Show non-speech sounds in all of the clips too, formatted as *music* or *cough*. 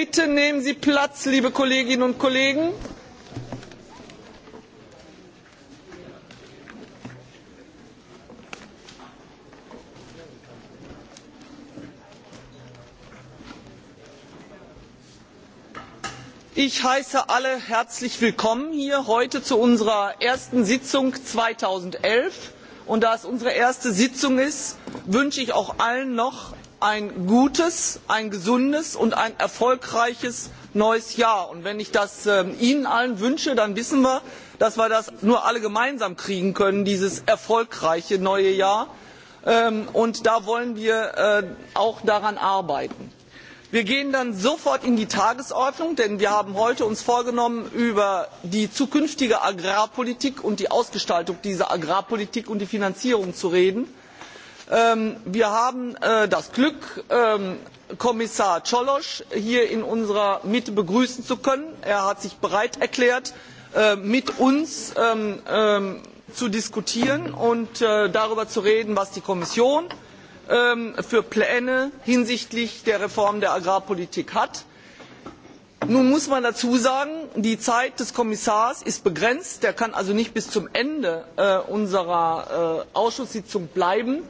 Bitte nehmen Sie Platz, liebe Kolleginnen und Kollegen. Ich heiße alle herzlich willkommen hier heute zu unserer ersten Sitzung 2011. Und da es unsere erste Sitzung ist, wünsche ich auch allen noch ein gutes, ein gesundes und ein erfolgreiches neues Jahr. Und wenn ich das äh, Ihnen allen wünsche, dann wissen wir, dass wir das nur alle gemeinsam kriegen können, dieses erfolgreiche neue Jahr. Ähm, und da wollen wir äh, auch daran arbeiten. Wir gehen dann sofort in die Tagesordnung, denn wir haben heute uns vorgenommen, über die zukünftige Agrarpolitik und die Ausgestaltung dieser Agrarpolitik und die Finanzierung zu reden. Ähm, wir haben äh, das Glück, ähm, Kommissar Ciolo hier in unserer Mitte begrüßen zu können. Er hat sich bereit erklärt, äh, mit uns ähm, zu diskutieren und äh, darüber zu reden, was die Kommission für Pläne hinsichtlich der Reform der Agrarpolitik hat. Nun muss man dazu sagen, die Zeit des Kommissars ist begrenzt. Er kann also nicht bis zum Ende unserer Ausschusssitzung bleiben.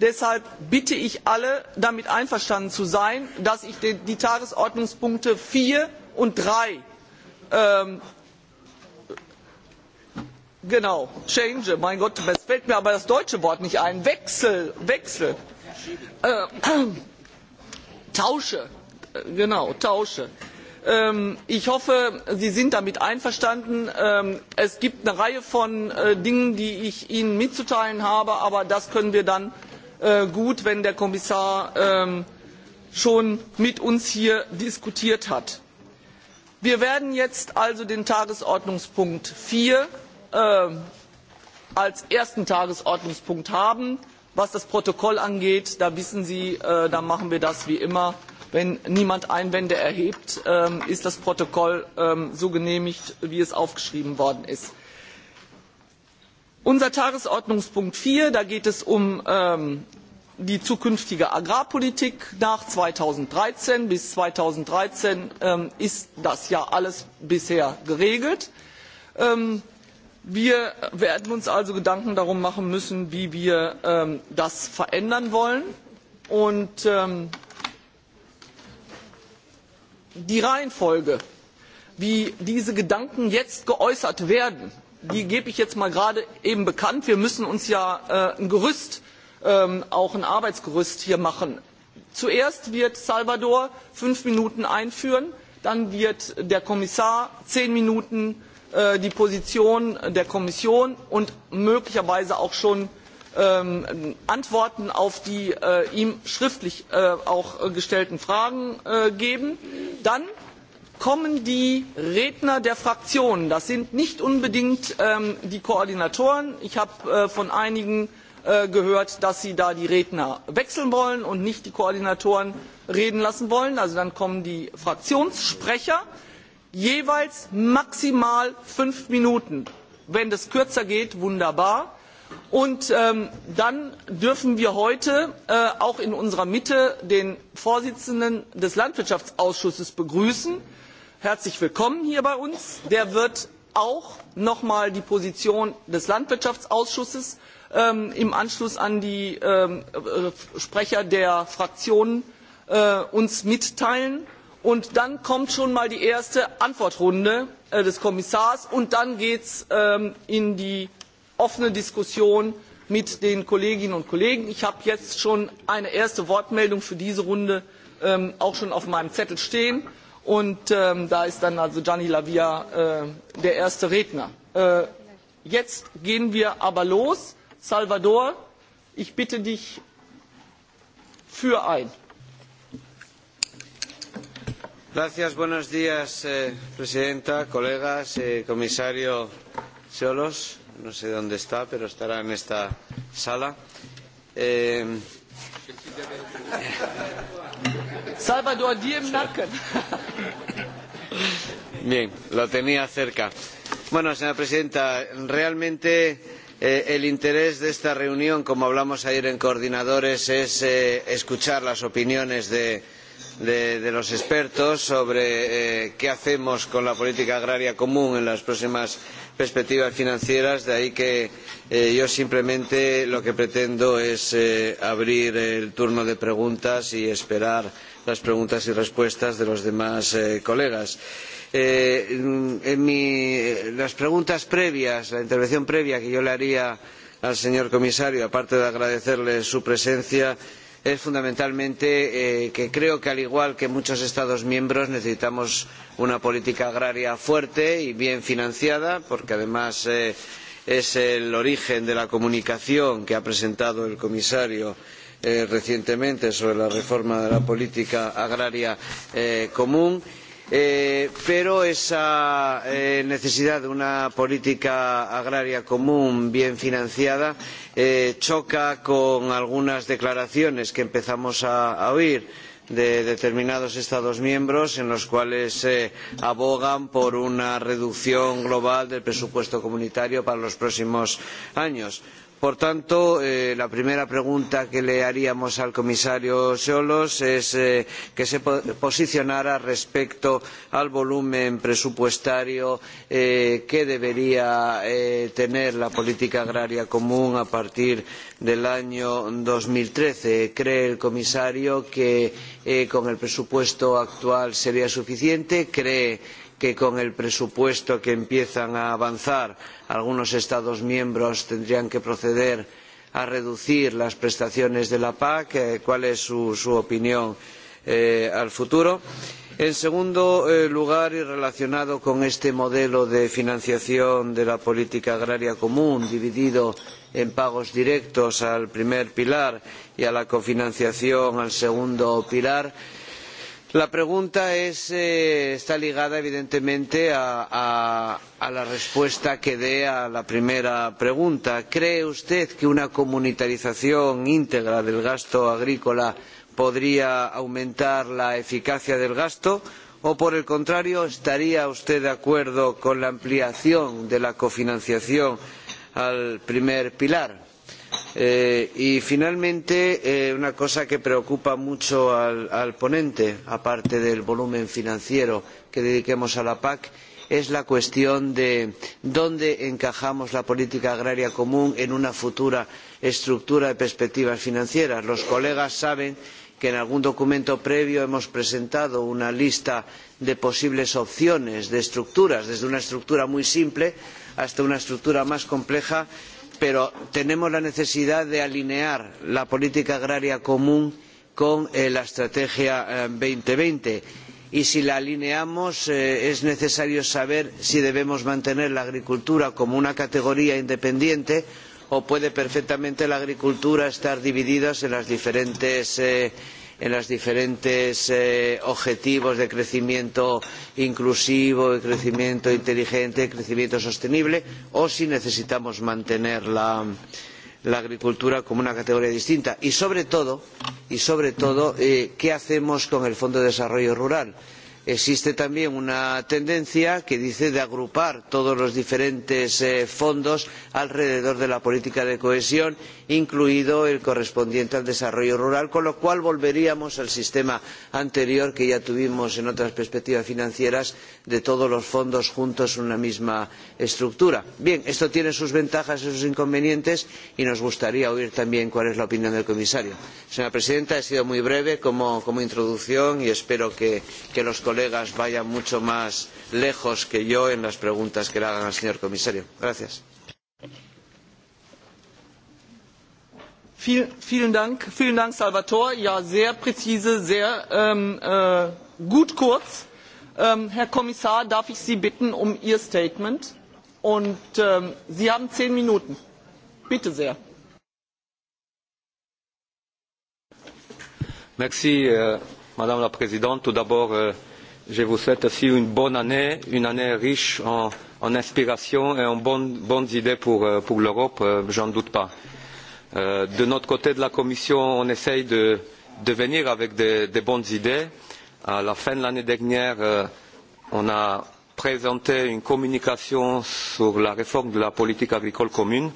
Deshalb bitte ich alle, damit einverstanden zu sein, dass ich die Tagesordnungspunkte vier und drei ähm, genau, change, mein Gott, es fällt mir aber das deutsche Wort nicht ein, Wechsel, Wechsel, äh, tausche, genau, tausche. Ähm, ich hoffe, Sie sind damit einverstanden. Ähm, es gibt eine Reihe von äh, Dingen, die ich Ihnen mitzuteilen habe, aber das können wir dann Äh, gut, wenn der Kommissar ähm, schon mit uns hier diskutiert hat. Wir werden jetzt also den Tagesordnungspunkt vier ähm, als ersten Tagesordnungspunkt haben. Was das Protokoll angeht, da wissen Sie, äh, da machen wir das wie immer. Wenn niemand Einwände erhebt, ähm, ist das Protokoll so genehmigt, wie es aufgeschrieben worden ist. Unser Tagesordnungspunkt vier, da geht es um ähm, die zukünftige Agrarpolitik nach 2013. Bis 2013 ähm, ist das ja alles bisher geregelt. Ähm, wir werden uns also Gedanken darum machen müssen, wie wir ähm, das verändern wollen. Und ähm, die Reihenfolge, wie diese Gedanken jetzt geäußert werden, die gebe ich jetzt mal gerade eben bekannt. Wir müssen uns ja äh, ein Gerüst, ähm, auch ein Arbeitsgerüst hier machen. Zuerst wird Salvador fünf Minuten einführen, dann wird der Kommissar zehn Minuten äh, die Position der Kommission und möglicherweise auch schon ähm, Antworten auf die äh, ihm schriftlich äh, auch äh, gestellten Fragen äh, geben. Dann kommen die Redner der Fraktionen. Das sind nicht unbedingt ähm, die Koordinatoren. Ich habe äh, von einigen äh, gehört, dass sie da die Redner wechseln wollen und nicht die Koordinatoren reden lassen wollen. Also dann kommen die Fraktionssprecher. Jeweils maximal fünf Minuten. Wenn das kürzer geht, wunderbar. Und ähm, dann dürfen wir heute äh, auch in unserer Mitte den Vorsitzenden des Landwirtschaftsausschusses begrüßen herzlich willkommen hier bei uns. Der wird auch noch einmal die Position des Landwirtschaftsausschusses ähm, im Anschluss an die ähm, äh, Sprecher der Fraktionen äh, uns mitteilen. Und dann kommt schon mal die erste Antwortrunde äh, des Kommissars und dann geht es ähm, in die offene Diskussion mit den Kolleginnen und Kollegen. Ich habe jetzt schon eine erste Wortmeldung für diese Runde ähm, auch schon auf meinem Zettel stehen. Und ähm, da ist dann also Gianni Lavia äh, der erste Redner. Äh, jetzt gehen wir aber los. Salvador, ich bitte dich für ein. Gracias, buenos días, eh, Presidenta, colegas, eh, comisario Solos. No sé dónde está, pero estará en esta sala. Eh, Salvador, dir im Bien, lo tenía cerca. Bueno, señora presidenta, realmente eh, el interés de esta reunión, como hablamos ayer en coordinadores, es eh, escuchar las opiniones de de, de los expertos sobre eh, qué hacemos con la política agraria común en las próximas perspectivas financieras, de ahí que eh, yo simplemente lo que pretendo es eh, abrir el turno de preguntas y esperar las preguntas y respuestas de los demás eh, colegas. Eh, en mi, las preguntas previas, la intervención previa que yo le haría al señor comisario, aparte de agradecerle su presencia, es fundamentalmente eh, que creo que al igual que muchos Estados miembros necesitamos una política agraria fuerte y bien financiada, porque además eh, es el origen de la comunicación que ha presentado el comisario eh, recientemente sobre la reforma de la política agraria eh, común. Eh, pero esa eh, necesidad de una política agraria común bien financiada eh, choca con algunas declaraciones que empezamos a, a oír de determinados Estados miembros en los cuales se eh, abogan por una reducción global del presupuesto comunitario para los próximos años Por tanto, eh, la primera pregunta que le haríamos al comisario Ciolos es eh, que se posicionara respecto al volumen presupuestario eh, que debería eh, tener la política agraria común a partir del año dos mil trece. ¿Cree el comisario que eh, con el presupuesto actual sería suficiente? ¿Cree que con el presupuesto que empiezan a avanzar algunos Estados miembros tendrían que proceder a reducir las prestaciones de la PAC. Eh, ¿Cuál es su, su opinión eh, al futuro? En segundo eh, lugar, y relacionado con este modelo de financiación de la política agraria común, dividido en pagos directos al primer pilar y a la cofinanciación al segundo pilar, La pregunta es, eh, está ligada evidentemente a, a, a la respuesta que dé a la primera pregunta. ¿Cree usted que una comunitarización íntegra del gasto agrícola podría aumentar la eficacia del gasto? ¿O por el contrario, estaría usted de acuerdo con la ampliación de la cofinanciación al primer pilar? Eh, y finalmente, eh, una cosa que preocupa mucho al, al ponente, aparte del volumen financiero que dediquemos a la PAC, es la cuestión de dónde encajamos la política agraria común en una futura estructura de perspectivas financieras. Los colegas saben que en algún documento previo hemos presentado una lista de posibles opciones de estructuras, desde una estructura muy simple hasta una estructura más compleja pero tenemos la necesidad de alinear la política agraria común con eh, la estrategia dos eh, mil veinte y si la alineamos eh, es necesario saber si debemos mantener la agricultura como una categoría independiente o puede perfectamente la agricultura estar dividida en las diferentes eh, en los diferentes eh, objetivos de crecimiento inclusivo, de crecimiento inteligente, de crecimiento sostenible, o si necesitamos mantener la, la agricultura como una categoría distinta. Y sobre todo, y sobre todo eh, ¿qué hacemos con el Fondo de Desarrollo Rural? existe también una tendencia que dice de agrupar todos los diferentes eh, fondos alrededor de la política de cohesión, incluido el correspondiente al desarrollo rural, con lo cual volveríamos al sistema anterior que ya tuvimos en otras perspectivas financieras de todos los fondos juntos en una misma estructura. Bien, esto tiene sus ventajas y sus inconvenientes y nos gustaría oír también cuál es la opinión del comisario. Señora presidenta, he sido muy breve como, como introducción y espero que, que los colegas colegas vayan mucho más lejos que yo en las preguntas que le hagan al señor comisario. Gracias. vielen Dank, vielen Dank, Salvatore. Ja, sehr präzise, sehr ähm, äh, gut kurz. Ähm, Herr Kommissar, darf ich Sie bitten um Ihr Statement? Und ähm, Sie haben zehn Minuten. Bitte sehr. Merci, euh, Madame la Présidente. Tout d'abord, euh, Je vous souhaite aussi une bonne année, une année riche en, en inspiration et en bonnes, bon idées pour, euh, pour l'Europe, euh, j'en doute pas. Euh, de notre côté de la Commission, on essaye de, de venir avec des, des bonnes idées. À la fin de l'année dernière, on a présenté une communication sur la réforme de la politique agricole commune.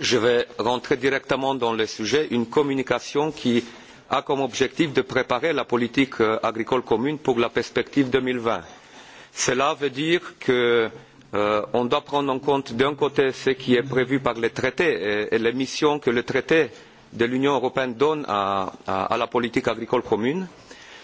Je vais rentrer directement dans le sujet, une communication qui a comme objectif de préparer la politique euh, agricole commune pour la perspective deux mille vingt. Cela veut dire qu'on euh, doit prendre en compte d'un côté ce qui est prévu par les traités et, et les missions que le traité de l'Union européenne donne à, à, à, la politique agricole commune,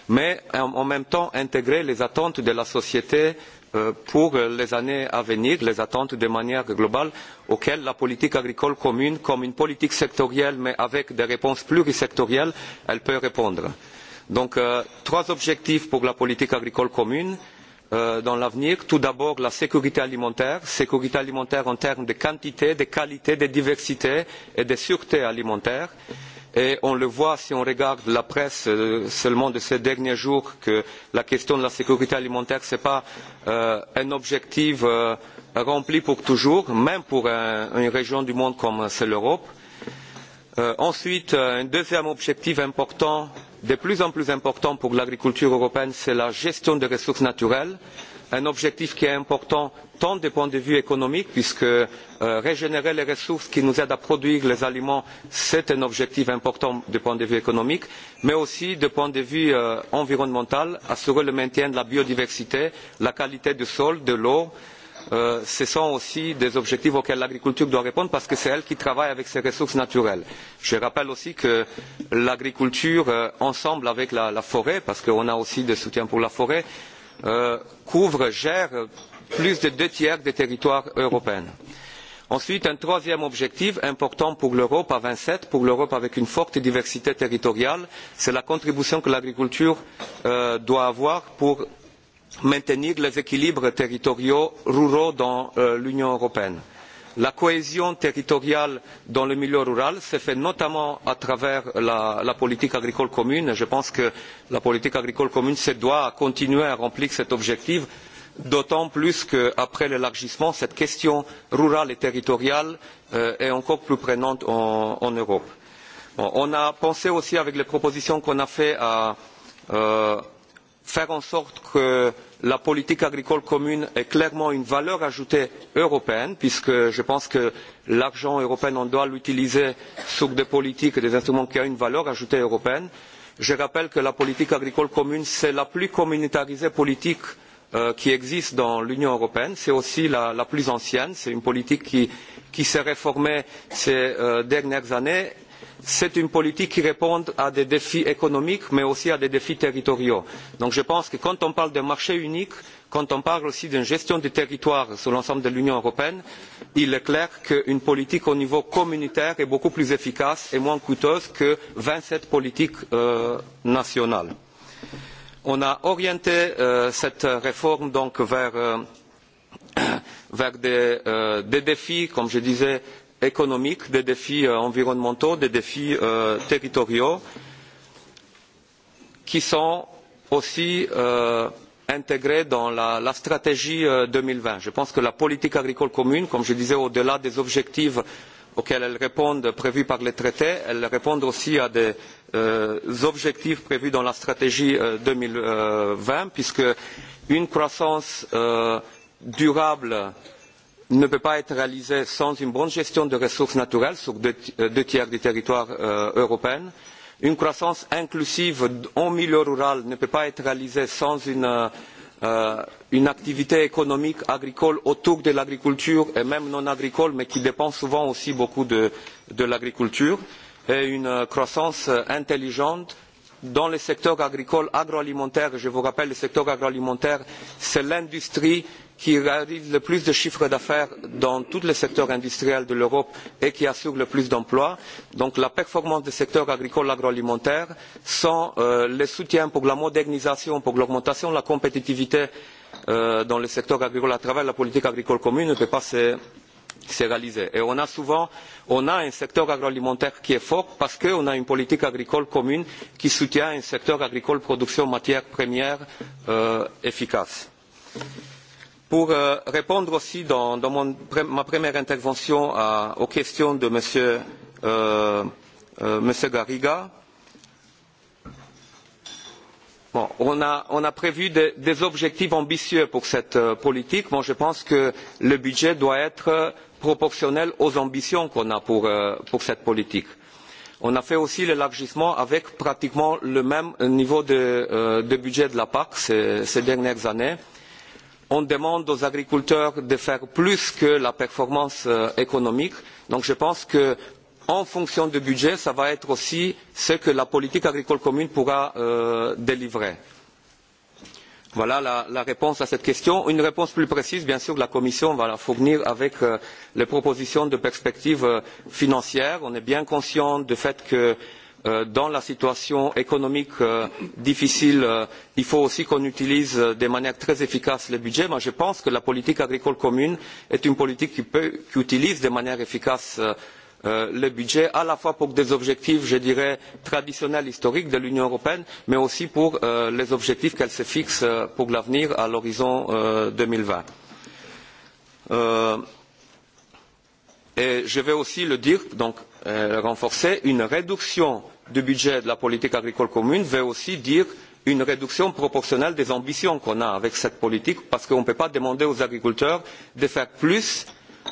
mais en, en même temps intégrer les attentes de la société Euh, pour euh, les années à venir, les attentes de manière globale auxquelles la politique agricole commune, comme une politique sectorielle mais avec des réponses plurisectorielles, elle peut répondre. Donc euh, trois objectifs pour la politique agricole commune euh, dans l'avenir. Tout d'abord la sécurité alimentaire, sécurité alimentaire en termes de quantité, de qualité, de diversité et de sûreté alimentaire. Et on le voit si on regarde la presse euh, seulement de ces derniers jours que la question de la sécurité alimentaire, ce n'est pas euh, un objectif euh, rempli pour toujours, même pour un, une région du monde comme euh, c'est l'Europe. Euh, ensuite, euh, un deuxième objectif important, de plus en plus important pour l'agriculture européenne, c'est la gestion des ressources naturelles un objectif qui est important tant du point de vue économique, puisque euh, régénérer les ressources qui nous aident à produire les aliments, c'est un objectif important du point de vue économique, mais aussi du point de vue euh, environnemental, assurer le maintien de la biodiversité, la qualité du sol, de l'eau. Euh, ce sont aussi des objectifs auxquels l'agriculture doit répondre parce que c'est elle qui travaille avec ses ressources naturelles. Je rappelle aussi que l'agriculture, euh, ensemble avec la, la forêt, parce qu'on a aussi des soutiens pour la forêt, Euh, couvre, gère plus de deux tiers des territoires européens. Ensuite, un troisième objectif important pour l'Europe à vingt sept, pour l'Europe avec une forte diversité territoriale, c'est la contribution que l'agriculture euh, doit avoir pour maintenir les équilibres territoriaux ruraux dans euh, l'Union européenne. La cohésion territoriale dans le milieu rural se fait notamment à travers la, la politique agricole commune. Je pense que la politique agricole commune se doit continuer à remplir cet objectif, d'autant plus qu'après l'élargissement, cette question rurale et territoriale euh, est encore plus prenante en, en Europe. Bon, on a pensé aussi avec les propositions qu'on a faites à euh, faire en sorte que la politique agricole commune est clairement une valeur ajoutée européenne, puisque je pense que l'argent européen, on doit l'utiliser sur des politiques et des instruments qui ont une valeur ajoutée européenne. Je rappelle que la politique agricole commune, c'est la plus communautarisée politique euh, qui existe dans l'Union européenne. C'est aussi la, la plus ancienne. C'est une politique qui, qui s'est réformée ces euh, dernières années c'est une politique qui répond à des défis économiques, mais aussi à des défis territoriaux. Donc je pense que quand on parle d'un marché unique, quand on parle aussi d'une gestion du territoire sur l'ensemble de l'Union européenne, il est clair qu'une politique au niveau communautaire est beaucoup plus efficace et moins coûteuse que vingt sept politiques euh, nationales. On a orienté euh, cette réforme donc vers, euh, *coughs* vers des, euh, des, défis, comme je disais, économiques, des défis euh, environnementaux, des défis euh, territoriaux qui sont aussi euh, intégrés dans la, la stratégie euh, 2020. Je pense que la politique agricole commune, comme je disais, au-delà des objectifs auxquels elle répond prévus par les traités, elle répond aussi à des euh, objectifs prévus dans la stratégie euh, 2020, euh, puisque une croissance euh, durable ne peut pas être réalisée sans une bonne gestion des ressources naturelles sur deux, euh, deux tiers du territoire euh, européen. Une croissance inclusive en milieu rural ne peut pas être réalisée sans une, euh, une activité économique agricole autour de l'agriculture et même non agricole, mais qui dépend souvent aussi beaucoup de, de l'agriculture, et une croissance intelligente dans le secteur agricole agroalimentaire. Je vous rappelle, le secteur agroalimentaire, c'est l'industrie qui réalise le plus de chiffres d'affaires dans tous les secteurs industriels de l'Europe et qui assure le plus d'emplois. Donc la performance du secteur agricole agroalimentaire sans euh, le soutien pour la modernisation, pour l'augmentation de la compétitivité euh, dans le secteur agricole à travers la politique agricole commune ne peut pas se réaliser. Et on a souvent on a un secteur agroalimentaire qui est fort parce qu'on a une politique agricole commune qui soutient un secteur agricole production matières premières euh, efficace. Pour euh, répondre aussi dans, dans mon, ma première intervention à, aux questions de M. Monsieur, euh, euh, monsieur Garriga, Bon, on, a, on a prévu des, des objectifs ambitieux pour cette euh, politique. Moi, je pense que le budget doit être proportionnel aux ambitions qu'on a pour, euh, pour cette politique. On a fait aussi l'élargissement avec pratiquement le même niveau de, euh, de budget de la PAC ces, ces dernières années on demande aux agriculteurs de faire plus que la performance euh, économique. Donc je pense que en fonction du budget, ça va être aussi ce que la politique agricole commune pourra euh, délivrer. Voilà la, la réponse à cette question. Une réponse plus précise, bien sûr, la Commission va la fournir avec euh, les propositions de perspectives euh, financières. On est bien conscient du fait que Euh, dans la situation économique euh, difficile, euh, il faut aussi qu'on utilise de manière très efficace le budget. Moi, je pense que la politique agricole commune est une politique qui, peut, qui utilise de manière efficace le budget à la fois pour des objectifs, je dirais, traditionnels, historiques de l'Union européenne, mais aussi pour euh, les objectifs qu'elle se fixe pour l'avenir à l'horizon deux mille vingt. et je vais aussi le dire, donc euh, renforcer, une réduction du budget de la politique agricole commune veut aussi dire une réduction proportionnelle des ambitions qu'on a avec cette politique, parce qu'on ne peut pas demander aux agriculteurs de faire plus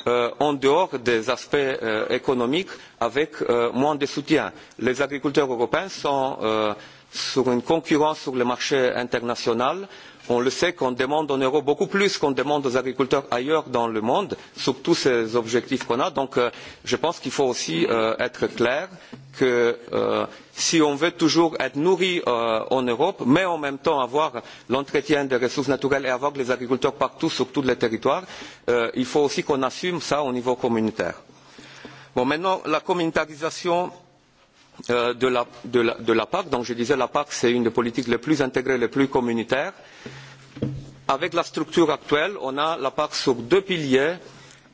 euh, en dehors des aspects euh, économiques avec euh, moins de soutien. Les agriculteurs européens sont euh, sur une concurrence sur le marché international. On le sait qu'on demande en Europe beaucoup plus qu'on demande aux agriculteurs ailleurs dans le monde, sur tous ces objectifs qu'on a. Donc euh, je pense qu'il faut aussi euh, être clair que euh, si on veut toujours être nourri euh, en Europe, mais en même temps avoir l'entretien des ressources naturelles et avoir les agriculteurs partout sur tous les territoires, euh, il faut aussi qu'on assume ça au niveau communautaire. Bon, maintenant, la communautarisation Euh, de la, de, la, de la PAC. Donc je disais la PAC c'est une des politiques les plus intégrées, les plus communautaires. Avec la structure actuelle, on a la PAC sur deux piliers.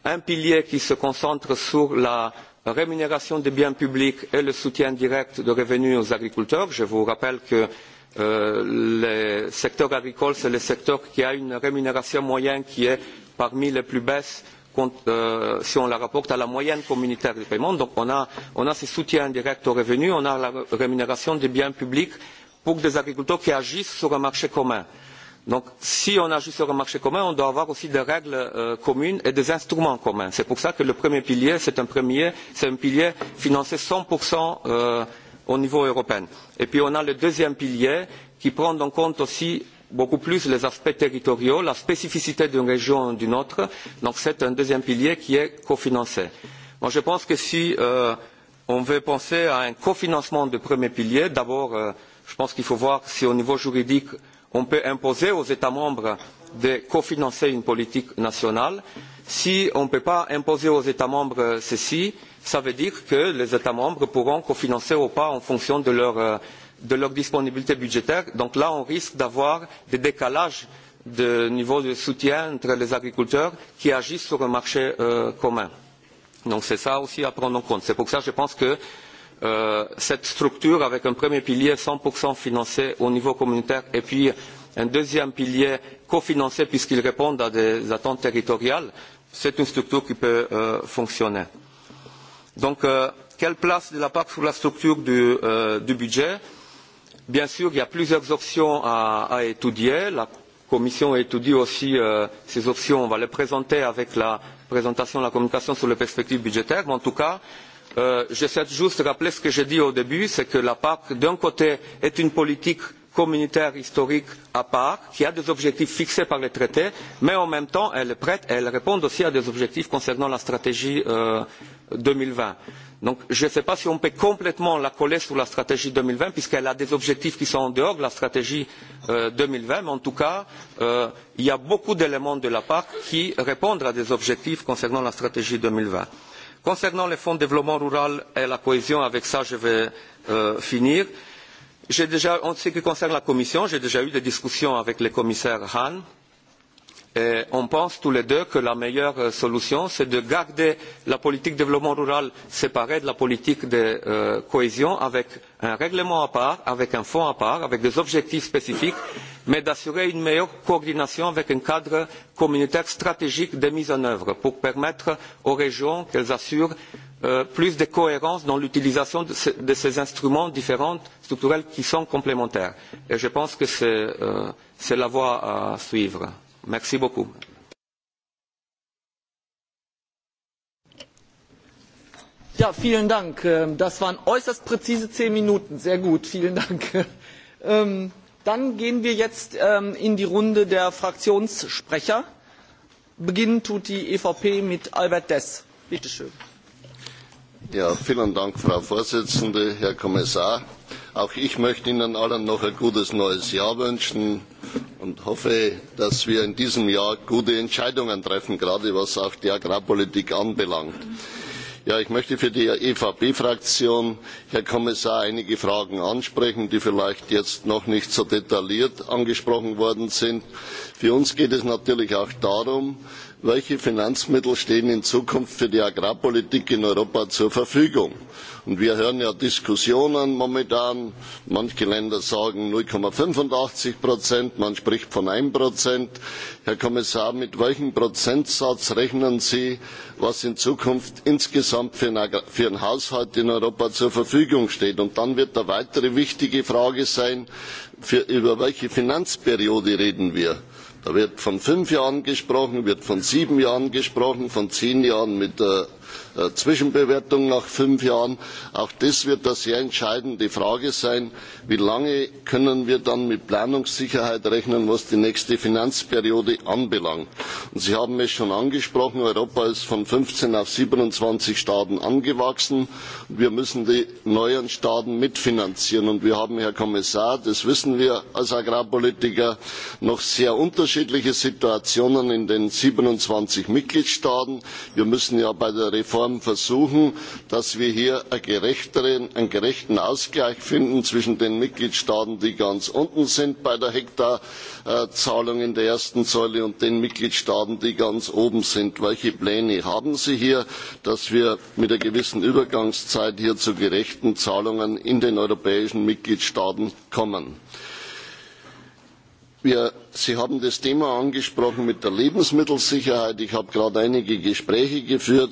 Un pilier qui se concentre sur la rémunération des biens publics et le soutien direct de revenus aux agriculteurs. Je vous rappelle que euh, le secteur agricole, c'est le secteur qui a une rémunération moyenne qui est parmi les plus basses compte, euh, si on la rapporte à la moyenne communautaire du paiement, Donc on a, on a ce soutien direct aux revenus, on a la rémunération des biens publics pour des agriculteurs qui agissent sur un marché commun. Donc, si on agit sur un marché commun, on doit avoir aussi des règles euh, communes et des instruments communs. C'est pour ça que le premier pilier, c'est un, premier, un pilier financé 100% euh, au niveau européen. Et puis, on a le deuxième pilier qui prend en compte aussi beaucoup plus les aspects territoriaux, la spécificité d'une région ou d'une autre. Donc c'est un deuxième pilier qui est cofinancé. Moi je pense que si euh, on veut penser à un cofinancement du premier pilier, d'abord euh, je pense qu'il faut voir si au niveau juridique on peut imposer aux États membres de cofinancer une politique nationale. Si on ne peut pas imposer aux États membres ceci, cela veut dire que les États membres pourront cofinancer ou pas en fonction de leur euh, de leur disponibilité budgétaire. Donc là, on risque d'avoir des décalages de niveau de soutien entre les agriculteurs qui agissent sur un marché euh, commun. Donc c'est ça aussi à prendre en compte. C'est pour ça que je pense que euh, cette structure avec un premier pilier 100% financé au niveau communautaire et puis un deuxième pilier cofinancé puisqu'il répond à des attentes territoriales, c'est une structure qui peut euh, fonctionner. Donc euh, quelle place de la PAC sur la structure du, euh, du budget Bien sûr, il y a plusieurs options à, à étudier. La Commission étudie aussi euh, ces options. On va les présenter avec la présentation de la communication sur les perspectives budgétaires. Mais en tout cas, euh, j'essaie juste de rappeler ce que j'ai dit au début, c'est que la PAC, d'un côté, est une politique communautaire historique à part, qui a des objectifs fixés par les traités, mais en même temps, elle est prête, elle répond aussi à des objectifs concernant la stratégie euh, 2020. Donc, je ne sais pas si on peut complètement la coller sur la stratégie 2020, puisqu'elle a des objectifs qui sont en dehors de la stratégie euh, 2020, mais en tout cas, euh, il y a beaucoup d'éléments de la PAC qui répondent à des objectifs concernant la stratégie 2020. Concernant les fonds de développement rural et la cohésion, avec ça je vais euh, finir. Euh, Déjà, en ce qui concerne la Commission, j'ai déjà eu des discussions avec le commissaire Hahn Et euh, on pense tous les deux que la meilleure euh, solution, c'est de garder la politique de développement rural séparée de la politique de euh, cohésion avec un règlement à part, avec un fonds à part, avec des objectifs spécifiques, mais d'assurer une meilleure coordination avec un cadre communautaire stratégique de mise en œuvre pour permettre aux régions qu'elles assurent euh, plus de cohérence dans l'utilisation de, ce, de, ces instruments différents structurels qui sont complémentaires. Et je pense que c'est euh, la voie à suivre. Merci beaucoup. Ja, vielen Dank. Ähm, das waren äußerst präzise zehn Minuten. Sehr gut, vielen Dank. *laughs* Ähm, dann gehen wir jetzt ähm, in die Runde der Fraktionssprecher. Beginnen tut die EVP mit Albert Dess. Bitte schön. Ja, vielen Dank, Frau Vorsitzende, Herr Kommissar. Auch ich möchte Ihnen allen noch ein gutes neues Jahr wünschen und hoffe, dass wir in diesem Jahr gute Entscheidungen treffen, gerade was auch die Agrarpolitik anbelangt. Ja, ich möchte für die EVP-Fraktion, Herr Kommissar, einige Fragen ansprechen, die vielleicht jetzt noch nicht so detailliert angesprochen worden sind. Für uns geht es natürlich auch darum, welche Finanzmittel stehen in Zukunft für die Agrarpolitik in Europa zur Verfügung? Und wir hören ja Diskussionen momentan. Manche Länder sagen 0,85 Prozent, man spricht von 1 Prozent. Herr Kommissar, mit welchem Prozentsatz rechnen Sie, was in Zukunft insgesamt für einen Haushalt in Europa zur Verfügung steht? Und dann wird eine weitere wichtige Frage sein, für, über welche Finanzperiode reden wir? Da wird von fünf Jahren gesprochen, wird von sieben Jahren gesprochen, von zehn Jahren mit der äh, Äh, Zwischenbewertung nach fünf Jahren. Auch das wird eine sehr entscheidende Frage sein. Wie lange können wir dann mit Planungssicherheit rechnen, was die nächste Finanzperiode anbelangt? Und Sie haben es schon angesprochen, Europa ist von fünfzehn auf siebenundzwanzig Staaten angewachsen. Wir müssen die neuen Staaten mitfinanzieren. Und wir haben, Herr Kommissar, das wissen wir als Agrarpolitiker, noch sehr unterschiedliche Situationen in den 27 Mitgliedstaaten. Wir müssen ja bei der reform versuchen dass wir hier einen gerechteren, einen gerechten ausgleich finden zwischen den mitgliedstaaten die ganz unten sind bei der hektarzahlung in der ersten säule und den mitgliedstaaten die ganz oben sind. welche pläne haben sie hier dass wir mit einer gewissen übergangszeit hier zu gerechten zahlungen in den europäischen mitgliedstaaten kommen? Wir, Sie haben das Thema angesprochen mit der Lebensmittelsicherheit. Ich habe gerade einige Gespräche geführt.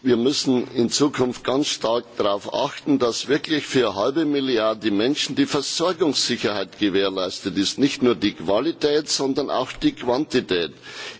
Wir müssen in Zukunft ganz stark darauf achten, dass wirklich für eine halbe Milliarde Menschen die Versorgungssicherheit gewährleistet ist. Nicht nur die Qualität, sondern auch die Quantität.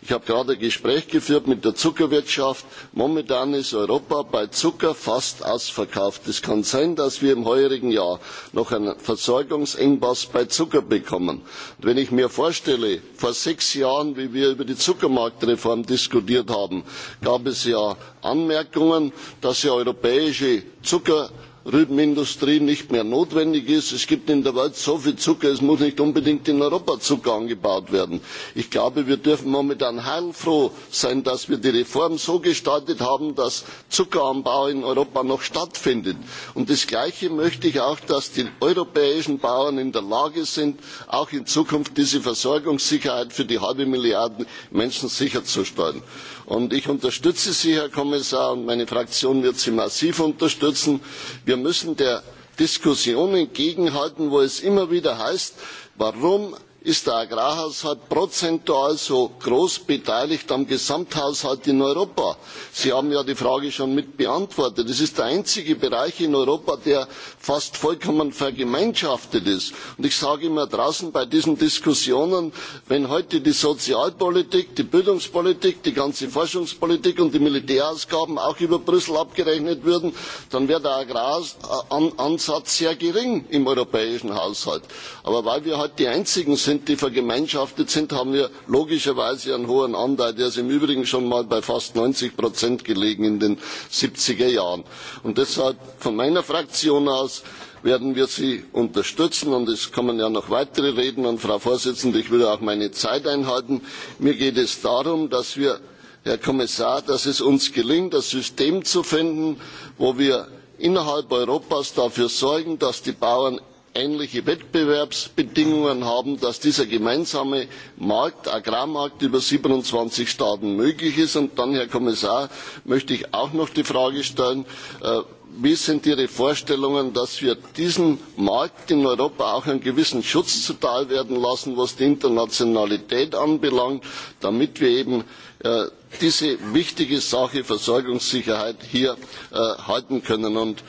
Ich habe gerade ein Gespräch geführt mit der Zuckerwirtschaft. Momentan ist Europa bei Zucker fast ausverkauft. Es kann sein, dass wir im heurigen Jahr noch einen Versorgungsengpass bei Zucker bekommen. Und wenn ich mir vorstelle, vor sechs Jahren, wie wir über die Zuckermarktreform diskutiert haben, gab es ja Anmerkungen, dass die europäische Zucker Rübenindustrie nicht mehr notwendig ist. Es gibt in der Welt so viel Zucker, es muss nicht unbedingt in Europa Zucker angebaut werden. Ich glaube, wir dürfen momentan heilfroh sein, dass wir die Reform so gestaltet haben, dass Zuckeranbau in Europa noch stattfindet. Und das Gleiche möchte ich auch, dass die europäischen Bauern in der Lage sind, auch in Zukunft diese Versorgungssicherheit für die halbe Milliarde Menschen sicherzustellen. Und ich unterstütze Sie, Herr Kommissar, und meine Fraktion wird Sie massiv unterstützen. Wir wir müssen der diskussion entgegenhalten wo es immer wieder heißt warum ist der Agrarhaushalt prozentual so groß beteiligt am Gesamthaushalt in Europa. Sie haben ja die Frage schon mit beantwortet. Es ist der einzige Bereich in Europa, der fast vollkommen vergemeinschaftet ist. Und ich sage immer draußen bei diesen Diskussionen, wenn heute die Sozialpolitik, die Bildungspolitik, die ganze Forschungspolitik und die Militärausgaben auch über Brüssel abgerechnet würden, dann wäre der Agraransatz sehr gering im europäischen Haushalt. Aber weil wir halt die einzigen sind, sind, die vergemeinschaftet sind, haben wir logischerweise einen hohen Anteil. Der ist im Übrigen schon mal bei fast 90 Prozent gelegen in den 70er Jahren. Und deshalb von meiner Fraktion aus werden wir Sie unterstützen und es kommen ja noch weitere Reden und Frau Vorsitzende, ich will auch meine Zeit einhalten. Mir geht es darum, dass wir, Herr Kommissar, dass es uns gelingt, das System zu finden, wo wir innerhalb Europas dafür sorgen, dass die Bauern ähnliche Wettbewerbsbedingungen haben, dass dieser gemeinsame Markt, Agrarmarkt über 27 Staaten möglich ist. Und dann, Herr Kommissar, möchte ich auch noch die Frage stellen, äh, wie sind Ihre Vorstellungen, dass wir diesem Markt in Europa auch einen gewissen Schutz zuteil werden lassen, was die Internationalität anbelangt, damit wir eben äh, diese wichtige Sache Versorgungssicherheit hier äh, halten können? Und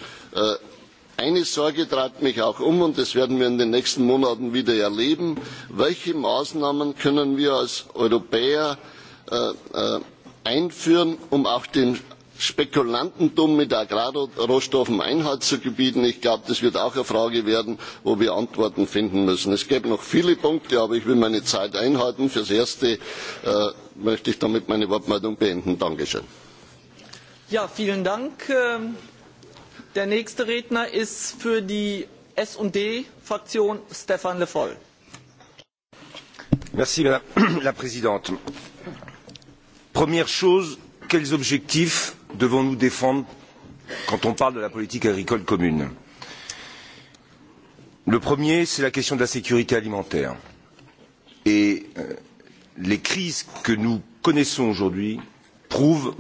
Eine Sorge treibt mich auch um, und das werden wir in den nächsten Monaten wieder erleben. Welche Maßnahmen können wir als Europäer äh, äh einführen, um auch dem Spekulantentum mit Agrarrohstoffen Einhalt zu gebieten. Ich glaube, das wird auch eine Frage werden, wo wir Antworten finden müssen. Es gäbe noch viele Punkte, aber ich will meine Zeit einhalten. Fürs Erste äh, möchte ich damit meine Wortmeldung beenden. Dankeschön. Ja, vielen Dank. Ähm Der nächste Redner ist für die S&D Fraktion Stefan Le Foll. Merci Madame *clears throat* la Présidente. Première chose, quels objectifs devons-nous défendre quand on parle de la politique agricole commune Le premier, c'est la question de la sécurité alimentaire. Et euh, les crises que nous connaissons aujourd'hui prouvent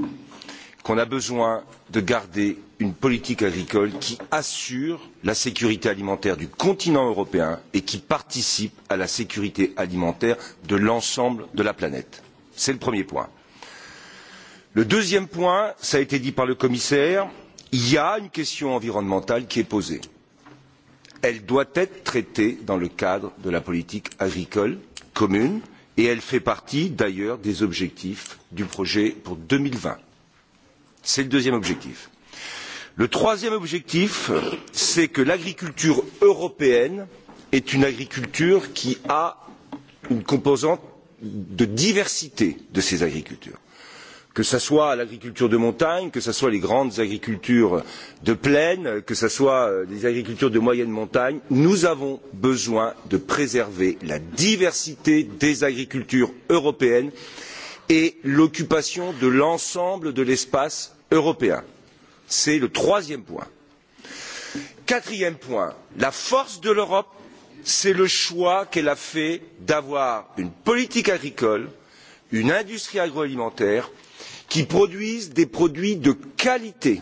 qu'on a besoin de garder une politique agricole qui assure la sécurité alimentaire du continent européen et qui participe à la sécurité alimentaire de l'ensemble de la planète. C'est le premier point. Le deuxième point, cela a été dit par le commissaire, il y a une question environnementale qui est posée. Elle doit être traitée dans le cadre de la politique agricole commune et elle fait partie d'ailleurs des objectifs du projet pour deux mille vingt. C'est le deuxième objectif. Le troisième objectif, c'est que l'agriculture européenne est une agriculture qui a une composante de diversité de ses agricultures. Que ce soit l'agriculture de montagne, que ce soit les grandes agricultures de plaine, que ce soit les euh, agricultures de moyenne montagne, nous avons besoin de préserver la diversité des agricultures européennes et l'occupation de l'ensemble de l'espace européen. C'est le troisième point. Quatrième point, la force de l'Europe, c'est le choix qu'elle a fait d'avoir une politique agricole, une industrie agroalimentaire qui produise des produits de qualité.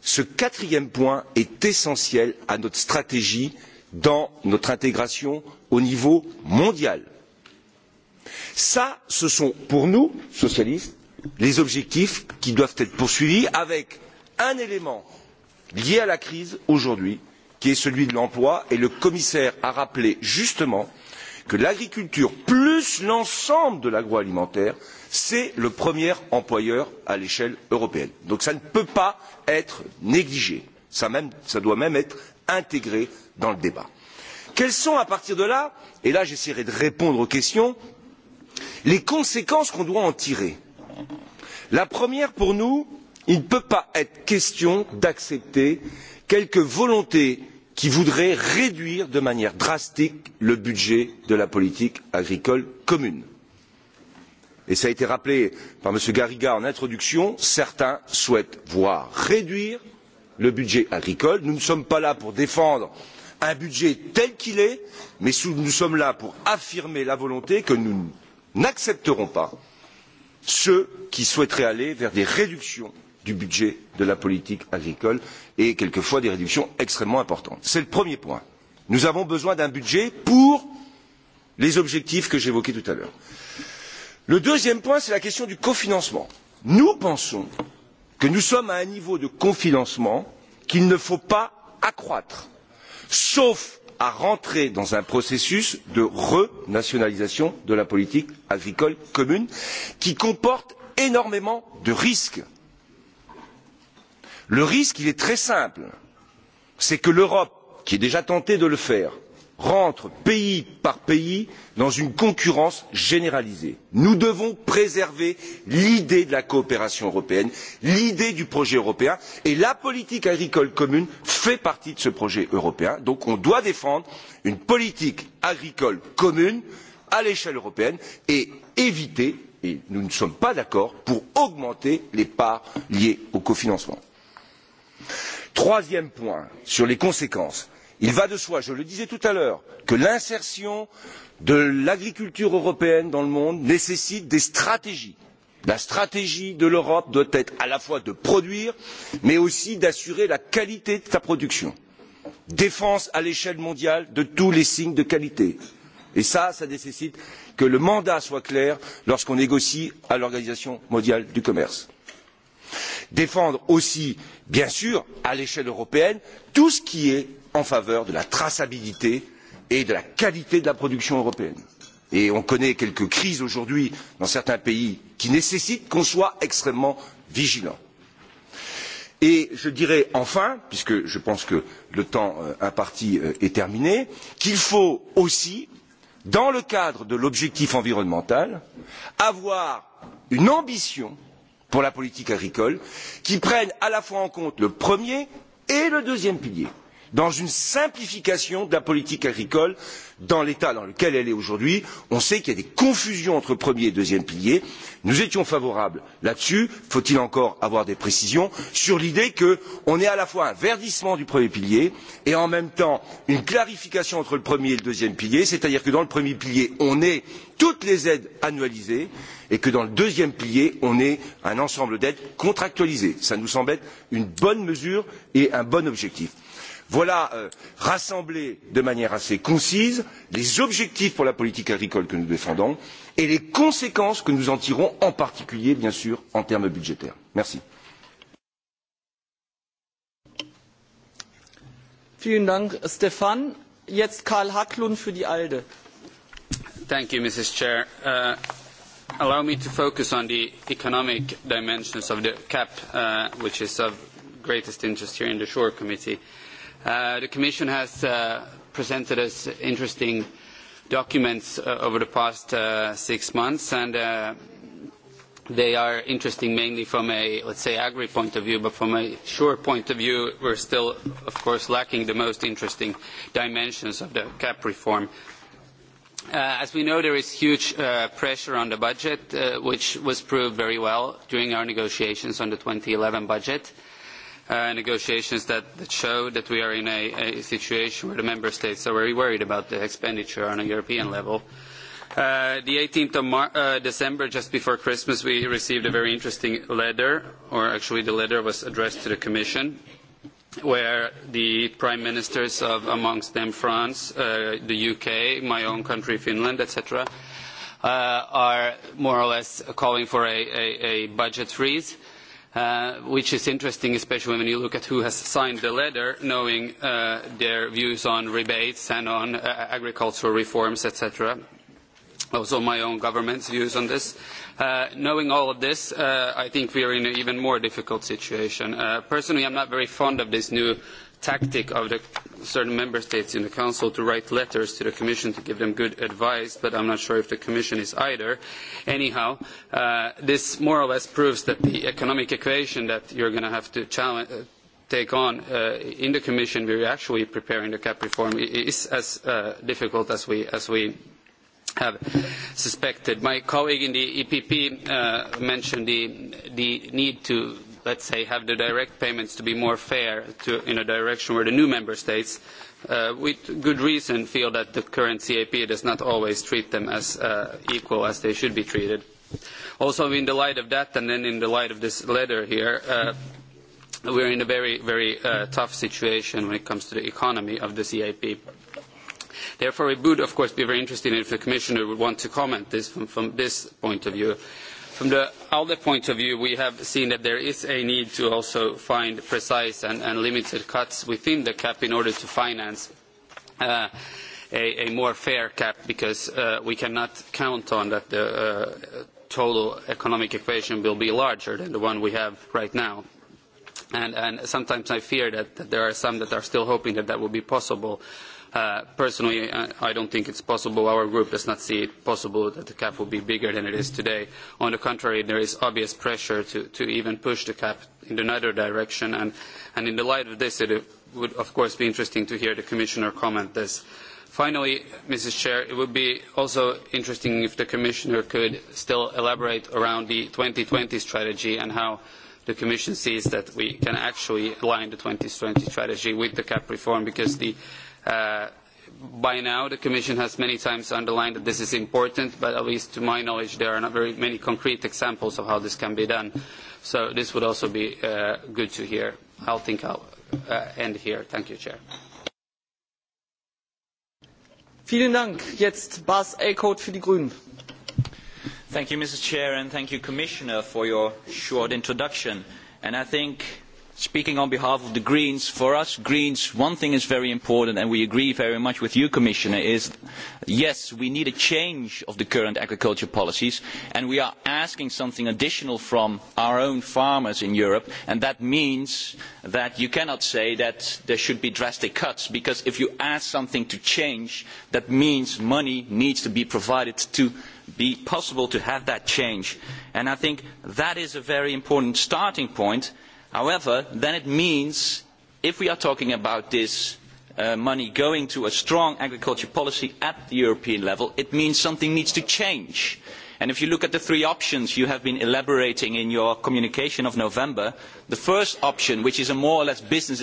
Ce quatrième point est essentiel à notre stratégie dans notre intégration au niveau mondial. Ça, ce sont pour nous, socialistes, les objectifs qui doivent être poursuivis avec un élément lié à la crise aujourd'hui, qui est celui de l'emploi, et le commissaire a rappelé justement que l'agriculture plus l'ensemble de l'agroalimentaire, c'est le premier employeur à l'échelle européenne. Donc cela ne peut pas être négligé, cela doit même être intégré dans le débat. Quelles sont à partir de là, et là j'essaierai de répondre aux questions, les conséquences qu'on doit en tirer La première pour nous, il ne peut pas être question d'accepter quelque volonté qui voudrait réduire de manière drastique le budget de la politique agricole commune. Et cela a été rappelé par M. Garriga en introduction, certains souhaitent voir réduire le budget agricole. Nous ne sommes pas là pour défendre un budget tel qu'il est, mais nous sommes là pour affirmer la volonté que nous n'accepterons pas ceux qui souhaiteraient aller vers des réductions du budget de la politique agricole et quelquefois des réductions extrêmement importantes. C'est le premier point. Nous avons besoin d'un budget pour les objectifs que j'évoquais tout à l'heure. Le deuxième point, c'est la question du cofinancement. Nous pensons que nous sommes à un niveau de cofinancement qu'il ne faut pas accroître, sauf à rentrer dans un processus de renationalisation de la politique agricole commune qui comporte énormément de risques. Le risque, il est très simple, c'est que l'Europe, qui est déjà tentée de le faire, rentre pays par pays dans une concurrence généralisée. Nous devons préserver l'idée de la coopération européenne, l'idée du projet européen et la politique agricole commune fait partie de ce projet européen. Donc on doit défendre une politique agricole commune à l'échelle européenne et éviter, et nous ne sommes pas d'accord, pour augmenter les parts liées au cofinancement. Troisième point sur les conséquences Il va de soi, je le disais tout à l'heure, que l'insertion de l'agriculture européenne dans le monde nécessite des stratégies. La stratégie de l'Europe doit être à la fois de produire, mais aussi d'assurer la qualité de sa production. Défense à l'échelle mondiale de tous les signes de qualité. Et cela cela nécessite que le mandat soit clair lorsqu'on négocie à l'Organisation mondiale du commerce. Défendre aussi, bien sûr, à l'échelle européenne, tout ce qui est en faveur de la traçabilité et de la qualité de la production européenne. Et on connaît quelques crises aujourd'hui dans certains pays qui nécessitent qu'on soit extrêmement vigilant. Et je dirais enfin, puisque je pense que le temps euh, imparti euh, est terminé, qu'il faut aussi, dans le cadre de l'objectif environnemental, avoir une ambition pour la politique agricole, qui prenne à la fois en compte le premier et le deuxième pilier dans une simplification de la politique agricole dans l'état dans lequel elle est aujourd'hui. On sait qu'il y a des confusions entre premier et deuxième pilier. Nous étions favorables là-dessus. Faut-il encore avoir des précisions sur l'idée qu'on ait à la fois un verdissement du premier pilier et en même temps une clarification entre le premier et le deuxième pilier, c'est-à-dire que dans le premier pilier, on ait toutes les aides annualisées et que dans le deuxième pilier, on ait un ensemble d'aides contractualisées. Cela nous semble être une bonne mesure et un bon objectif. Voilà euh, de manière assez concise les objectifs pour la politique agricole que nous défendons et les conséquences que nous en tirons, en particulier, bien sûr, en termes budgétaires. Merci. Vielen Dank, Stefan. Jetzt Karl Hacklund für die ALDE. Thank you, Mrs. Chair. Uh, allow me to focus on the economic dimensions of the CAP, uh, which is of greatest interest here in the Shore Committee. Uh, Uh, the Commission has uh, presented us interesting documents uh, over the past uh, six months, and uh, they are interesting mainly from a, let's say, agri point of view, but from a sure point of view, we're still, of course, lacking the most interesting dimensions of the CAP reform. Uh, as we know, there is huge uh, pressure on the budget, uh, which was proved very well during our negotiations on the eleven budget uh, negotiations that, that show that we are in a, a situation where the member states are very worried about the expenditure on a European level. Uh, the 18th of Mar uh, December, just before Christmas, we received a very interesting letter, or actually the letter was addressed to the Commission, where the prime ministers of, amongst them, France, uh, the UK, my own country, Finland, etc., uh, are more or less calling for a, a, a budget freeze Uh, which is interesting, especially when you look at who has signed the letter, knowing uh, their views on rebates and on uh, agricultural reforms, etc. Also my own government's views on this. Uh, knowing all of this, uh, I think we are in an even more difficult situation. Uh, personally, I'm not very fond of this new tactic of the certain member states in the council to write letters to the commission to give them good advice, but I'm not sure if the commission is either. Anyhow, uh, this more or less proves that the economic equation that you're going to have to challenge, uh, take on uh, in the commission, we're actually preparing the cap reform, is as uh, difficult as we, as we have suspected. My colleague in the EPP uh, mentioned the, the need to let us say, have the direct payments to be more fair to, in a direction where the new member states, uh, with good reason, feel that the current CAP does not always treat them as uh, equal as they should be treated. Also, in the light of that, and then in the light of this letter here, uh, we are in a very, very uh, tough situation when it comes to the economy of the CAP. Therefore, it would, of course, be very interesting if the Commissioner would want to comment this from, from this point of view. From the ALDE point of view, we have seen that there is a need to also find precise and, and limited cuts within the cap in order to finance uh, a, a more fair cap because uh, we cannot count on that the uh, total economic equation will be larger than the one we have right now. And, and sometimes I fear that, that there are some that are still hoping that that will be possible. Uh, Uh, personally, I, don't think it's possible. Our group does not see it possible that the cap will be bigger than it is today. On the contrary, there is obvious pressure to, to even push the cap in another direction. And, and in the light of this, it would, of course, be interesting to hear the Commissioner comment this. Finally, Mrs. Chair, it would be also interesting if the Commissioner could still elaborate around the twenty strategy and how the Commission sees that we can actually align the twenty strategy with the CAP reform because the Uh, by now, the Commission has many times underlined that this is important, but at least to my knowledge, there are not very many concrete examples of how this can be done. So this would also be uh, good to hear. I'll think I'll uh, end here. Thank you, Chair. Vielen Dank. Jetzt Bas für die Grünen. Thank you, Chair, and thank you, Commissioner, for your short introduction. And I think speaking on behalf of the Greens, for us Greens, one thing is very important, and we agree very much with you, Commissioner, is yes, we need a change of the current agriculture policies, and we are asking something additional from our own farmers in Europe, and that means that you cannot say that there should be drastic cuts, because if you ask something to change, that means money needs to be provided to be possible to have that change. And I think that is a very important starting point, However, then it means, if we are talking about this uh, money going to a strong agriculture policy at the European level, it means something needs to change. And if you look at the three options you have been elaborating in your communication of November, the first option, which is a more or less business,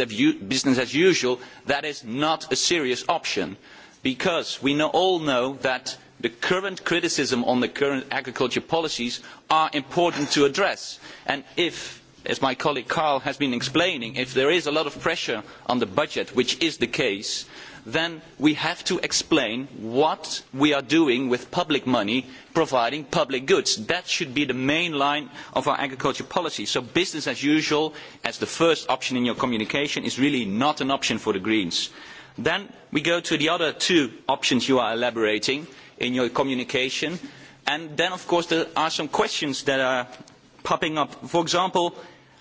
business as usual, that is not a serious option. Because we know, all know that the current criticism on the current agriculture policies are important to address. And if as my colleague Carl has been explaining, if there is a lot of pressure on the budget, which is the case, then we have to explain what we are doing with public money providing public goods. That should be the main line of our agriculture policy. So business as usual as the first option in your communication is really not an option for the Greens. Then we go to the other two options you are elaborating in your communication. And then, of course, there are some questions that are popping up. For example,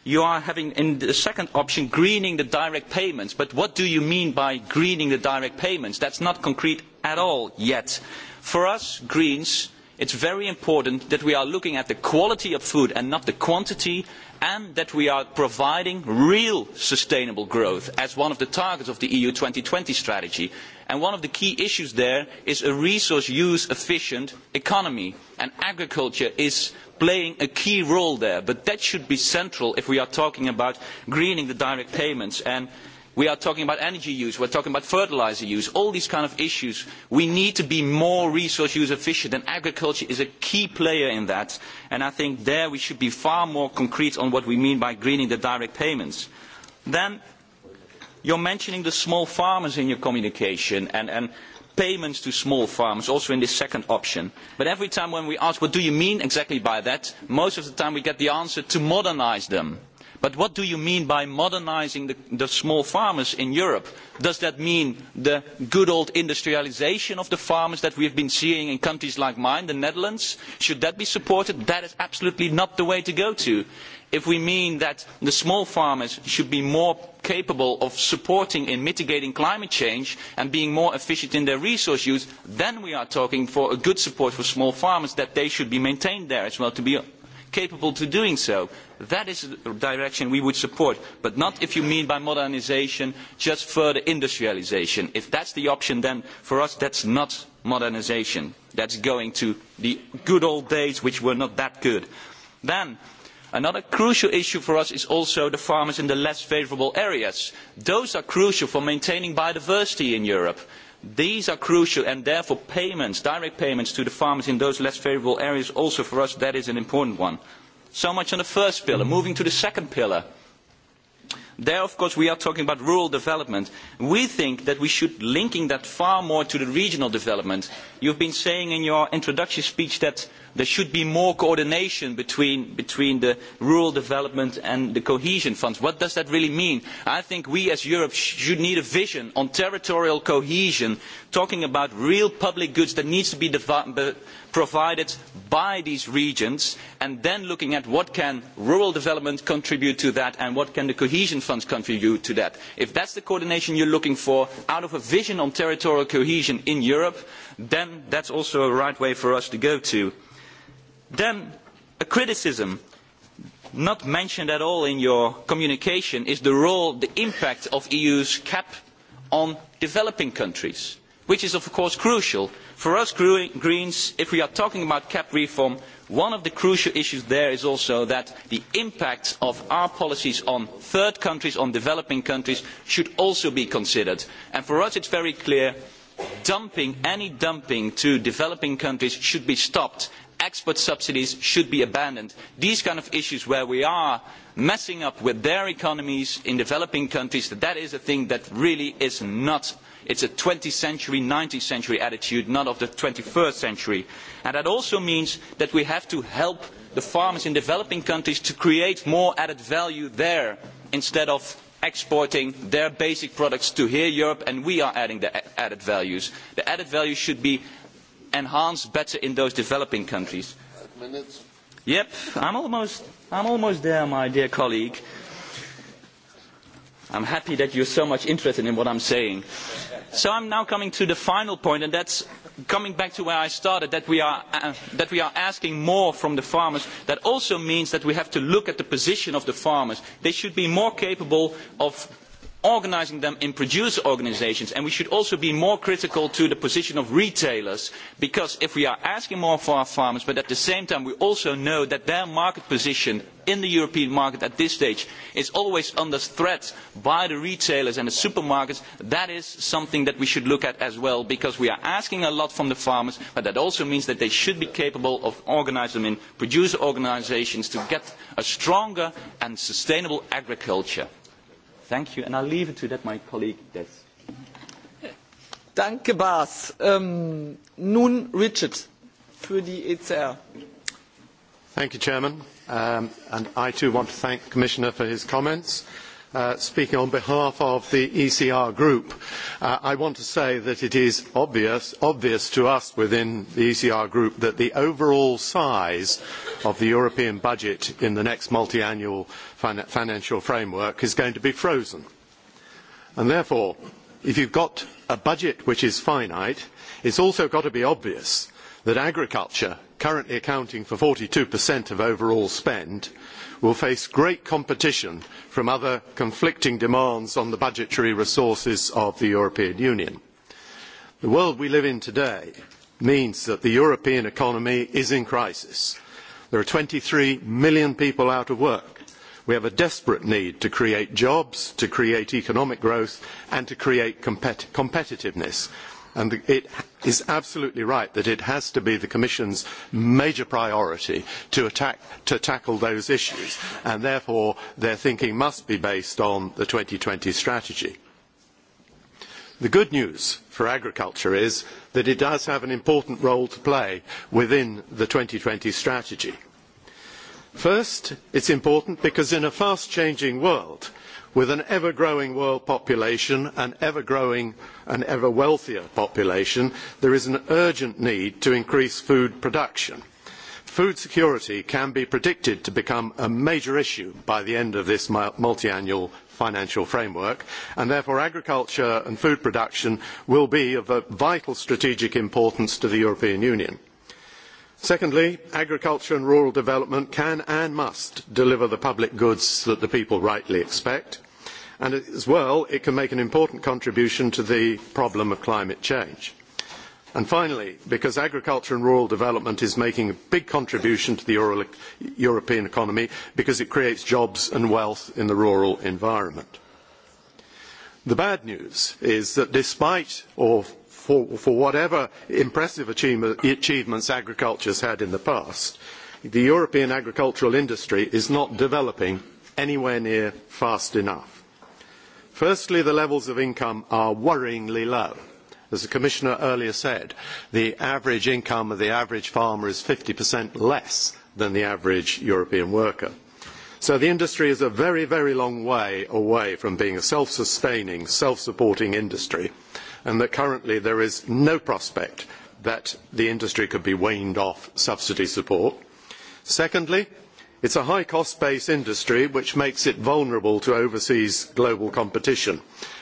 you are having in the second option greening the direct payments. But what do you mean by greening the direct payments? That is not concrete at all yet. For us, Greens, It is very important that we are looking at the quality of food and not the quantity and that we are providing real sustainable growth as one of the targets of the EU twenty strategy. And one of the key issues there is a resource use efficient economy and agriculture is playing a key role there. But that should be central if we are talking about greening the direct payments and We are talking about energy use, we are talking about fertiliser use, all these kinds of issues. We need to be more resource use efficient and agriculture is a key player in that. And I think there we should be far more concrete on what we mean by greening the direct payments. Then you are mentioning the small farmers in your communication and, and payments to small farmers, also in this second option. But every time when we ask, what do you mean exactly by that? Most of the time we get the answer to modernise them. But what do you mean by modernising the, the, small farmers in Europe? Does that mean the good old industrialisation of the farmers that we have been seeing in countries like mine, the Netherlands? Should that be supported? That is absolutely not the way to go to. If we mean that the small farmers should be more capable of supporting and mitigating climate change and being more efficient in their resource use, then we are talking for a good support for small farmers that they should be maintained there as well to be capable of doing so. That is the direction we would support, but not if you mean by modernisation just further industrialisation. If that is the option, then for us that is not modernisation. That is going to the good old days, which were not that good. Then, Another crucial issue for us is also the farmers in the less favourable areas. Those are crucial for maintaining biodiversity in Europe. These are crucial and therefore payments, direct payments to the farmers in those less favourable areas also for us that is an important one. So much on the first pillar. Moving to the second pillar. There, of course, we are talking about rural development. We think that we should link that far more to the regional development. You have been saying in your introductory speech that there should be more coordination between, between the rural development and the cohesion funds. What does that really mean? I think we as Europe should need a vision on territorial cohesion, talking about real public goods that need to be provided by these regions and then looking at what can rural development contribute to that and what can the cohesion funds contribute to that. If that is the coordination you are looking for out of a vision on territorial cohesion in Europe, then that is also a right way for us to go to. Then a criticism not mentioned at all in your communication is the role, the impact of the EU's cap on developing countries, which is of course crucial For us Greens, if we are talking about cap reform, one of the crucial issues there is also that the impact of our policies on third countries, on developing countries, should also be considered. And for us it is very clear, dumping, any dumping to developing countries should be stopped export subsidies should be abandoned. These kind of issues where we are messing up with their economies in developing countries, that is a thing that really is not It is a twentieth century, nineteenth century attitude, not of the twenty first century. And that also means that we have to help the farmers in developing countries to create more added value there instead of exporting their basic products to here Europe and we are adding the added values. The added value should be enhanced better in those developing countries. Yep, I'm almost, I'm almost there, my dear colleague. I'm happy that you're so much interested in what I'm saying. So I'm now coming to the final point, and that's coming back to where I started, that we, are, uh, that we are asking more from the farmers. That also means that we have to look at the position of the farmers. They should be more capable of organising them in producer organisations and we should also be more critical to the position of retailers because if we are asking more for our farmers but at the same time we also know that their market position in the European market at this stage is always under threat by the retailers and the supermarkets that is something that we should look at as well because we are asking a lot from the farmers but that also means that they should be capable of organising them in producer organisations to get a stronger and sustainable agriculture Thank you, and I'll leave it to that my colleague Des. Danke, Bas. Um, nun Richard für die ECR. Thank you, Chairman. Um, and I too want to thank the Commissioner for his comments. Uh, speaking on behalf of the ECR group, uh, I want to say that it is obvious, obvious, to us within the ECR group that the overall size of the European budget in the next multiannual fin financial framework is going to be frozen. And therefore, if you have got a budget which is finite, it has also got to be obvious that agriculture, currently accounting for forty 42% of overall spend, uh, will face great competition from other conflicting demands on the budgetary resources of the European Union. The world we live in today means that the European economy is in crisis. There are twenty three million people out of work. We have a desperate need to create jobs, to create economic growth, and to create compet competitiveness. And it is absolutely right that it has to be the Commission's major priority to, attack, to tackle those issues. And therefore, their thinking must be based on the twenty strategy. The good news for agriculture is that it does have an important role to play within the twenty strategy. First, it is important because in a fast changing world, with an ever growing world population an ever growing and ever wealthier population there is an urgent need to increase food production food security can be predicted to become a major issue by the end of this multiannual financial framework and therefore agriculture and food production will be of vital strategic importance to the european union Secondly, agriculture and rural development can and must deliver the public goods that the people rightly expect. And as well, it can make an important contribution to the problem of climate change. And finally, because agriculture and rural development is making a big contribution to the Euro European economy because it creates jobs and wealth in the rural environment. The bad news is that despite, or for, for whatever impressive achievements agriculture has had in the past, the European agricultural industry is not developing anywhere near fast enough. Firstly, the levels of income are worryingly low. As the Commissioner earlier said, the average income of the average farmer is 50% less than the average European worker. So the industry is a very, very long way away from being a self-sustaining, self-supporting industry and that currently there is no prospect that the industry could be weaned off subsidy support. Secondly, it is a high cost base industry which makes it vulnerable to overseas global competition,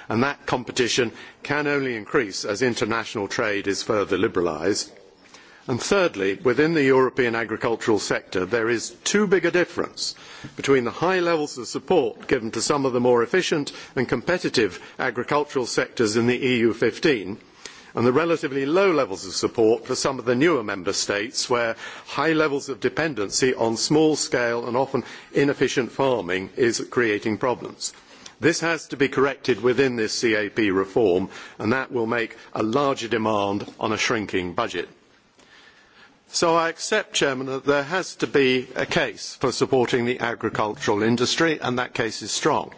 and that competition can only increase as international trade is further liberalised. And thirdly, within the European agricultural sector, there is too big a difference between the high levels of support given to some of the more efficient and competitive agricultural sectors in the EU fifteen and the relatively low levels of support for some of the newer member states where high levels of dependency on small scale and often inefficient farming is creating problems. This has to be corrected within this CAP reform and that will make a larger demand on a shrinking budget. So I accept, Chairman, that there has to be a case for supporting the agricultural industry, and that case is strong.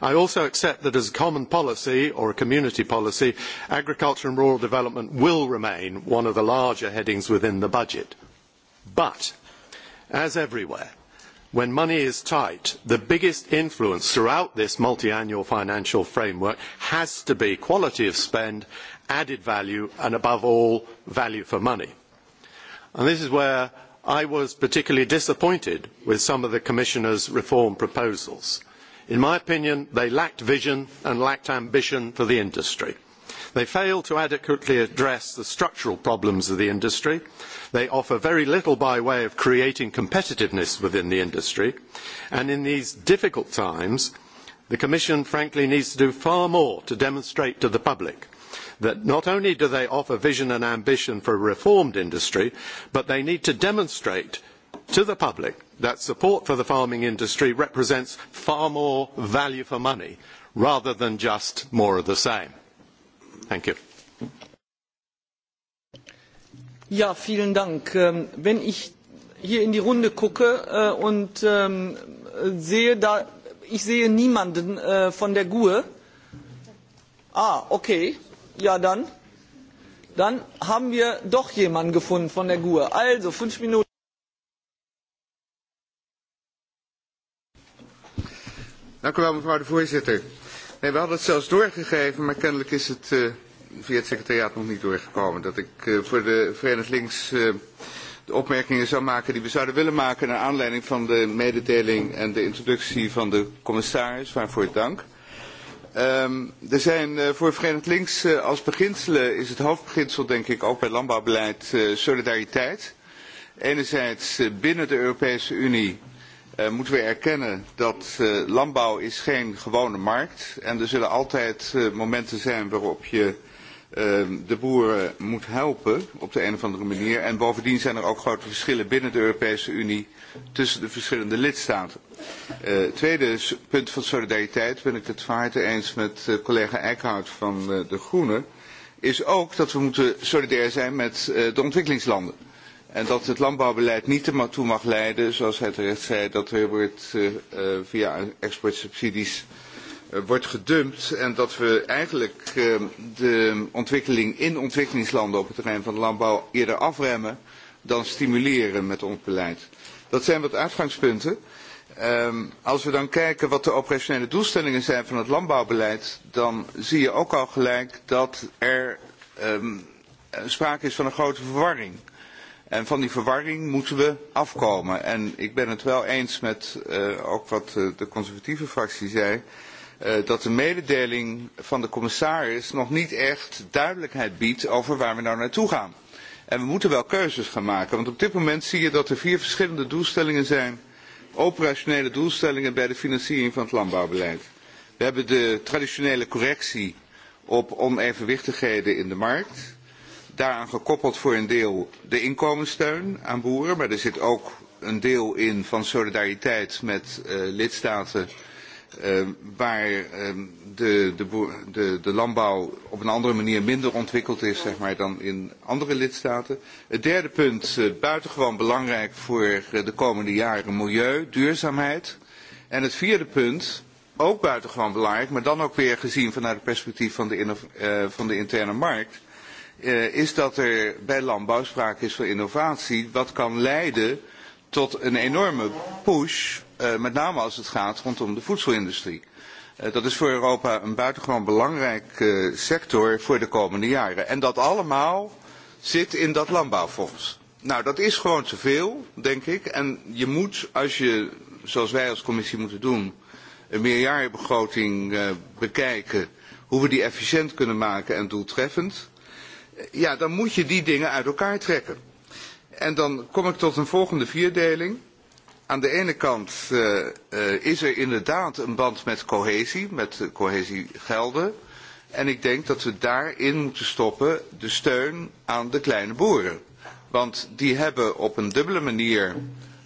I also accept that as a common policy or a community policy, agriculture and rural development will remain one of the larger headings within the budget. But, as everywhere, when money is tight, the biggest influence throughout this multiannual financial framework has to be quality of spend, added value, and above all, value for money. And this is where I was particularly disappointed with some of the Commissioner's reform proposals. In my opinion, they lacked vision and lacked ambition for the industry. They fail to adequately address the structural problems of the industry. They offer very little by way of creating competitiveness within the industry. And in these difficult times, the Commission frankly needs to do far more to demonstrate to the public that not only do they offer vision and ambition for a reformed industry, but they need to demonstrate to the public that support for the farming industry represents far more value for money rather than just more of the same. Thank you. Ja, vielen Dank. Ähm, wenn ich hier in die Runde gucke äh, und ähm, sehe, da, ich sehe niemanden äh, von der GUE. Ah, okay. Ja, dann. Dann haben wir doch jemanden gefunden von der GUE. Also, fünf Minuten. Dank u wel, mevrouw de voorzitter. Nee, we hadden het zelfs doorgegeven, maar kennelijk is het uh, via het secretariaat nog niet doorgekomen. Dat ik uh, voor de Verenigd Links uh, de opmerkingen zou maken die we zouden willen maken... naar aanleiding van de mededeling en de introductie van de commissaris, waarvoor dank. Um, er zijn uh, voor Verenigd Links uh, als beginselen is het hoofdbeginsel denk ik ook bij landbouwbeleid uh, solidariteit. Enerzijds uh, binnen de Europese Unie uh, moeten we erkennen dat uh, landbouw is geen gewone markt. is En er zullen altijd uh, momenten zijn waarop je uh, de boeren moet helpen op de een of andere manier. En bovendien zijn er ook grote verschillen binnen de Europese Unie tussen de verschillende lidstaten. Uh, tweede punt van solidariteit ben ik het van eens met uh, collega Eckhout van uh, de Groenen. Is ook dat we moeten solidair zijn met uh, de ontwikkelingslanden. En dat het landbouwbeleid niet ertoe mag leiden, zoals hij terecht zei, dat er wordt, uh, via exportsubsidies uh, wordt gedumpt. En dat we eigenlijk uh, de ontwikkeling in ontwikkelingslanden op het terrein van de landbouw eerder afremmen dan stimuleren met ons beleid. Dat zijn wat uitgangspunten. Um, als we dan kijken wat de operationele doelstellingen zijn van het landbouwbeleid, dan zie je ook al gelijk dat er um, sprake is van een grote verwarring. En van die verwarring moeten we afkomen. En ik ben het wel eens met uh, ook wat de, eh, de conservatieve fractie zei, uh, dat de mededeling van de commissaris nog niet echt duidelijkheid biedt over waar we nou naartoe gaan. En we moeten wel keuzes gaan maken, want op dit moment zie je dat er vier verschillende doelstellingen zijn, operationele doelstellingen bij de financiering van het landbouwbeleid. We hebben de traditionele correctie op onevenwichtigheden in de markt. Daaraan gekoppeld voor een deel de inkomenssteun aan boeren, maar er zit ook een deel in van solidariteit met uh, lidstaten uh, waar um, de, de, de, de landbouw op een andere manier minder ontwikkeld is zeg maar, dan in andere lidstaten. Het derde punt, uh, buitengewoon belangrijk voor uh, de komende jaren, milieu, duurzaamheid. En het vierde punt, ook buitengewoon belangrijk, maar dan ook weer gezien vanuit het perspectief van de, uh, van de interne markt, uh, is dat er bij landbouw sprake is van innovatie, wat kan leiden tot een enorme push Eh, met name als het gaat rondom de voedselindustrie. Eh, dat is voor Europa een buitengewoon uh, sector voor de komende jaren. En dat allemaal zit in dat landbouwfonds. Nou, dat is gewoon te veel, denk ik. En je moet, als je, zoals wij als commissie moeten doen, een meerjarenbegroting uh, bekijken, hoe we die efficiënt kunnen maken en doeltreffend, ja, dan moet je die dingen uit elkaar trekken. En dan kom ik tot een volgende vierdeling aan de ene kant uh, uh, is er inderdaad een band met cohesie, met cohesiegelden. En ik denk dat we daarin moeten stoppen de steun aan de kleine boeren. Want die hebben op een dubbele manier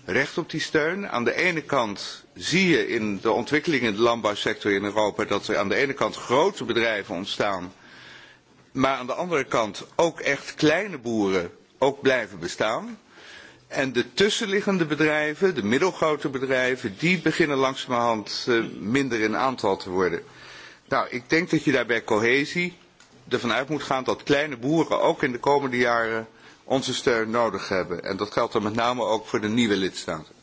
recht op die steun. Aan de ene kant zie je in de ontwikkeling in de landbouwsector in Europa dat er aan de ene kant grote bedrijven ontstaan. Maar aan de andere kant ook echt kleine boeren ook blijven bestaan. En de tussenliggende bedrijven, de middelgrote bedrijven, die beginnen langzamerhand eh, minder in aantal te worden. Nou, ik denk dat je daar bij cohesie ervan uit moet gaan dat kleine boeren ook in de komende jaren onze steun nodig hebben. En dat geldt dan met name ook voor de nieuwe lidstaten.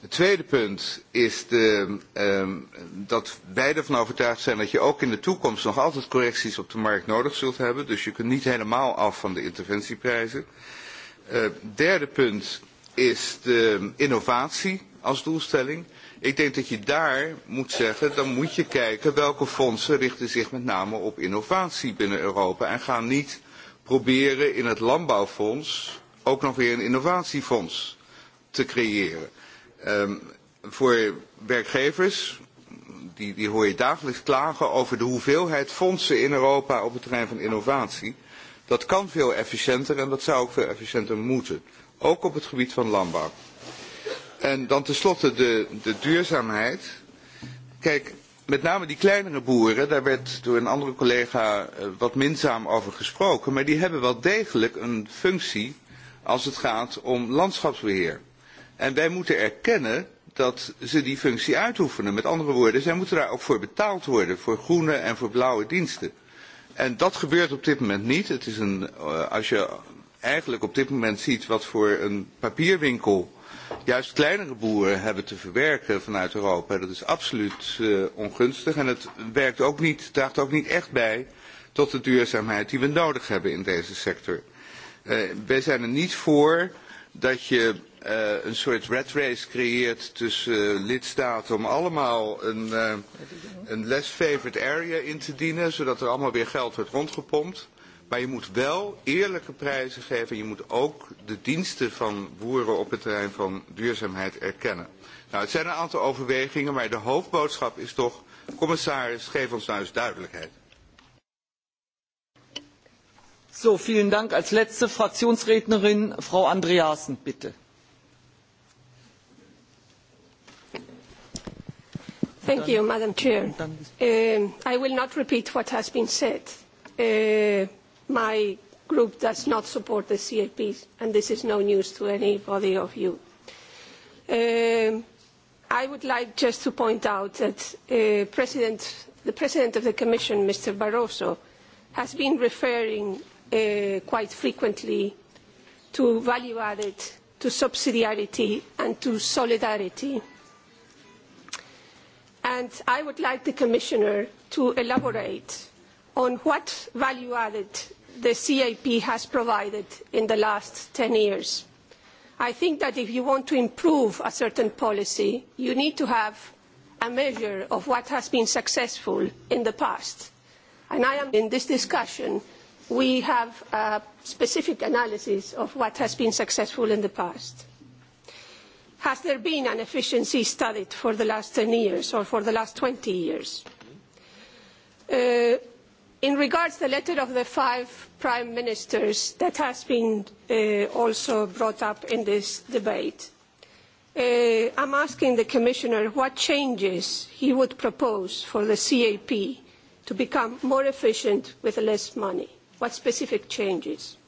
Het tweede punt is de, um, dat wij ervan overtuigd zijn dat je ook in de toekomst nog altijd correcties op de markt nodig zult hebben. Dus je kunt niet helemaal af van de interventieprijzen. Het eh, derde punt is de innovatie als doelstelling. Ik denk dat je daar moet zeggen, dan moet je kijken welke fondsen richten zich met name op innovatie binnen Europa. En gaan niet proberen in het landbouwfonds ook nog weer een innovatiefonds te creëren. Um, voor werkgevers, die, die hoor je dagelijks klagen over de hoeveelheid fondsen in Europa op het terrein van innovatie. Dat kan veel efficiënter en dat zou ook veel efficiënter moeten. Ook op het gebied van landbouw. En dan tenslotte de, de duurzaamheid. Kijk, met name die kleinere boeren, daar werd door een andere collega eh, wat minzaam over gesproken, maar die hebben wel degelijk een functie als het gaat om landschapsbeheer. En wij moeten erkennen dat ze die functie uitoefenen. Met andere woorden, zij moeten daar ook voor betaald worden, voor groene en voor blauwe diensten. En dat gebeurt op dit moment niet. Het is een, eh, als je eigenlijk op dit moment ziet wat voor een papierwinkel juist kleinere boeren hebben te verwerken vanuit Europa, dat is absoluut uh, ongunstig. En het werkt ook niet, draagt ook niet echt bij tot de duurzaamheid die we nodig hebben in deze sector. Uh, wij zijn er niet voor dat je uh, een soort red race creëert tussen eh, lidstaten om allemaal een, uh, een less favored area in te dienen, zodat er allemaal weer geld wordt rondgepompt. Maar je moet wel eerlijke prijzen geven. Je moet ook de diensten van boeren op het terrein van duurzaamheid erkennen. Nou, het zijn een aantal overwegingen, maar de hoofdboodschap is toch, commissaris, geef ons nou eens duidelijkheid. So, vielen Dank. Als laatste fractionsrednerin, mevrouw Andreasen, bitte. Thank you, Madam Chair. Um, I will not repeat what has been said. Uh, my group does not support the CAP and this is no news to anybody of you. Um, I would like just to point out that uh, President, the President of the Commission, Mr. Barroso, has been referring uh, quite frequently to value added, to subsidiarity and to solidarity And I would like the Commissioner to elaborate on what value added the CAP has provided in the last ten years. I think that if you want to improve a certain policy, you need to have a measure of what has been successful in the past. And I am in this discussion, we have a specific analysis of what has been successful in the past. Has there been an efficiency studied for the last ten years or for the last twenty years? Uh, in regards to the letter of the five prime ministers that has been uh, also brought up in this debate, uh, I am asking the Commissioner what changes he would propose for the CAP to become more efficient with less money. What specific changes?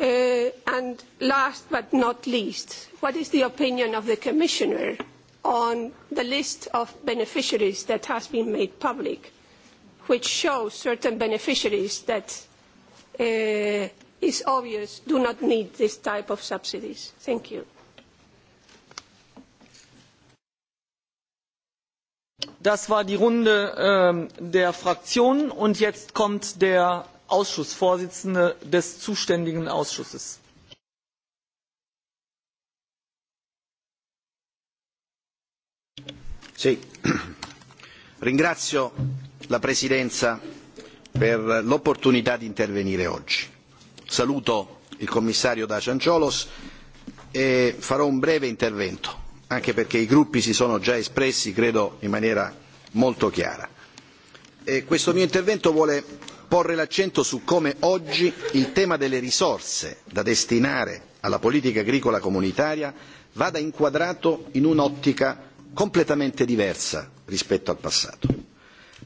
Uh, and last but not least, what is the opinion of the Commissioner on the list of beneficiaries that has been made public, which shows certain beneficiaries that uh, is obvious do not need this type of subsidies? Thank you. Das war die Runde ähm, der Fraktionen und jetzt kommt der Ausschussvorsitzende des zuständigen Ausschusses. Sì. *coughs* Ringrazio la Presidenza per l'opportunità di intervenire oggi. Saluto il commissario da Ciolos e farò un breve intervento, anche perché i gruppi si sono già espressi, credo, in maniera molto chiara. E questo mio intervento vuole porre l'accento su come oggi il tema delle risorse da destinare alla politica agricola comunitaria vada inquadrato in un'ottica completamente diversa rispetto al passato.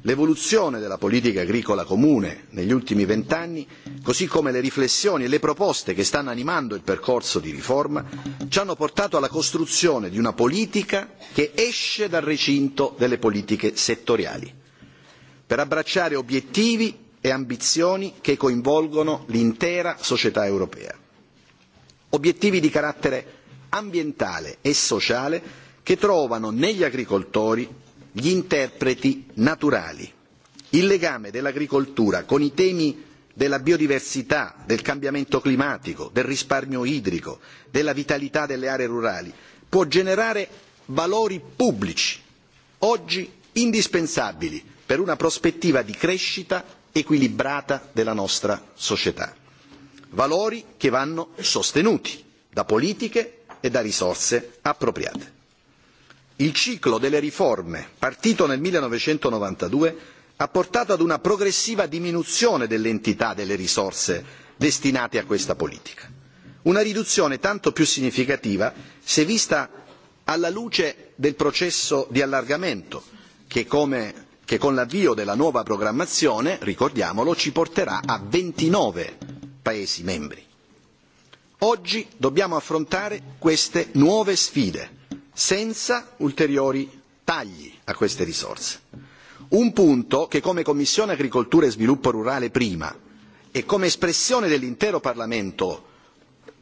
L'evoluzione della politica agricola comune negli ultimi vent'anni, così come le riflessioni e le proposte che stanno animando il percorso di riforma, ci hanno portato alla costruzione di una politica che esce dal recinto delle politiche settoriali, per abbracciare obiettivi e ambizioni che coinvolgono l'intera società europea. Obiettivi di carattere ambientale e sociale che trovano negli agricoltori gli interpreti naturali. Il legame dell'agricoltura con i temi della biodiversità, del cambiamento climatico, del risparmio idrico, della vitalità delle aree rurali può generare valori pubblici, oggi indispensabili per una prospettiva di crescita equilibrata della nostra società. Valori che vanno sostenuti da politiche e da risorse appropriate. Il ciclo delle riforme, partito nel 1992, ha portato ad una progressiva diminuzione dell'entità delle risorse destinate a questa politica. Una riduzione tanto più significativa se vista alla luce del processo di allargamento che, come che con l'avvio della nuova programmazione, ricordiamolo, ci porterà a ventinove Paesi membri. Oggi dobbiamo affrontare queste nuove sfide senza ulteriori tagli a queste risorse. Un punto che come Commissione Agricoltura e Sviluppo Rurale prima e come espressione dell'intero Parlamento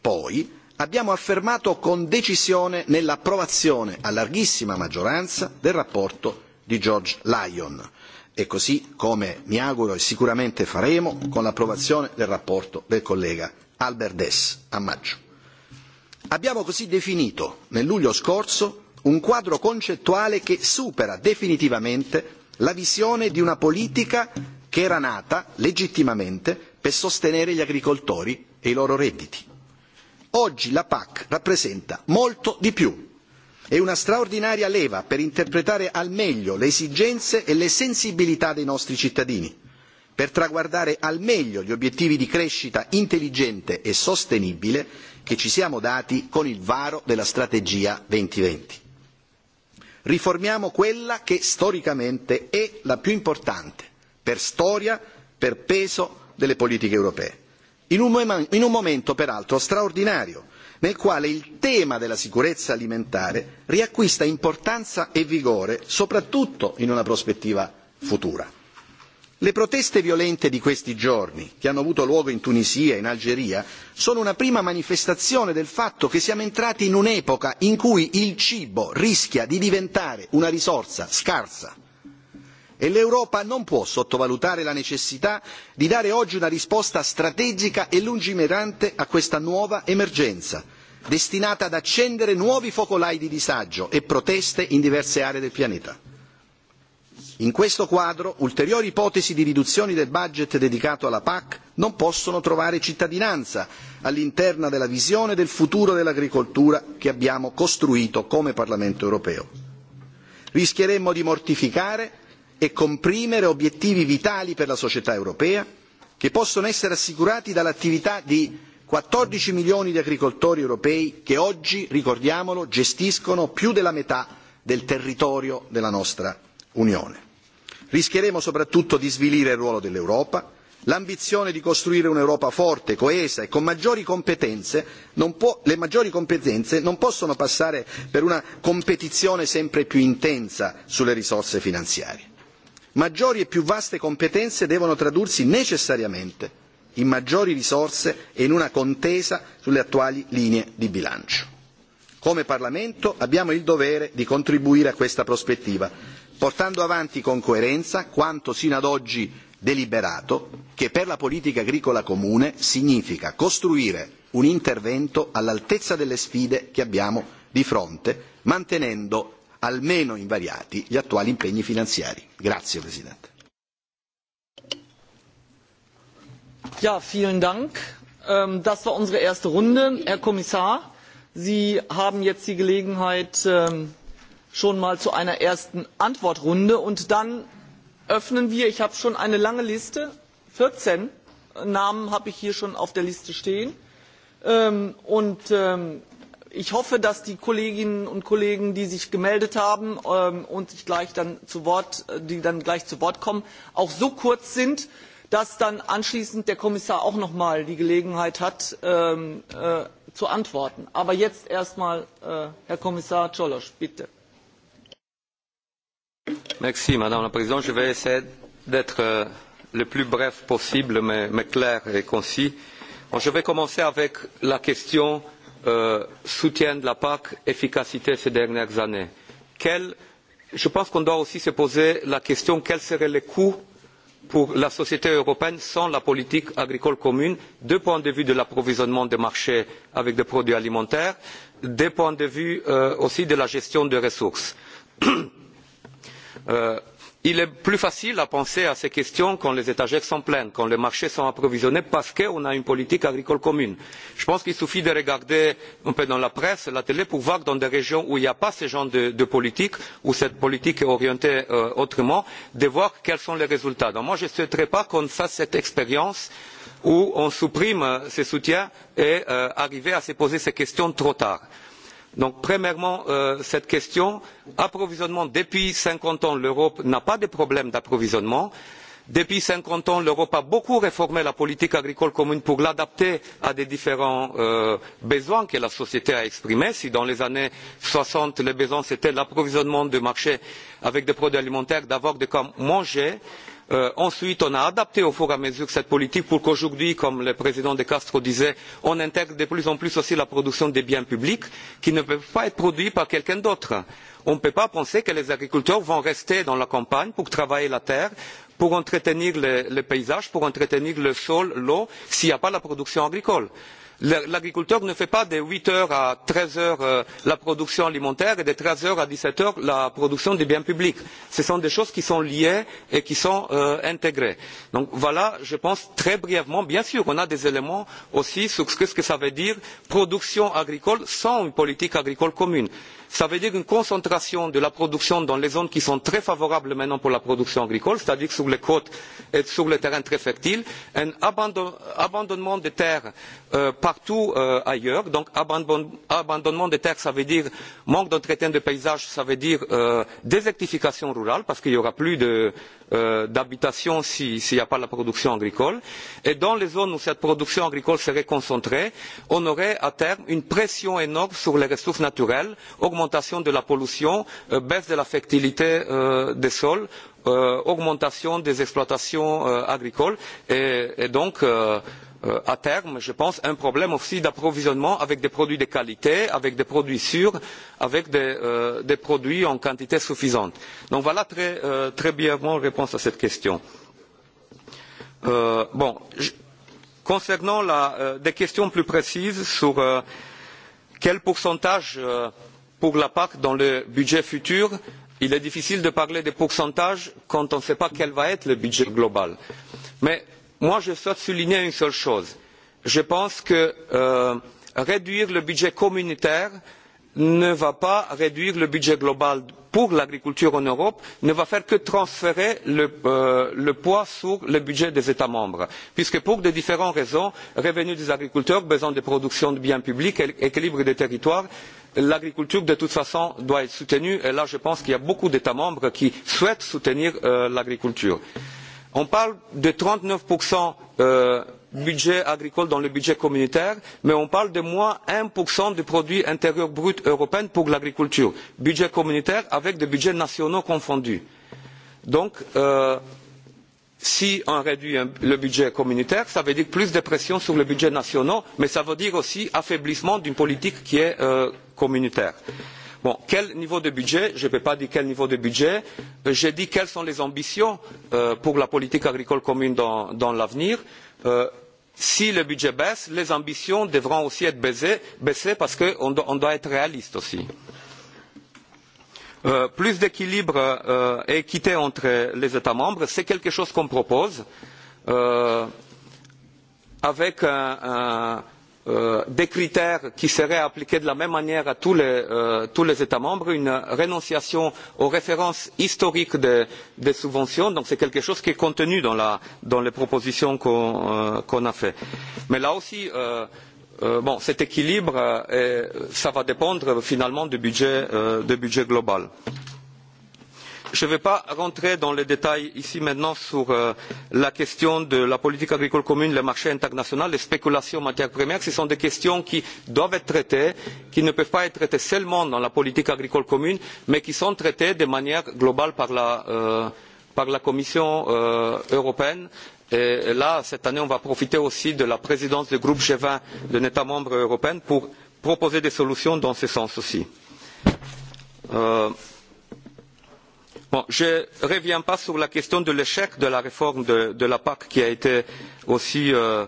poi abbiamo affermato con decisione nell'approvazione a larghissima maggioranza del rapporto di George Lyon e così come mi auguro e sicuramente faremo con l'approvazione del rapporto del collega Albert Dess a maggio. Abbiamo così definito nel luglio scorso un quadro concettuale che supera definitivamente la visione di una politica che era nata legittimamente per sostenere gli agricoltori e i loro redditi. Oggi la PAC rappresenta molto di più È una straordinaria leva per interpretare al meglio le esigenze e le sensibilità dei nostri cittadini, per traguardare al meglio gli obiettivi di crescita intelligente e sostenibile che ci siamo dati con il varo della strategia 2020. Riformiamo quella che storicamente è la più importante, per storia, per peso delle politiche europee, in un, in un momento peraltro straordinario nel quale il tema della sicurezza alimentare riacquista importanza e vigore soprattutto in una prospettiva futura. Le proteste violente di questi giorni, che hanno avuto luogo in Tunisia e in Algeria, sono una prima manifestazione del fatto che siamo entrati in un'epoca in cui il cibo rischia di diventare una risorsa scarsa e l'Europa non può sottovalutare la necessità di dare oggi una risposta strategica e lungimirante a questa nuova emergenza, destinata ad accendere nuovi focolai di disagio e proteste in diverse aree del pianeta. In questo quadro, ulteriori ipotesi di riduzioni del budget dedicato alla PAC non possono trovare cittadinanza all'interno della visione del futuro dell'agricoltura che abbiamo costruito come Parlamento europeo. Rischieremmo di mortificare e comprimere obiettivi vitali per la società europea che possono essere assicurati dall'attività di quattordici milioni di agricoltori europei che oggi, ricordiamolo, gestiscono più della metà del territorio della nostra Unione. Rischieremo soprattutto di svilire il ruolo dell'Europa. L'ambizione di costruire un'Europa forte, coesa e con maggiori competenze, non può, le maggiori competenze non possono passare per una competizione sempre più intensa sulle risorse finanziarie. Maggiori e più vaste competenze devono tradursi necessariamente in maggiori risorse e in una contesa sulle attuali linee di bilancio. Come Parlamento abbiamo il dovere di contribuire a questa prospettiva, portando avanti con coerenza quanto sino ad oggi deliberato, che per la politica agricola comune significa costruire un intervento all'altezza delle sfide che abbiamo di fronte, mantenendo almeno invariati gli attuali impegni finanziari. Grazie Presidente. Ja, vielen Dank. Ähm, das war unsere erste Runde. Herr Kommissar, Sie haben jetzt die Gelegenheit ähm, schon mal zu einer ersten Antwortrunde und dann öffnen wir, ich habe schon eine lange Liste, 14 Namen habe ich hier schon auf der Liste stehen ähm, und ich hoffe, dass die Kolleginnen und Kollegen, die sich gemeldet haben ähm, und sich gleich dann zu Wort, äh, die dann gleich zu Wort kommen, auch so kurz sind, dass dann anschließend der Kommissar auch noch mal die Gelegenheit hat, ähm, äh, zu antworten. Aber jetzt erst mal äh, Herr Kommissar Ciolosch, bitte. Merci, Madame la Présidente. Je vais essayer d'être euh, le plus bref possible, mais, mais clair et concis. Bon, je vais commencer avec la question Euh, soutien de la PAC, efficacité ces dernières années. Quel, je pense qu'on doit aussi se poser la question quels seraient les coûts pour la société européenne sans la politique agricole commune, du point de vue de l'approvisionnement des marchés avec des produits alimentaires, du point de vue euh, aussi de la gestion des ressources. *coughs* euh, Il est plus facile à penser à ces questions quand les étagères sont pleines, quand les marchés sont approvisionnés, parce qu'on a une politique agricole commune. Je pense qu'il suffit de regarder un peu dans la presse, la télé, pour voir dans des régions où il n'y a pas ce genre de, de politique, où cette politique est orientée euh, autrement, de voir quels sont les résultats. Donc moi, je ne souhaiterais pas qu'on fasse cette expérience où on supprime euh, ces soutiens et euh, arriver à se poser ces questions trop tard. Donc, premièrement, euh, cette question, approvisionnement, depuis cinquante ans, l'Europe n'a pas de problème d'approvisionnement. Depuis cinquante ans, l'Europe a beaucoup réformé la politique agricole commune pour l'adapter à des différents euh, besoins que la société a exprimés. Si dans les années soixante, les besoins c'était l'approvisionnement du marché avec des produits alimentaires, d'avoir de quoi manger, Euh, ensuite, on a adapté au fur et à mesure cette politique pour qu'aujourd'hui, comme le président de Castro disait, on intègre de plus en plus aussi la production des biens publics qui ne peuvent pas être produits par quelqu'un d'autre. On ne peut pas penser que les agriculteurs vont rester dans la campagne pour travailler la terre, pour entretenir le, le paysage, pour entretenir le sol, l'eau, s'il n'y a pas la production agricole. L'agriculteur ne fait pas de huit heures à treize heures euh, la production alimentaire et de treize heures à dix sept heures la production des biens publics. Ce sont des choses qui sont liées et qui sont euh, intégrées. Donc voilà, je pense très brièvement, bien sûr, on a des éléments aussi sur ce que, ce que ça veut dire production agricole sans une politique agricole commune. Cela veut dire une concentration de la production dans les zones qui sont très favorables maintenant pour la production agricole, c'est-à-dire sur les côtes et sur les terrains très fertiles, un abandon, abandonnement des terres euh, partout euh, ailleurs. Donc abandon, abandonnement des terres, cela veut dire manque d'entretien des paysages, cela veut dire euh, désertification rurale, parce qu'il n'y aura plus de, Euh, d'habitation s'il n'y a pas la production agricole. Et dans les zones où cette production agricole serait concentrée, on aurait à terme une pression énorme sur les ressources naturelles, augmentation de la pollution, euh, baisse de la fertilité euh, des sols, augmentation des exploitations agricoles et, et donc Euh, à terme, je pense, un problème aussi d'approvisionnement avec des produits de qualité, avec des produits sûrs, avec des, euh, des produits en quantité suffisante. Donc voilà très, euh, très brièvement réponse à cette question. Euh, bon, je, concernant la, euh, des questions plus précises sur euh, quel pourcentage euh, pour la PAC dans le budget futur, il est difficile de parler des pourcentages quand on ne sait pas quel va être le budget global. Mais Moi, je souhaite souligner une seule chose. Je pense que euh, réduire le budget communautaire ne va pas réduire le budget global pour l'agriculture en Europe, ne va faire que transférer le, euh, le poids sur le budget des États membres. Puisque pour de différentes raisons, revenus des agriculteurs, besoin de production de biens publics, équilibre des territoires, l'agriculture de toute façon doit être soutenue et là je pense qu'il y a beaucoup d'États membres qui souhaitent soutenir euh, l'agriculture. Euh, On parle de trente neuf euh, budget agricole dans le budget communautaire, mais on parle de moins un du produit intérieur brut européen pour l'agriculture. Budget communautaire avec des budgets nationaux confondus. Donc, euh, si on réduit le budget communautaire, cela veut dire plus de pression sur le budget national, mais cela veut dire aussi affaiblissement d'une politique qui est euh, communautaire. Euh, Bon, quel niveau de budget Je ne peux pas dire quel niveau de budget. J'ai dit quelles sont les ambitions euh, pour la politique agricole commune dans, dans l'avenir. Euh, si le budget baisse, les ambitions devront aussi être baissées, baissées parce qu'on do, doit être réaliste aussi. Euh, plus d'équilibre euh, et équité entre les États membres, c'est quelque chose qu'on propose euh, avec un, un euh, des critères qui seraient appliqués de la même manière à tous les, euh, tous les États membres, une renonciation aux références historiques des, de subventions. Donc c'est quelque chose qui est contenu dans, la, dans les propositions qu'on euh, qu a faites. Mais là aussi, euh, euh, bon, cet équilibre, euh, ça va dépendre finalement du budget, euh, du budget global. Je ne vais pas rentrer dans les détails ici maintenant sur euh, la question de la politique agricole commune, le marché international, les spéculations en matières premières. Ce sont des questions qui doivent être traitées, qui ne peuvent pas être traitées seulement dans la politique agricole commune, mais qui sont traitées de manière globale par la, euh, par la Commission euh, européenne. Et là, cette année, on va profiter aussi de la présidence du groupe g vingt d'un État membre européen pour proposer des solutions dans ce sens aussi. Euh, Bon, je ne reviens pas sur la question de l'échec de la réforme de, de la PAC qui a été aussi euh,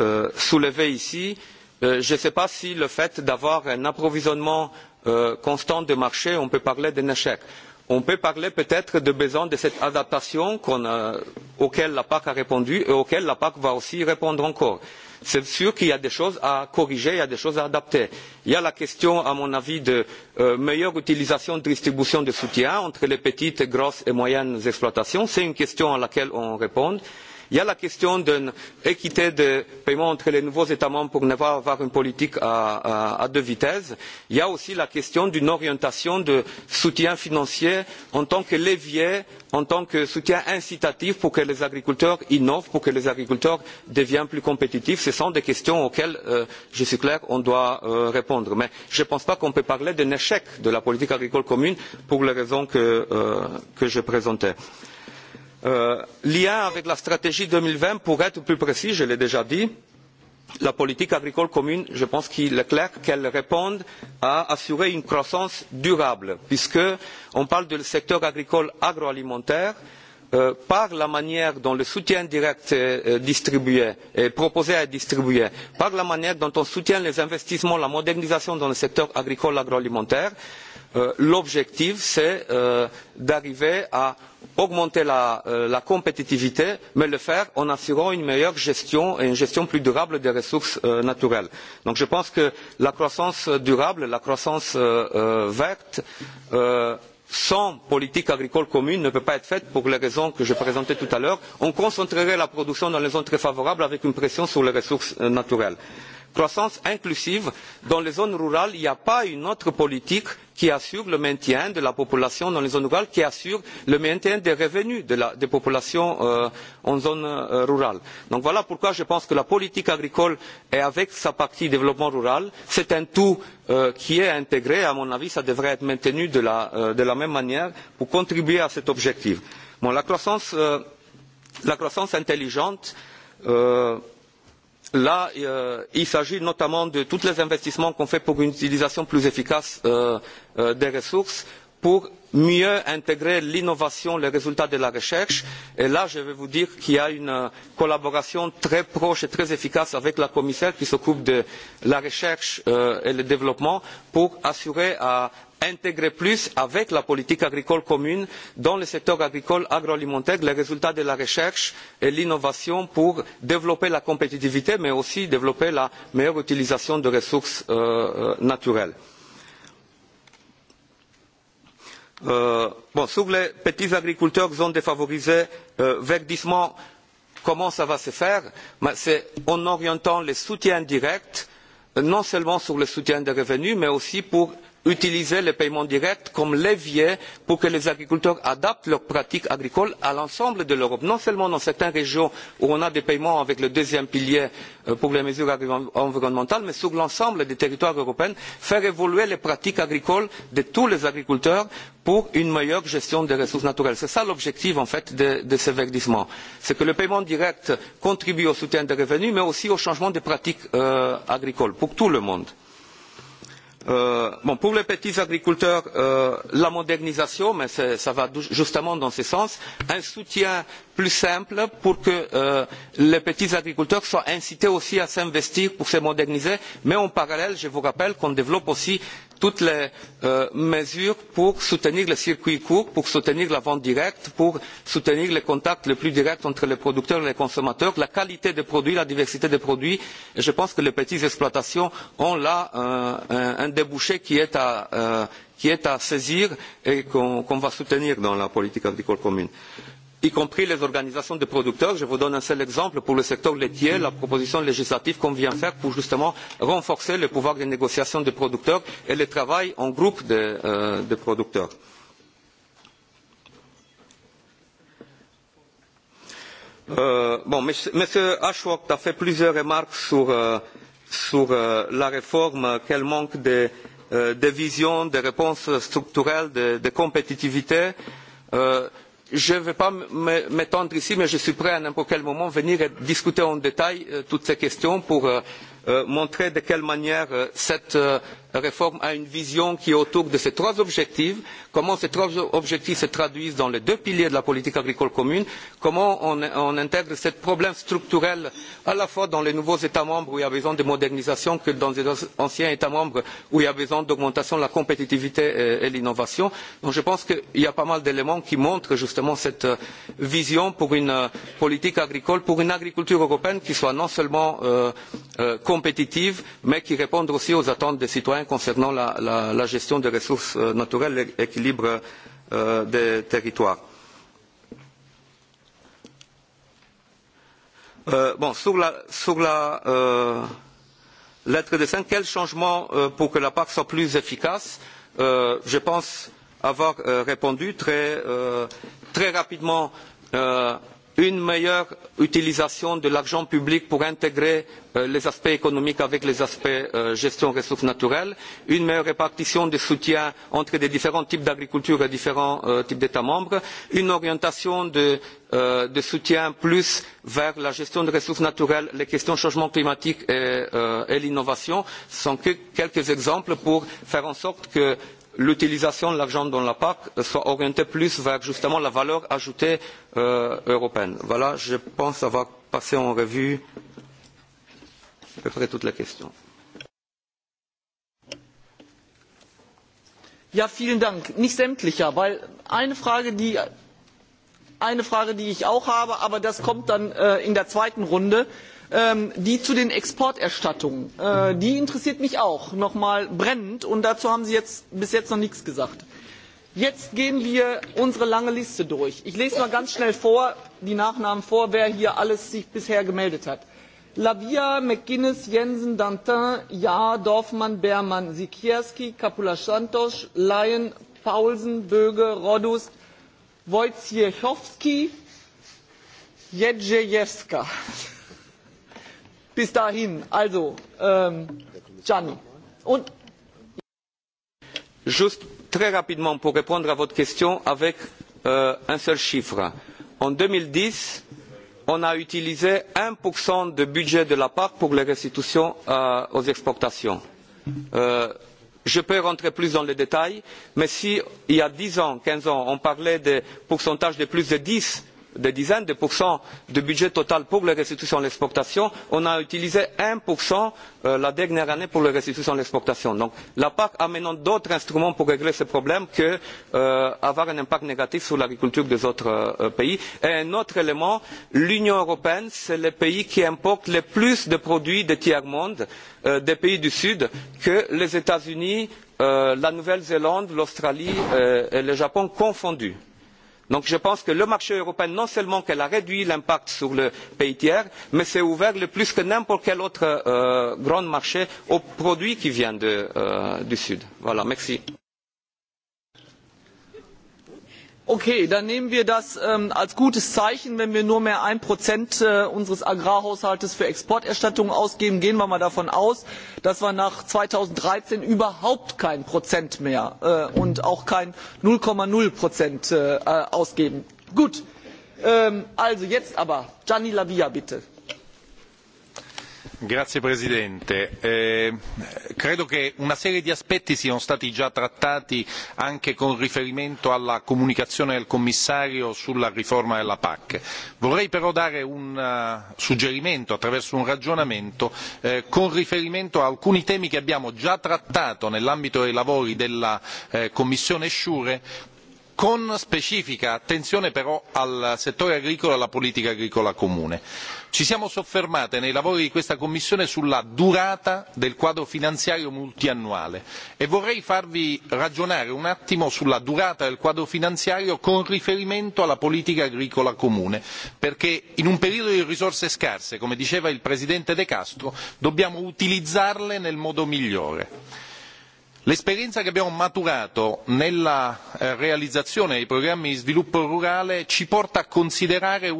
euh, soulevée ici. Euh, je ne sais pas si le fait d'avoir un approvisionnement euh, constant de marché, on peut parler d'un échec. On peut parler peut-être de besoin de cette adaptation a, euh, auquel la PAC a répondu et auquel la PAC va aussi répondre encore. C'est sûr qu'il y a des choses à corriger, il y a des choses à adapter. Il y a la question, à mon avis, de euh, meilleure utilisation de distribution de soutien entre les petites, grosses et moyennes exploitations. C'est une question à laquelle on répond. Euh, Il y a la question d'une équité de paiement entre les nouveaux États membres pour ne pas avoir une politique à, à, à deux vitesses. Il y a aussi la question d'une orientation de soutien financier en tant que levier, en tant que soutien incitatif pour que les agriculteurs innovent, pour que les agriculteurs deviennent plus compétitifs. Ce sont des questions auxquelles, euh, je suis clair, on doit euh, répondre. Mais je ne pense pas qu'on peut parler d'un échec de la politique agricole commune pour les raisons que, euh, que je présentais. Euh, lien avec la stratégie deux mille vingt, pour être plus précis, je l'ai déjà dit, la politique agricole commune, je pense qu'il est clair qu'elle répond à assurer une croissance durable, puisqu'on parle du secteur agricole agroalimentaire, euh, par la manière dont le soutien direct est euh, distribué, est proposé à être distribué, par la manière dont on soutient les investissements, la modernisation dans le secteur agricole agroalimentaire, Euh, l'objectif, c'est euh, d'arriver à augmenter la, euh, la, compétitivité, mais le faire en assurant une meilleure gestion et une gestion plus durable des ressources euh, naturelles. Donc je pense que la croissance durable, la croissance euh, verte, euh, sans politique agricole commune ne peut pas être faite pour les raisons que je présentais tout à l'heure. On concentrerait la production dans les zones très favorables avec une pression sur les ressources naturelles. Croissance inclusive, dans les zones rurales, il n'y a pas une autre politique qui assure le maintien de la population dans les zones rurales, qui assure le maintien des revenus de la, des populations euh, en zone euh, rurale. Donc voilà pourquoi je pense que la politique agricole et avec sa partie développement rural, c'est un tout euh, qui est intégré, à mon avis, ça devrait être maintenu de la, euh, de la même manière pour contribuer à cet objectif. Bon, la croissance, euh, la croissance intelligente, euh, Là, euh, il s'agit notamment de tous les investissements qu'on fait pour une utilisation plus efficace euh, euh, des ressources pour mieux intégrer l'innovation, les résultats de la recherche. Et là, je vais vous dire qu'il y a une euh, collaboration très proche et très efficace avec la commissaire qui s'occupe de la recherche euh, et le développement pour assurer à intégrer plus avec la politique agricole commune dans le secteur agricole agroalimentaire les résultats de la recherche et l'innovation pour développer la compétitivité mais aussi développer la meilleure utilisation des ressources euh, euh, naturelles. Euh, bon, sur les petits agriculteurs, zones défavorisées, euh, verdissement, comment ça va se faire C'est en orientant les soutiens directs, non seulement sur le soutien des revenus, mais aussi pour utiliser les paiements directs comme levier pour que les agriculteurs adaptent leurs pratiques agricoles à l'ensemble de l'Europe, non seulement dans certaines régions où on a des paiements avec le deuxième pilier euh, pour les mesures environnementales, mais sur l'ensemble des territoires européens, faire évoluer les pratiques agricoles de tous les agriculteurs pour une meilleure gestion des ressources naturelles. C'est ça l'objectif en fait de, de ce verdissement. C'est que le paiement direct contribue au soutien des revenus, mais aussi au changement des pratiques euh, agricoles pour tout le monde. Euh, bon, pour les petits agriculteurs, euh, la modernisation, mais ça va justement dans ce sens, un soutien plus simple pour que euh, les petits agriculteurs soient incités aussi à s'investir pour se moderniser, mais en parallèle, je vous rappelle qu'on développe aussi toutes les euh, mesures pour soutenir le circuit court, pour soutenir la vente directe, pour soutenir les contacts les plus directs entre les producteurs et les consommateurs, la qualité des produits, la diversité des produits. Et je pense que les petites exploitations ont là euh, un, un débouché qui est à, euh, qui est à saisir et qu'on qu va soutenir dans la politique agricole commune y compris les organisations de producteurs. Je vous donne un seul exemple pour le secteur laitier, la proposition législative qu'on vient faire pour justement renforcer le pouvoir de négociation des producteurs et le travail en groupe de, euh, de producteurs. Euh, bon, monsieur Ashwok a fait plusieurs remarques sur euh, sur euh, la réforme euh, quel manque de, euh, de vision, de réponse structurelle, de, de compétitivité. je ne vais pas m'étendre ici, mais je suis prêt à n'importe quel moment venir discuter en détail toutes ces questions pour montrer de quelle manière cette réforme a une vision qui est autour de ces trois objectifs, comment ces trois objectifs se traduisent dans les deux piliers de la politique agricole commune, comment on, on intègre ce problème structurel à la fois dans les nouveaux États membres où il y a besoin de modernisation que dans les anciens États membres où il y a besoin d'augmentation de la compétitivité et, et l'innovation. Donc je pense qu'il y a pas mal d'éléments qui montrent justement cette vision pour une politique agricole, pour une agriculture européenne qui soit non seulement euh, euh, compétitive, mais qui réponde aussi aux attentes des citoyens européen concernant la, la, la gestion des ressources euh, naturelles et l'équilibre euh, des territoires. Euh, bon, sur la, sur la euh, lettre de cinq, quel changement euh, pour que la PAC soit plus efficace euh, Je pense avoir euh, répondu très, euh, très rapidement euh, une meilleure utilisation de l'argent public pour intégrer euh, les aspects économiques avec les aspects euh, gestion des ressources naturelles, une meilleure répartition des soutiens entre les différents types d'agriculture et différents euh, types d'États membres, une orientation de, euh, de, soutien plus vers la gestion des ressources naturelles, les questions changement climatique et, euh, et l'innovation sont que quelques exemples pour faire en sorte que l'utilisation de l'argent dans la PAC soit orientée plus vers justement la valeur ajoutée euh, européenne. Voilà, je pense avoir passé en revue à peu près toutes les questions. Ja, vielen Dank. Nicht sämtlicher, weil eine Frage, die, eine Frage, die ich auch habe, aber das kommt dann äh, in der zweiten Runde. Ähm, die zu den Exporterstattungen, äh, die interessiert mich auch nochmal brennend und dazu haben Sie jetzt, bis jetzt noch nichts gesagt. Jetzt gehen wir unsere lange Liste durch. Ich lese mal ganz schnell vor, die Nachnamen vor, wer hier alles sich bisher gemeldet hat. Lavia, McGuinness, Jensen, Dantin, Ja, Dorfmann, Beermann, Sikierski, Kapula Santos, Lyon, Paulsen, Böge, Rodust, Wojciechowski, Jedrzejewska. Bis dahin, also, ähm, Gianni. Und Juste très rapidement pour répondre à votre question avec euh, un seul chiffre. En 2010, on a utilisé 1% du budget de la PAC pour les restitutions euh, aux exportations. Euh, je peux rentrer plus dans les détails, mais si il y a 10 ans, 15 ans, on parlait de pourcentage de plus de 10 des dizaines de pourcents du budget total pour les restitutions et l'exportation, on a utilisé 1% euh, la dernière année pour les restitutions et l'exportation. Donc la PAC amène d'autres instruments pour régler ce problème que euh, avoir un impact négatif sur l'agriculture des autres euh, pays. Et un autre élément, l'Union européenne, c'est le pays qui importe le plus de produits de tiers-monde, euh, des pays du Sud, que les États-Unis, euh, la Nouvelle-Zélande, l'Australie euh, et le Japon confondus. Donc je pense que le marché européen, non seulement qu'il a réduit l'impact sur le pays tiers, mais s'est ouvert le plus que n'importe quel autre euh, grand marché aux produits qui viennent de, euh, du Sud. Voilà, merci. Okay, dann nehmen wir das ähm, als gutes Zeichen, wenn wir nur mehr ein Prozent äh, unseres Agrarhaushaltes für Exporterstattungen ausgeben. Gehen wir mal davon aus, dass wir nach 2013 überhaupt kein Prozent mehr äh, und auch kein 0,0 Prozent äh, ausgeben. Gut, ähm, also jetzt aber, Gianni Lavia bitte. Grazie Presidente. Eh, credo che una serie di aspetti siano stati già trattati anche con riferimento alla comunicazione del Commissario sulla riforma della PAC. Vorrei però dare un eh, suggerimento attraverso un ragionamento eh, con riferimento a alcuni temi che abbiamo già trattato nell'ambito dei lavori della eh, Commissione Sciure con specifica attenzione però al settore agricolo e alla politica agricola comune. Ci siamo soffermate nei lavori di questa Commissione sulla durata del quadro finanziario multiannuale e vorrei farvi ragionare un attimo sulla durata del quadro finanziario con riferimento alla politica agricola comune, perché in un periodo di risorse scarse, come diceva il Presidente De Castro, dobbiamo utilizzarle nel modo migliore L'esperienza che abbiamo maturato nella eh, realizzazione dei programmi di sviluppo rurale ci porta a considerare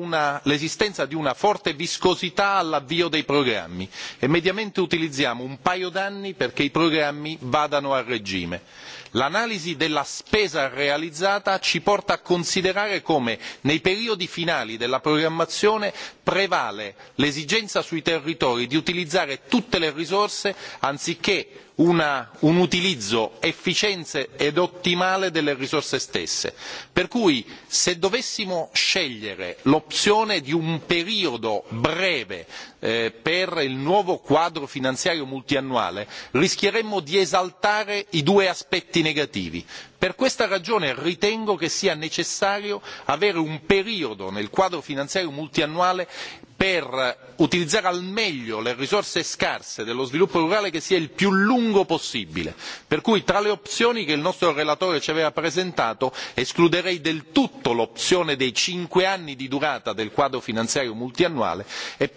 l'esistenza di una forte viscosità all'avvio dei programmi e mediamente utilizziamo un paio d'anni perché i programmi vadano a regime. L'analisi della spesa realizzata ci porta a considerare come nei periodi finali della programmazione prevale l'esigenza sui territori di utilizzare tutte le risorse anziché una, un utilizzo efficiente ed ottimale delle risorse stesse. Per cui se dovessimo scegliere l'opzione di un periodo breve eh, per il nuovo quadro finanziario multiannuale rischieremmo di esaltare i due aspetti negativi. Per questa ragione ritengo che sia necessario avere un periodo nel quadro finanziario multiannuale per utilizzare al meglio le risorse scarse dello sviluppo rurale che sia il più lungo possibile. Per cui tra le opzioni che il nostro relatore ci aveva presentato escluderei del tutto l'opzione dei cinque anni di durata del quadro finanziario multiannuale e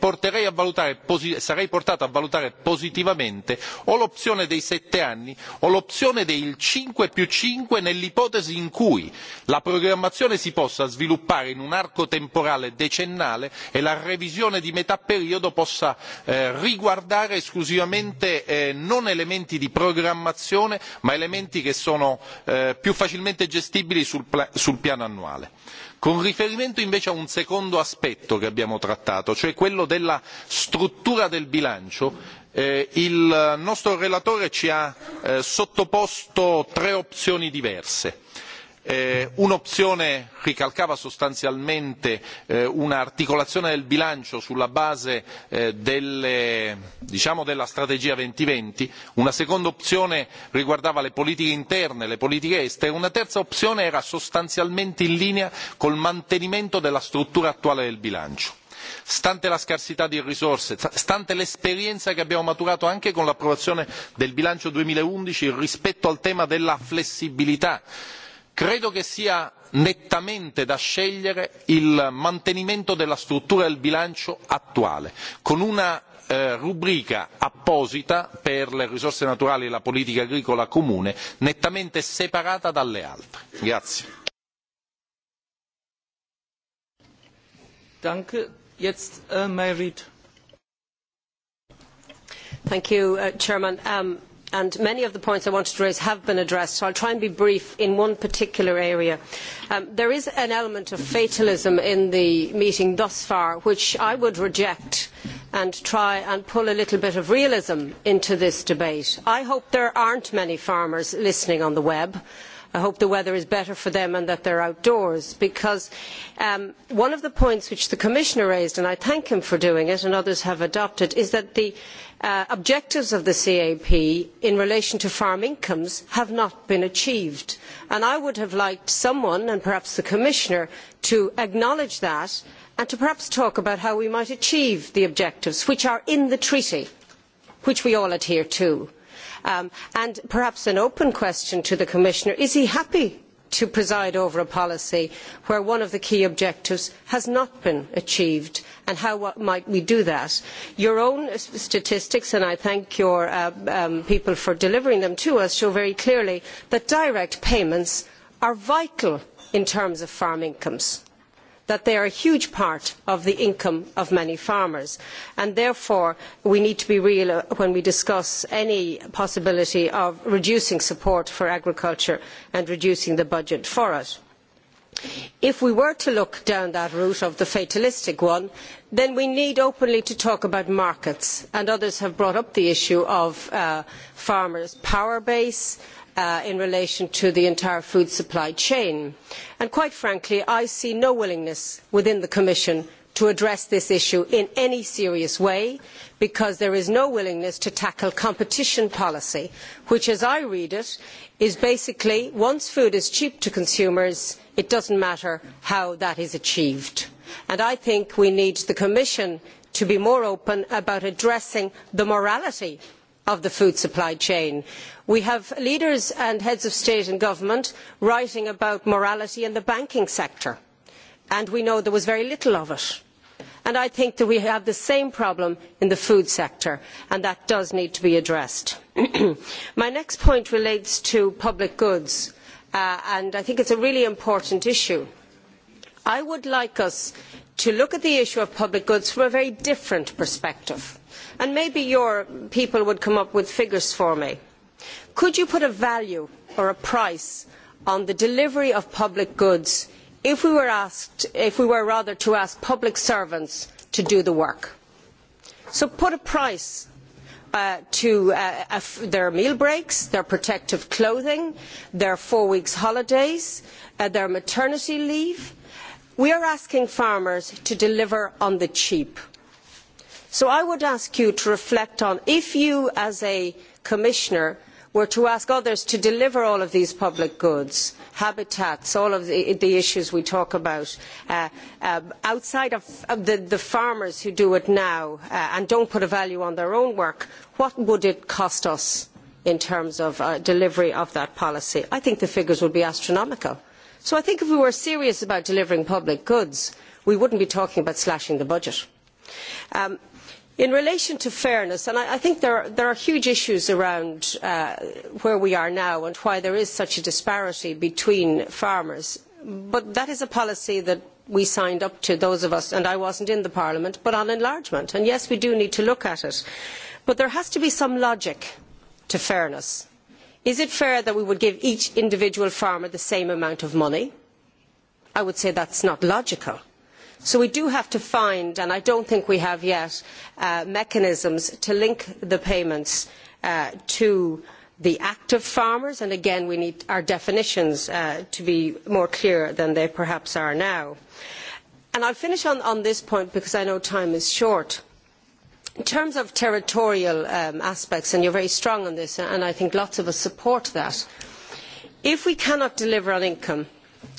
valutare, sarei portato a valutare positivamente o l'opzione dei sette anni o l'opzione del cinque più cinque nell'ipotesi in cui la programmazione si possa sviluppare in un arco temporale decennale e la revisione revisione di metà periodo possa eh, riguardare esclusivamente eh, non elementi di programmazione ma elementi che sono eh, più facilmente gestibili sul, sul piano annuale. Con riferimento invece a un secondo aspetto che abbiamo trattato, cioè quello della struttura del bilancio, Eh, il nostro relatore ci ha eh, sottoposto tre opzioni diverse. Eh, Un'opzione ricalcava sostanzialmente eh, un'articolazione del bilancio sulla base eh, delle, diciamo della strategia duemilaventi, una seconda opzione riguardava le politiche interne, le politiche estere, una terza opzione era sostanzialmente in linea col mantenimento della struttura attuale del bilancio stante la scarsità di risorse, stante l'esperienza che abbiamo maturato anche con l'approvazione del bilancio duemilaundici rispetto al tema della flessibilità Credo che sia nettamente da scegliere il mantenimento della struttura del bilancio attuale, con una eh, rubrica apposita per le risorse naturali e la politica agricola comune, nettamente separata dalle altre. Grazie. Danke. Jetzt, uh, Thank you, uh, Chairman. Um, and many of the points I wanted to raise have been addressed, so I will try and be brief in one particular area. Um, there is an element of fatalism in the meeting thus far, which I would reject and try and pull a little bit of realism into this debate. I hope there are not many farmers listening on the web. I hope the weather is better for them and that they are outdoors because um, one of the points which the Commissioner raised, and I thank him for doing it and others have adopted, is that the uh, objectives of the CAP in relation to farm incomes have not been achieved. And I would have liked someone, and perhaps the Commissioner, to acknowledge that and to perhaps talk about how we might achieve the objectives which are in the treaty, which we all adhere to. Um, and perhaps an open question to the Commissioner, is he happy to preside over a policy where one of the key objectives has not been achieved and how might we do that? Your own uh, statistics, and I thank your uh, um, people for delivering them to us, show very clearly that direct payments are vital in terms of farm incomes that they are a huge part of the income of many farmers and therefore we need to be real uh, when we discuss any possibility of reducing support for agriculture and reducing the budget for it. If we were to look down that route of the fatalistic one, then we need openly to talk about markets and others have brought up the issue of uh, farmers' power base, Uh, in relation to the entire food supply chain. And quite frankly, I see no willingness within the Commission to address this issue in any serious way because there is no willingness to tackle competition policy, which, as I read it, is basically once food is cheap to consumers, it does not matter how that is achieved. And I think we need the Commission to be more open about addressing the morality of the food supply chain. We have leaders and heads of state and government writing about morality in the banking sector, and we know there was very little of it. And I think that we have the same problem in the food sector, and that does need to be addressed. *clears throat* My next point relates to public goods, uh, and I think it is a really important issue. I would like us to look at the issue of public goods from a very different perspective and maybe your people would come up with figures for me. Could you put a value or a price on the delivery of public goods if we were asked, if we were rather to ask public servants to do the work? So put a price Uh, to uh, their meal breaks, their protective clothing, their four weeks holidays, uh, their maternity leave. We are asking farmers to deliver on the cheap. So I would ask you to reflect on if you as a commissioner were to ask others to deliver all of these public goods, habitats, all of the, the issues we talk about, uh, uh, outside of, of the, the, farmers who do it now uh, and do not put a value on their own work, what would it cost us in terms of uh, delivery of that policy? I think the figures would be astronomical. So I think if we were serious about delivering public goods, we would not be talking about slashing the budget. Um, In relation to fairness, and I, I think there are, there are huge issues around uh, where we are now and why there is such a disparity between farmers, but that is a policy that we signed up to, those of us, and I was not in the Parliament, but on enlargement. And yes, we do need to look at it. But there has to be some logic to fairness. Is it fair that we would give each individual farmer the same amount of money? I would say that is not logical. So we do have to find, and I do not think we have yet, uh, mechanisms to link the payments uh, to the active farmers, and again, we need our definitions uh, to be more clear than they perhaps are now. I will finish on, on, this point because I know time is short. In terms of territorial um, aspects, and you are very strong on this, and I think lots of us support that, if we cannot deliver on income,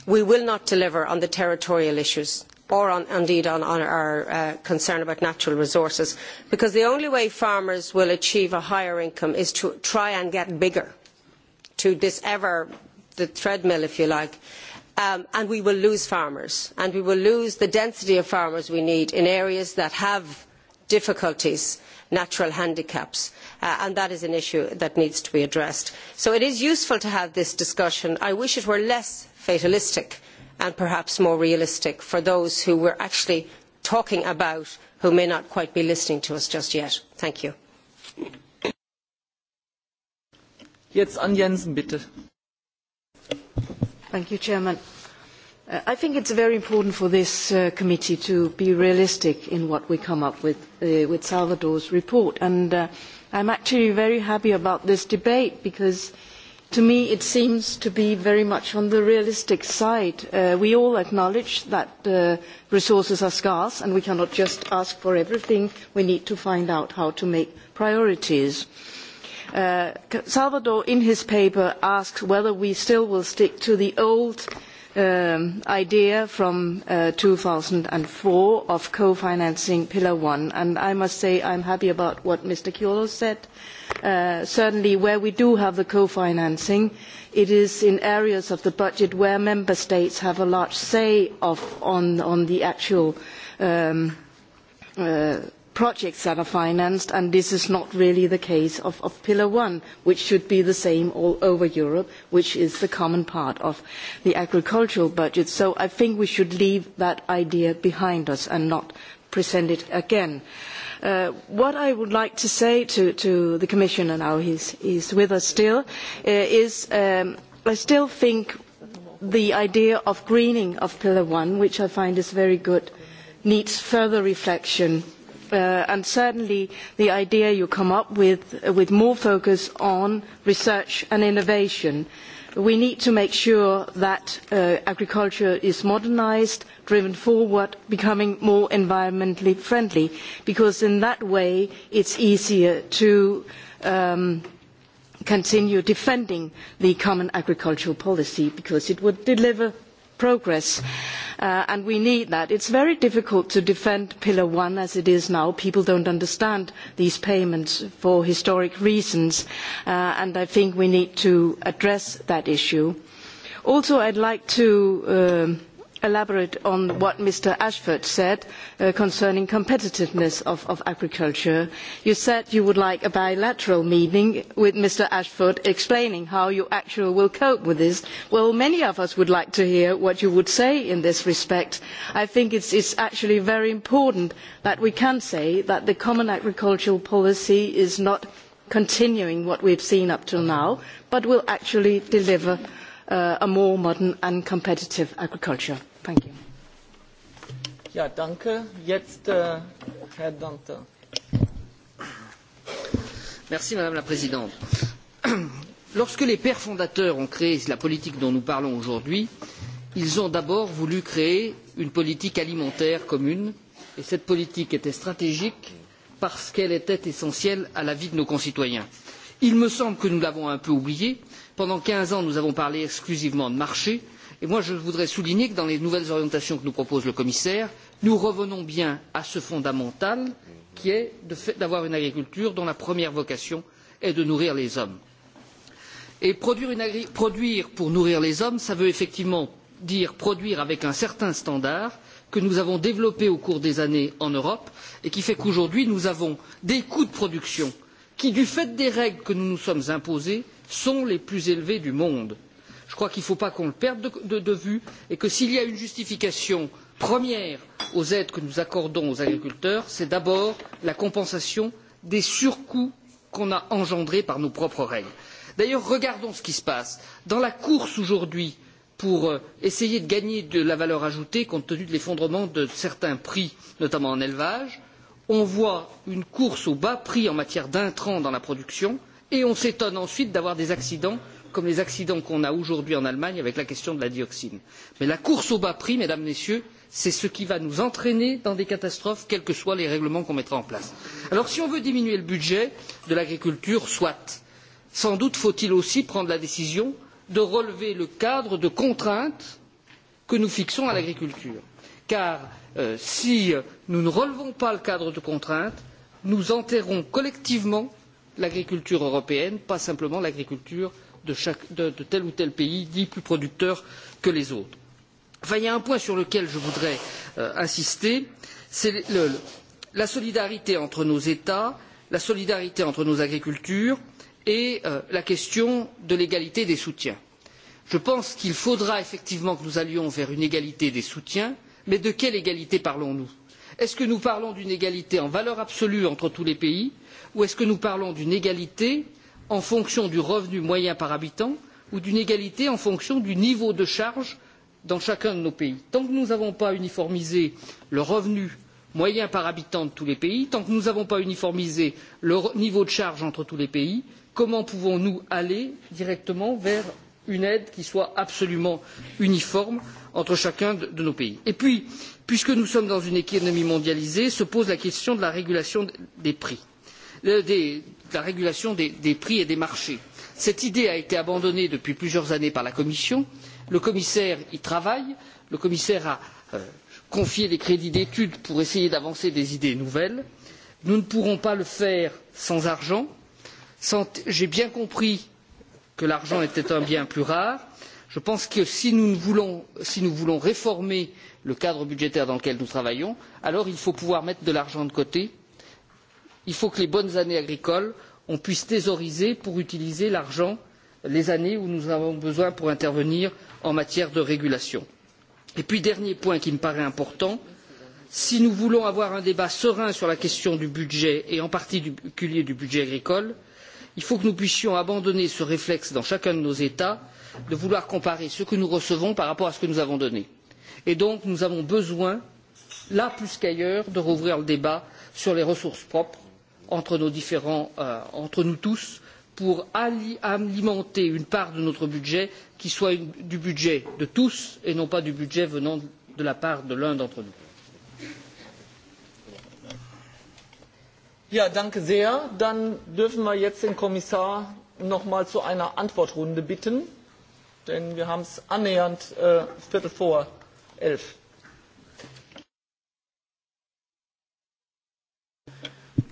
we will not deliver on the territorial issues or on, indeed on, on our uh, concern about natural resources, because the only way farmers will achieve a higher income is to try and get bigger, to this ever, the treadmill, if you like. Um, and we will lose farmers, and we will lose the density of farmers we need in areas that have difficulties, natural handicaps. Uh, and that is an issue that needs to be addressed. So it is useful to have this discussion. I wish it were less fatalistic and perhaps more realistic for those who we are actually talking about who may not quite be listening to us just yet. Thank you. Jetzt an Jensen, bitte. Thank you, Chairman. Uh, I think it's very important for this uh, committee to be realistic in what we come up with uh, with Salvador's report. And uh, I'm actually very happy about this debate because uh, to me it seems to be very much on the realistic side. Uh, we all acknowledge that uh, resources are scarce and we cannot just ask for everything. We need to find out how to make priorities. Uh, Salvador in his paper asks whether we still will stick to the old uh, um, idea from uh, 2004 of co-financing Pillar 1. And I must say I am happy about what Mr. Kiolo said. Uh, certainly where we do have the co-financing, it is in areas of the budget where member states have a large say of, on, on the actual um, uh, projects that are financed, and this is not really the case of, of Pillar One, which should be the same all over Europe, which is the common part of the agricultural budget. So I think we should leave that idea behind us and not present it again. Uh, what I would like to say to, to the Commissioner now, he's, he's with us still, uh, is um, I still think the idea of greening of Pillar One, which I find is very good, needs further reflection Uh, and certainly the idea you come up with, uh, with more focus on research and innovation. We need to make sure that uh, agriculture is modernised, driven forward, becoming more environmentally friendly, because in that way it is easier to um, continue defending the common agricultural policy, because it would deliver progress uh, and we need that. It is very difficult to defend Pillar One as it is now. People do not understand these payments for historic reasons uh, and I think we need to address that issue. Also, I would like to um, elaborate on what Mr. Ashford said uh, concerning competitiveness of, of, agriculture. You said you would like a bilateral meeting with Mr. Ashford explaining how you actually will cope with this. Well, many of us would like to hear what you would say in this respect. I think it is actually very important that we can say that the common agricultural policy is not continuing what we have seen up till now, but will actually deliver uh, a more modern and competitive agriculture. Thank you. Ja, danke. Jetzt äh, Herr Dante. Merci, Madame la Présidente. *clears throat* Lorsque les pères fondateurs ont créé la politique dont nous parlons aujourd'hui, ils ont d'abord voulu créer une politique alimentaire commune, et cette politique était stratégique parce qu'elle était essentielle à la vie de nos concitoyens. Il me semble que nous l'avons un peu oubliée. Pendant quinze ans, nous avons parlé exclusivement de marché, Et moi, je voudrais souligner que dans les nouvelles orientations que nous propose le commissaire, nous revenons bien à ce fondamental qui est d'avoir une agriculture dont la première vocation est de nourrir les hommes. Et produire, une produire pour nourrir les hommes, cela veut effectivement dire produire avec un certain standard que nous avons développé au cours des années en Europe et qui fait qu'aujourd'hui nous avons des coûts de production qui, du fait des règles que nous nous sommes imposées, sont les plus élevés du monde. Je crois qu'il ne faut pas qu'on le perde de, de, de vue et que s'il y a une justification première aux aides que nous accordons aux agriculteurs, c'est d'abord la compensation des surcoûts qu'on a engendrés par nos propres règles. D'ailleurs, regardons ce qui se passe. Dans la course aujourd'hui pour euh, essayer de gagner de la valeur ajoutée compte tenu de l'effondrement de certains prix, notamment en élevage, on voit une course au bas prix en matière d'intrants dans la production et on s'étonne ensuite d'avoir des accidents comme les accidents qu'on a aujourd'hui en Allemagne avec la question de la dioxine. Mais la course au bas prix, mesdames, et messieurs, c'est ce qui va nous entraîner dans des catastrophes, quels que soient les règlements qu'on mettra en place. Alors si on veut diminuer le budget de l'agriculture, soit. Sans doute faut-il aussi prendre la décision de relever le cadre de contraintes que nous fixons à l'agriculture. Car euh, si nous ne relevons pas le cadre de contraintes, nous enterrons collectivement l'agriculture européenne, pas simplement l'agriculture européenne de, chaque, de, de tel ou tel pays dit plus producteur que les autres. Enfin, il y a un point sur lequel je voudrais euh, insister, c'est la solidarité entre nos États, la solidarité entre nos agricultures et euh, la question de l'égalité des soutiens. Je pense qu'il faudra effectivement que nous allions vers une égalité des soutiens, mais de quelle égalité parlons-nous Est-ce que nous parlons d'une égalité en valeur absolue entre tous les pays ou est-ce que nous parlons d'une égalité en fonction du revenu moyen par habitant ou d'une égalité en fonction du niveau de charge dans chacun de nos pays. Tant que nous n'avons pas uniformisé le revenu moyen par habitant de tous les pays, tant que nous n'avons pas uniformisé le niveau de charge entre tous les pays, comment pouvons-nous aller directement vers une aide qui soit absolument uniforme entre chacun de nos pays Et puis, puisque nous sommes dans une économie mondialisée, se pose la question de la régulation des prix, euh, des, la régulation des, des prix et des marchés. Cette idée a été abandonnée depuis plusieurs années par la Commission. Le commissaire y travaille. Le commissaire a euh, confié des crédits d'études pour essayer d'avancer des idées nouvelles. Nous ne pourrons pas le faire sans argent. J'ai bien compris que l'argent était un bien plus rare. Je pense que si nous, voulons, si nous voulons réformer le cadre budgétaire dans lequel nous travaillons, alors il faut pouvoir mettre de l'argent de côté il faut que les bonnes années agricoles, on puisse thésauriser pour utiliser l'argent les années où nous en avons besoin pour intervenir en matière de régulation. Et puis, dernier point qui me paraît important, si nous voulons avoir un débat serein sur la question du budget et en particulier du budget agricole, il faut que nous puissions abandonner ce réflexe dans chacun de nos États de vouloir comparer ce que nous recevons par rapport à ce que nous avons donné. Et donc, nous avons besoin, là plus qu'ailleurs, de rouvrir le débat sur les ressources propres entre nos différents, euh, entre nous tous, pour alimenter une part de notre budget qui soit une, du budget de tous et non pas du budget venant de la part de l'un d'entre nous. Ja, danke sehr. Dann dürfen wir jetzt den Kommissar noch mal zu einer Antwortrunde bitten, denn wir haben es annähernd äh, Viertel vor elf.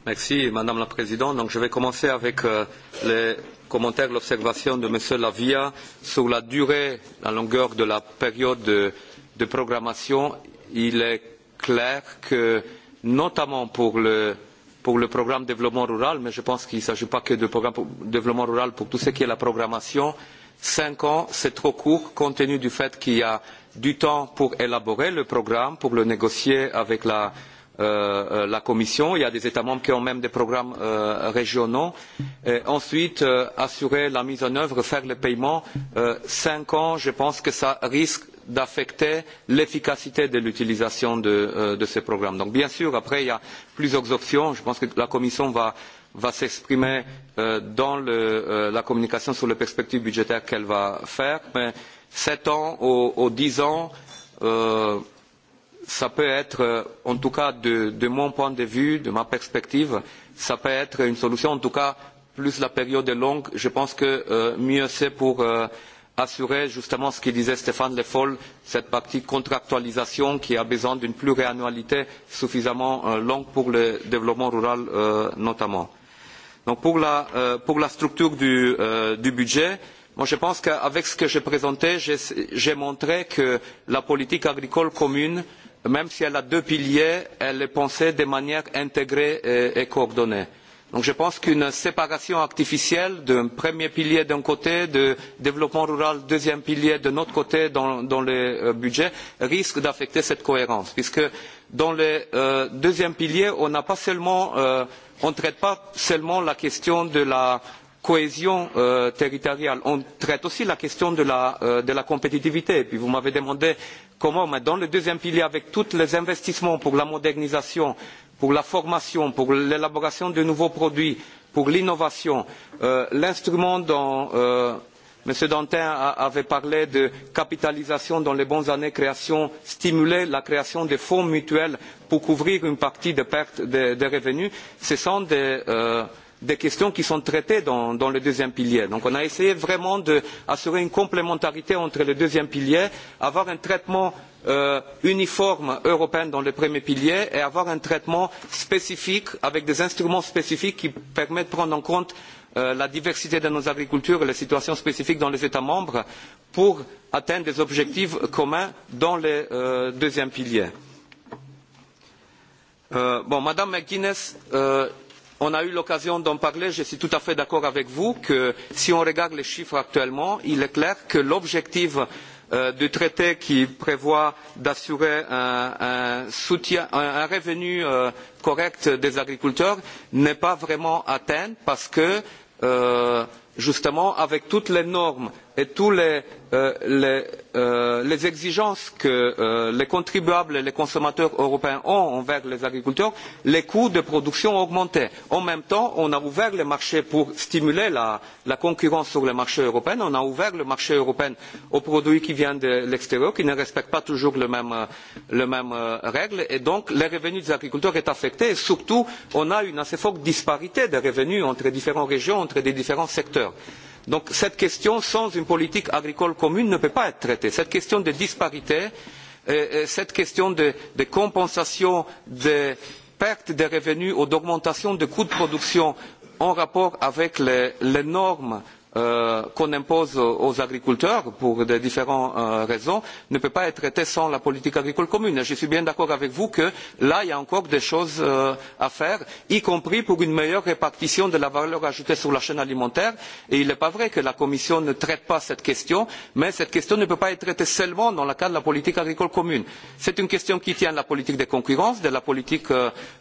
Merci, Madame la Présidente. Donc, je vais commencer avec euh, les commentaires, l'observation de M. Lavia sur la durée, la longueur de la période de, de programmation. Il est clair que, notamment pour le, pour le programme développement rural, mais je pense qu'il ne s'agit pas que de programme pour, développement rural pour tout ce qui est la programmation, cinq ans, c'est trop court compte tenu du fait qu'il y a du temps pour élaborer le programme, pour le négocier avec la Euh, euh, la Commission. Il y a des États membres qui ont même des programmes euh, régionaux. Et ensuite, euh, assurer la mise en œuvre, faire le paiement. Euh, cinq ans, je pense que ça risque d'affecter l'efficacité de l'utilisation de, euh, de ces programmes. Donc bien sûr, après, il y a plusieurs options. Je pense que la Commission va, va s'exprimer euh, dans le, euh, la communication sur les perspectives budgétaires qu'elle va faire. Mais sept ans ou, dix ans, euh, ça peut être, euh, en tout cas de, de mon point de vue, de ma perspective, ça peut être une solution, en tout cas plus la période est longue, je pense que euh, mieux c'est pour euh, assurer justement ce que disait Stéphane Le Foll, cette partie contractualisation qui a besoin d'une pluriannualité suffisamment euh, longue pour le développement rural euh, notamment. Donc pour la, euh, pour la structure du, euh, du budget, moi je pense qu'avec ce que j'ai présenté, j'ai montré que la politique agricole commune euh, même si elle a deux piliers, elle est pensée de manière intégrée et, et coordonnée. Donc je pense qu'une séparation artificielle d'un premier pilier d'un côté, de développement rural deuxième pilier de notre côté dans, dans le euh, budget risque d'affecter cette cohérence, puisque dans le euh, deuxième pilier, on n'a pas seulement, euh, on ne traite pas seulement la question de la cohésion euh, territoriale. On traite aussi la question de la, euh, de la compétitivité. Et puis vous m'avez demandé Comment Mais dans le deuxième pilier, avec tous les investissements pour la modernisation, pour la formation, pour l'élaboration de nouveaux produits, pour l'innovation, euh, l'instrument dont euh, M. Dantin a, avait parlé de capitalisation dans les bonnes années création, stimuler la création de fonds mutuels pour couvrir une partie des pertes de, de revenus, ce sont des. Euh, des questions qui sont traitées dans, dans le deuxième pilier. Donc on a essayé vraiment d'assurer une complémentarité entre les deuxième pilier, avoir un traitement euh, uniforme européen dans le premier pilier et avoir un traitement spécifique avec des instruments spécifiques qui permettent de prendre en compte euh, la diversité de nos agricultures et les situations spécifiques dans les États membres pour atteindre des objectifs communs dans le euh, deuxième pilier. Euh, bon, Madame McGuinness, euh, On a eu l'occasion d'en parler, je suis tout à fait d'accord avec vous que si on regarde les chiffres actuellement, il est clair que l'objectif euh, du traité qui prévoit d'assurer un, un, soutien, un, un revenu euh, correct des agriculteurs n'est pas vraiment atteint parce que euh, justement avec toutes les normes et toutes les, euh, les, euh, les exigences que euh, les contribuables et les consommateurs européens ont envers les agriculteurs, les coûts de production ont augmenté. En même temps, on a ouvert le marché pour stimuler la, la concurrence sur le marché européen. On a ouvert le marché européen aux produits qui viennent de l'extérieur, qui ne respectent pas toujours les mêmes, les mêmes euh, règles. Et donc, les revenus des agriculteurs sont affectés. Et surtout, on a une assez forte disparité des revenus entre différentes régions, entre les différents secteurs. Donc cette question, sans une politique agricole commune, ne peut pas être traitée. Cette question de disparité, euh, euh, cette question de, de compensation de pertes de revenus ou d'augmentation de coûts de production en rapport avec les, les normes Euh, qu'on impose aux agriculteurs pour des différentes euh, raisons ne peut pas être traité sans la politique agricole commune. Je suis bien d'accord avec vous que là, il y a encore des choses euh, à faire, y compris pour une meilleure répartition de la valeur ajoutée sur la chaîne alimentaire. Et il n'est pas vrai que la Commission ne traite pas cette question, mais cette question ne peut pas être traitée seulement dans le cadre de la politique agricole commune. C'est une question qui tient de la politique de concurrence, de la politique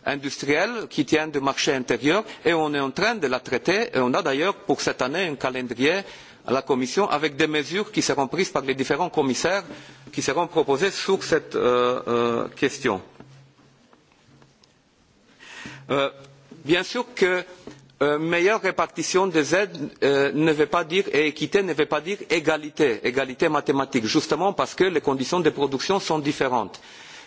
industrielle, qui tient du marché intérieur, et on est en train de la traiter. Et on a d'ailleurs pour cette année un calendrier calendrier à la Commission avec des mesures qui seront prises par les différents commissaires qui seront proposées sur cette euh, euh, question. Euh, bien sûr que euh, meilleure répartition des aides euh, ne veut pas dire et équité ne veut pas dire égalité, égalité mathématique, justement parce que les conditions de production sont différentes.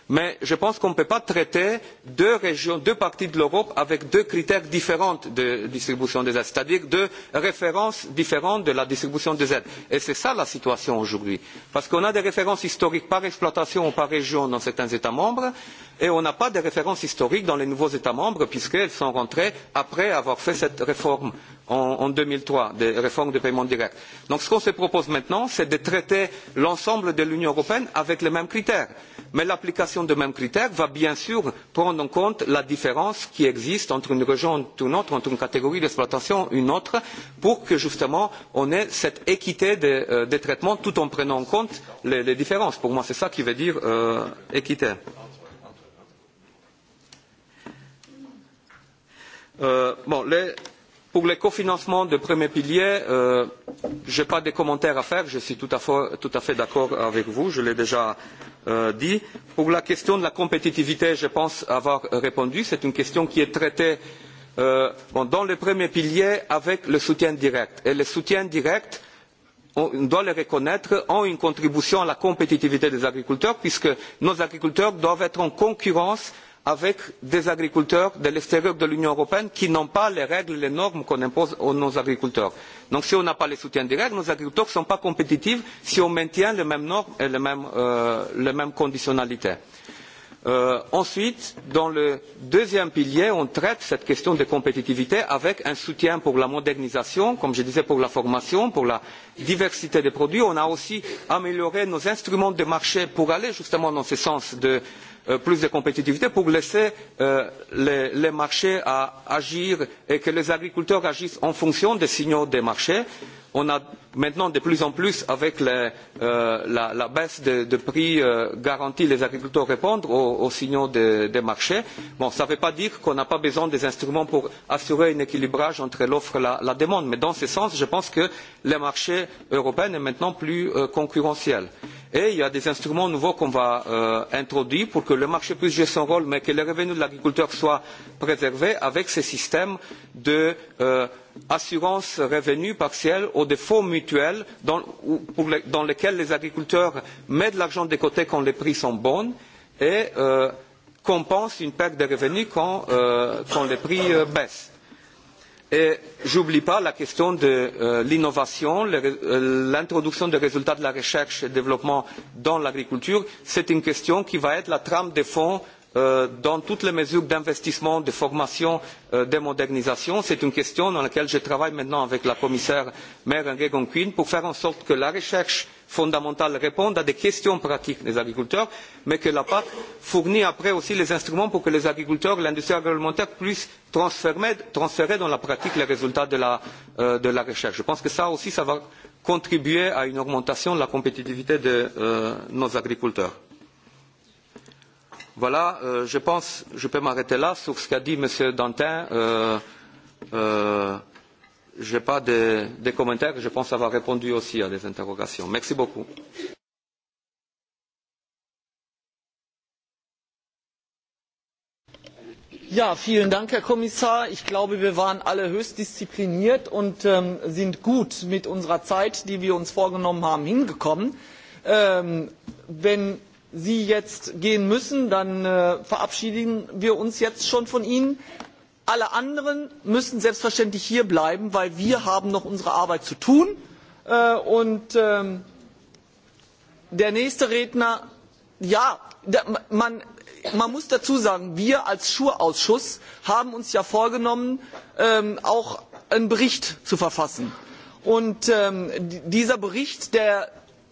Mais je pense qu'on ne peut pas traiter deux régions, deux parties de l'Europe avec deux critères différents de distribution des aides, c'est-à-dire deux références différentes de la distribution des aides. Et c'est ça la situation aujourd'hui. Parce qu'on a des références historiques par exploitation ou par région dans certains États membres, et on n'a pas de référence historique dans les nouveaux États membres puisqu'elles sont rentrées après avoir fait cette réforme en, en 2003, des réformes de paiement direct. Donc ce qu'on se propose maintenant, c'est de traiter l'ensemble de l'Union européenne avec les mêmes critères. Mais l'application des mêmes critères va bien sûr prendre en compte la différence qui existe entre une région et une autre, entre une catégorie d'exploitation et une autre, pour que justement on ait cette équité de, euh, de traitement tout en prenant en compte les, les différences. Pour moi, c'est ça qui veut dire euh, équité. Euh, bon, les, pour les cofinancements de premier pilier, euh, je n'ai pas de commentaires à faire, je suis tout à fait, tout à fait d'accord avec vous, je l'ai déjà euh, dit. Pour la question de la compétitivité, je pense avoir répondu, c'est une question qui est traitée euh, bon, dans le premier pilier avec le soutien direct. Et le soutien direct, on doit le reconnaître, ont une contribution à la compétitivité des agriculteurs, puisque nos agriculteurs doivent être en concurrence avec des agriculteurs de l'extérieur de l'Union européenne qui n'ont pas les règles, les normes qu'on impose à nos agriculteurs. Donc si on n'a pas le soutien direct, nos agriculteurs ne sont pas compétitifs si on maintient les mêmes normes et les mêmes, euh, les mêmes conditionnalités. Euh, ensuite, dans le deuxième pilier, on traite cette question de compétitivité avec un soutien pour la modernisation, comme je disais, pour la formation, pour la diversité des produits. On a aussi amélioré nos instruments de marché pour aller justement dans ce sens de euh, Euh, plus de compétitivité pour laisser euh, les, les marchés à agir et que les agriculteurs agissent en fonction des signaux des marchés on a maintenant de plus en plus, avec les, euh, la, la, baisse de, de prix euh, garantie, les agriculteurs répondre aux, aux signaux des de marchés. Bon, ça ne veut pas dire qu'on n'a pas besoin des instruments pour assurer un équilibrage entre l'offre et la, la, demande, mais dans ce sens, je pense que le marché européen est maintenant plus euh, concurrentiel. Et il y a des instruments nouveaux qu'on va euh, introduire pour que le marché puisse jouer son rôle, mais que les revenus de l'agriculteur soient préservés avec ces systèmes de euh, assurance revenu partiel ou des fonds mutuels dans, les, dans lesquels les agriculteurs mettent l'argent de côté quand les prix sont bons et euh, compensent une perte de revenus quand, euh, quand les prix euh, baissent. Et j'oublie pas la question de euh, l'innovation, euh, l'introduction des résultats de la recherche et développement dans l'agriculture. C'est une question qui va être la trame de fond Euh, dans toutes les mesures d'investissement, de formation, euh, de modernisation. C'est une question dans laquelle je travaille maintenant avec la commissaire Meren Quinn pour faire en sorte que la recherche fondamentale réponde à des questions pratiques des agriculteurs, mais que la PAC fournit après aussi les instruments pour que les agriculteurs, l'industrie agroalimentaire puissent transférer, transférer, dans la pratique les résultats de la, euh, de la recherche. Je pense que cela aussi, ça va contribuer à une augmentation de la compétitivité de euh, nos agriculteurs. Voilà, euh, je pense, je peux m'arrêter là sur ce qu'a dit M. Dantin. Euh, euh, je n'ai pas de, de commentaires, je pense avoir répondu aussi à des interrogations. Merci beaucoup. Ja, vielen Dank, Herr Kommissar. Ich glaube, wir waren alle höchst diszipliniert und ähm, sind gut mit unserer Zeit, die wir uns vorgenommen haben, hingekommen. Ähm, wenn Sie jetzt gehen müssen, dann äh, verabschieden wir uns jetzt schon von Ihnen. Alle anderen müssen selbstverständlich hier bleiben, weil wir haben noch unsere Arbeit zu tun. Äh, und ähm, der nächste Redner, ja, man, man muss dazu sagen, wir als Schurausschuss haben uns ja vorgenommen, ähm, auch einen Bericht zu verfassen. Und ähm, dieser Bericht, der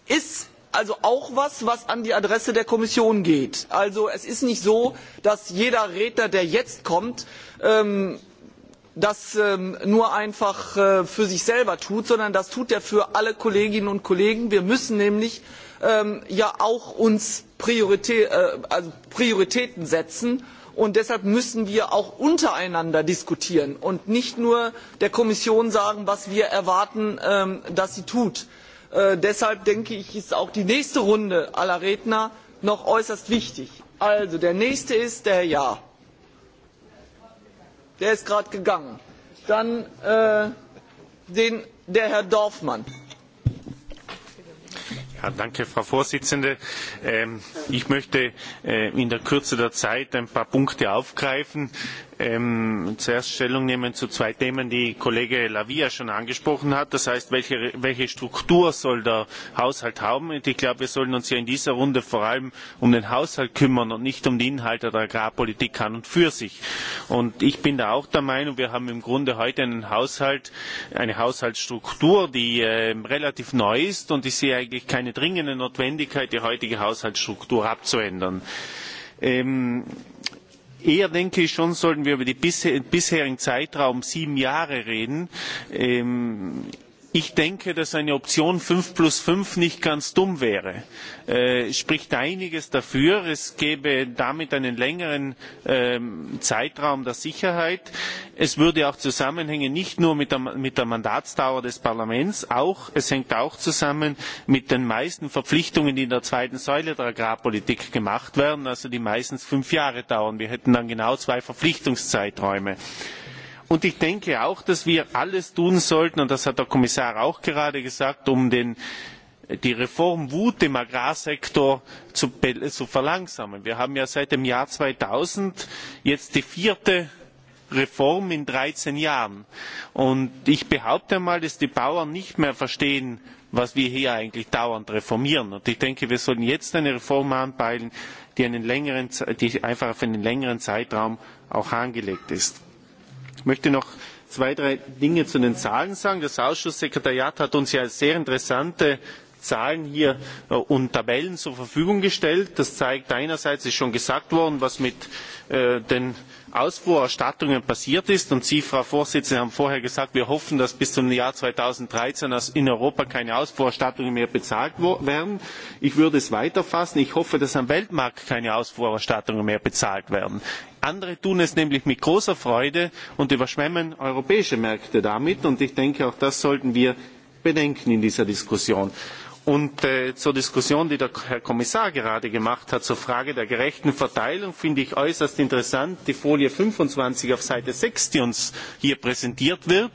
ist also auch etwas, was an die Adresse der Kommission geht. Also es ist nicht so, dass jeder Redner, der jetzt kommt, ähm, das ähm, nur einfach äh, für sich selber tut, sondern das tut er für alle Kolleginnen und Kollegen. Wir müssen nämlich ähm, ja auch uns äh, also Prioritäten setzen und deshalb müssen wir auch untereinander diskutieren und nicht nur der Kommission sagen, was wir erwarten, ähm, dass sie tut. Äh, deshalb denke ich, ist auch die nächste Runde aller Redner noch äußerst wichtig. Also, der nächste ist der Herr Jahr. Der ist gerade gegangen. Dann äh, der Herr Dorfmann. danke, Frau Vorsitzende. Ähm, ich möchte äh, in der Kürze der Zeit ein paar Punkte aufgreifen. Ähm, zuerst Stellung nehmen zu zwei Themen, die Kollege Lavia schon angesprochen hat. Das heißt, welche, welche Struktur soll der Haushalt haben? Und ich glaube, wir sollten uns ja in dieser Runde vor allem um den Haushalt kümmern und nicht um die Inhalte der Agrarpolitik an und für sich. Und ich bin da auch der Meinung, wir haben im Grunde heute einen Haushalt, eine Haushaltsstruktur, die äh, relativ neu ist und ich sehe eigentlich keine dringende Notwendigkeit, die heutige Haushaltsstruktur abzuändern. Ähm, Eher denke ich schon, sollten wir über den bisherigen Zeitraum sieben Jahre reden. Ähm, Ich denke, dass eine Option fünf plus fünf nicht ganz dumm wäre. Äh, spricht einiges dafür. Es gäbe damit einen längeren ähm, Zeitraum der Sicherheit. Es würde auch zusammenhängen, nicht nur mit der, mit der Mandatsdauer des Parlaments, auch, es hängt auch zusammen mit den meisten Verpflichtungen, die in der zweiten Säule der Agrarpolitik gemacht werden, also die meistens fünf Jahre dauern. Wir hätten dann genau zwei Verpflichtungszeiträume. Äh, Und ich denke auch, dass wir alles tun sollten, und das hat der Kommissar auch gerade gesagt, um den, die Reformwut im Agrarsektor zu, zu verlangsamen. Wir haben ja seit dem Jahr 2000 jetzt die vierte Reform in dreizehn Jahren. Und ich behaupte mal, dass die Bauern nicht mehr verstehen, was wir hier eigentlich dauernd reformieren. Und ich denke, wir sollten jetzt eine Reform anpeilen, die, einen längeren, die einfach auf einen längeren Zeitraum auch angelegt ist. Ich möchte noch zwei, drei Dinge zu den Zahlen sagen. Das Ausschusssekretariat hat uns ja sehr interessante Zahlen hier äh, und Tabellen zur Verfügung gestellt. Das zeigt einerseits, ist schon gesagt worden, was mit äh, den Ausfuhrerstattungen passiert ist. Und Sie, Frau Vorsitzende, haben vorher gesagt, wir hoffen, dass bis zum Jahr 2013 in Europa keine Ausfuhrerstattungen mehr bezahlt werden. Ich würde es weiterfassen. Ich hoffe, dass am Weltmarkt keine Ausfuhrerstattungen mehr bezahlt werden. Andere tun es nämlich mit großer Freude und überschwemmen europäische Märkte damit. Und ich denke, auch das sollten wir bedenken in dieser Diskussion. Und äh, zur Diskussion, die der Herr Kommissar gerade gemacht hat, zur Frage der gerechten Verteilung, finde ich äußerst interessant die Folie 25 auf Seite 6, die uns hier präsentiert wird.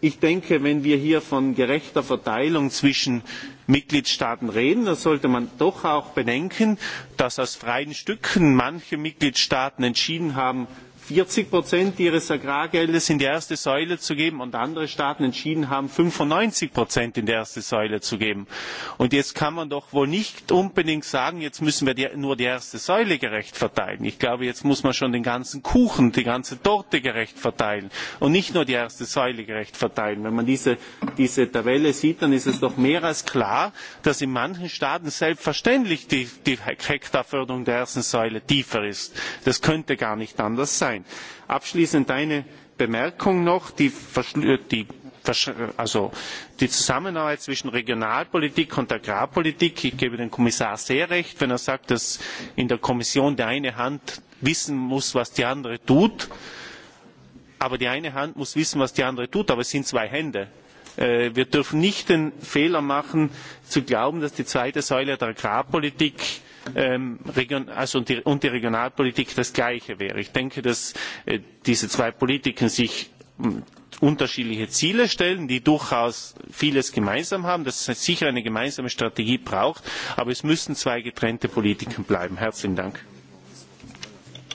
Ich denke, wenn wir hier von gerechter Verteilung zwischen Mitgliedstaaten reden, dann sollte man doch auch bedenken, dass aus freien Stücken manche Mitgliedstaaten entschieden haben, vierzig Prozent ihres Agrargeldes in die erste Säule zu geben und andere Staaten entschieden haben, 95 Prozent in die erste Säule zu geben. Und jetzt kann man doch wohl nicht unbedingt sagen, jetzt müssen wir die, nur die erste Säule gerecht verteilen. Ich glaube, jetzt muss man schon den ganzen Kuchen, die ganze Torte gerecht verteilen und nicht nur die erste Säule gerecht verteilen. Wenn man diese, diese Tabelle sieht, dann ist es doch mehr als klar, dass in manchen Staaten selbstverständlich die, die Hektarförderung der ersten Säule tiefer ist. Das könnte gar nicht anders sein sein. Abschließend eine Bemerkung noch, die, äh, die äh, also die Zusammenarbeit zwischen Regionalpolitik und Agrarpolitik. Ich gebe dem Kommissar sehr recht, wenn er sagt, dass in der Kommission die eine Hand wissen muss, was die andere tut. Aber die eine Hand muss wissen, was die andere tut, aber es sind zwei Hände. Äh, wir dürfen nicht den Fehler machen, zu glauben, dass die zweite Säule der Agrarpolitik ähm, Region, also und, die, und die Regionalpolitik das Gleiche wäre. Ich denke, dass äh, diese zwei Politiken sich hm, unterschiedliche Ziele stellen, die durchaus vieles gemeinsam haben, dass es sicher eine gemeinsame Strategie braucht, aber es müssen zwei getrennte Politiken bleiben. Herzlichen Dank.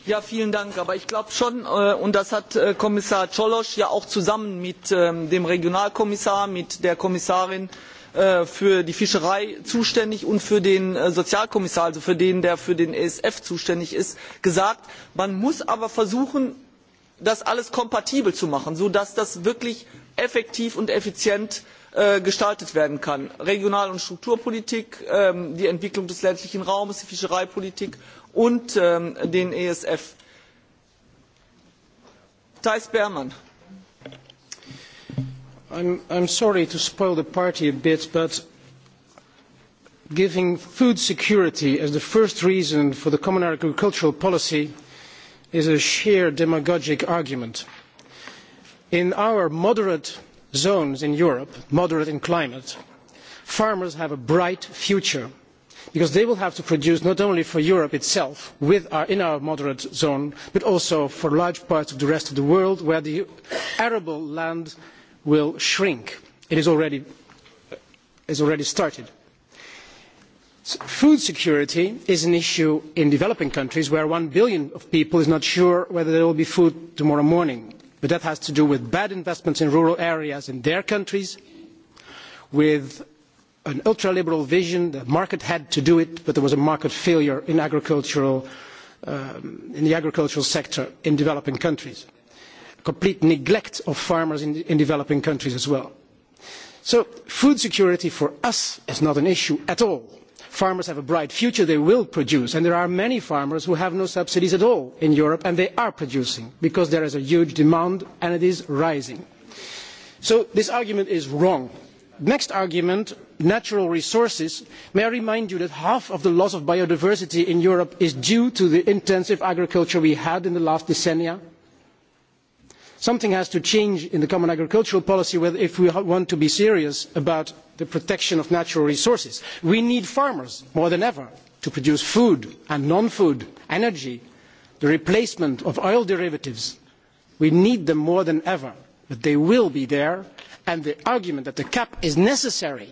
Ja, vielen Dank. Aber ich glaube schon, äh, und das hat äh, Kommissar Czolosch ja auch zusammen mit ähm, dem Regionalkommissar, mit der Kommissarin Äh, für die Fischerei zuständig und für den äh, Sozialkommissar, also für den, der für den ESF zuständig ist, gesagt, man muss aber versuchen, das alles kompatibel zu machen, sodass das wirklich effektiv und effizient äh, gestaltet werden kann. Regional- und Strukturpolitik, ähm, die Entwicklung des ländlichen Raumes, die Fischereipolitik und ähm, den ESF. Thijs Berman. I'm, I'm sorry to spoil the party a bit, but giving food security as the first reason for the common agricultural policy is a sheer demagogic argument. In our moderate zones in Europe, moderate in climate, farmers have a bright future because they will have to produce not only for Europe itself our, in our moderate zone, but also for large parts of the rest of the world where the arable land will shrink. It is already, has already started. Food security is an issue in developing countries where one billion of people is not sure whether there will be food tomorrow morning. But that has to do with bad investments in rural areas in their countries, with an ultra-liberal vision. The market had to do it, but there was a market failure in, agricultural, um, in the agricultural sector in developing countries complete neglect of farmers in, in developing countries as well. So food security for us is not an issue at all. Farmers have a bright future, they will produce, and there are many farmers who have no subsidies at all in Europe, and they are producing because there is a huge demand and it is rising. So this argument is wrong. Next argument, natural resources. May I remind you that half of the loss of biodiversity in Europe is due to the intensive agriculture we had in the last decennia? Something has to change in the common agricultural policy if we want to be serious about the protection of natural resources. We need farmers more than ever to produce food and non-food, energy, the replacement of oil derivatives. We need them more than ever, but they will be there. And the argument that the cap is necessary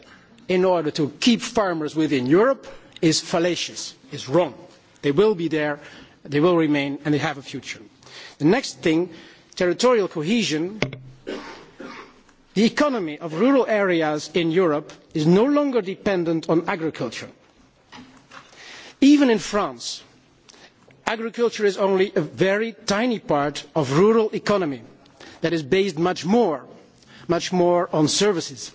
in order to keep farmers within Europe is fallacious, is wrong. They will be there, they will remain, and they have a future. The next thing territorial cohesion, the economy of rural areas in Europe is no longer dependent on agriculture. Even in France, agriculture is only a very tiny part of rural economy that is based much more, much more on services.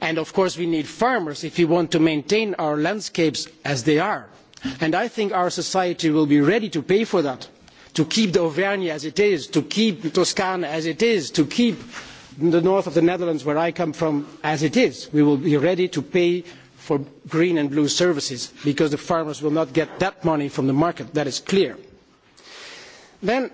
And of course we need farmers if we want to maintain our landscapes as they are. And I think our society will be ready to pay for that to keep the Auvergne as it is, to keep Toscana as it is, to keep the north of the Netherlands where I come from as it is. We will be ready to pay for green and blue services because the farmers will not get that money from the market. That is clear. Then,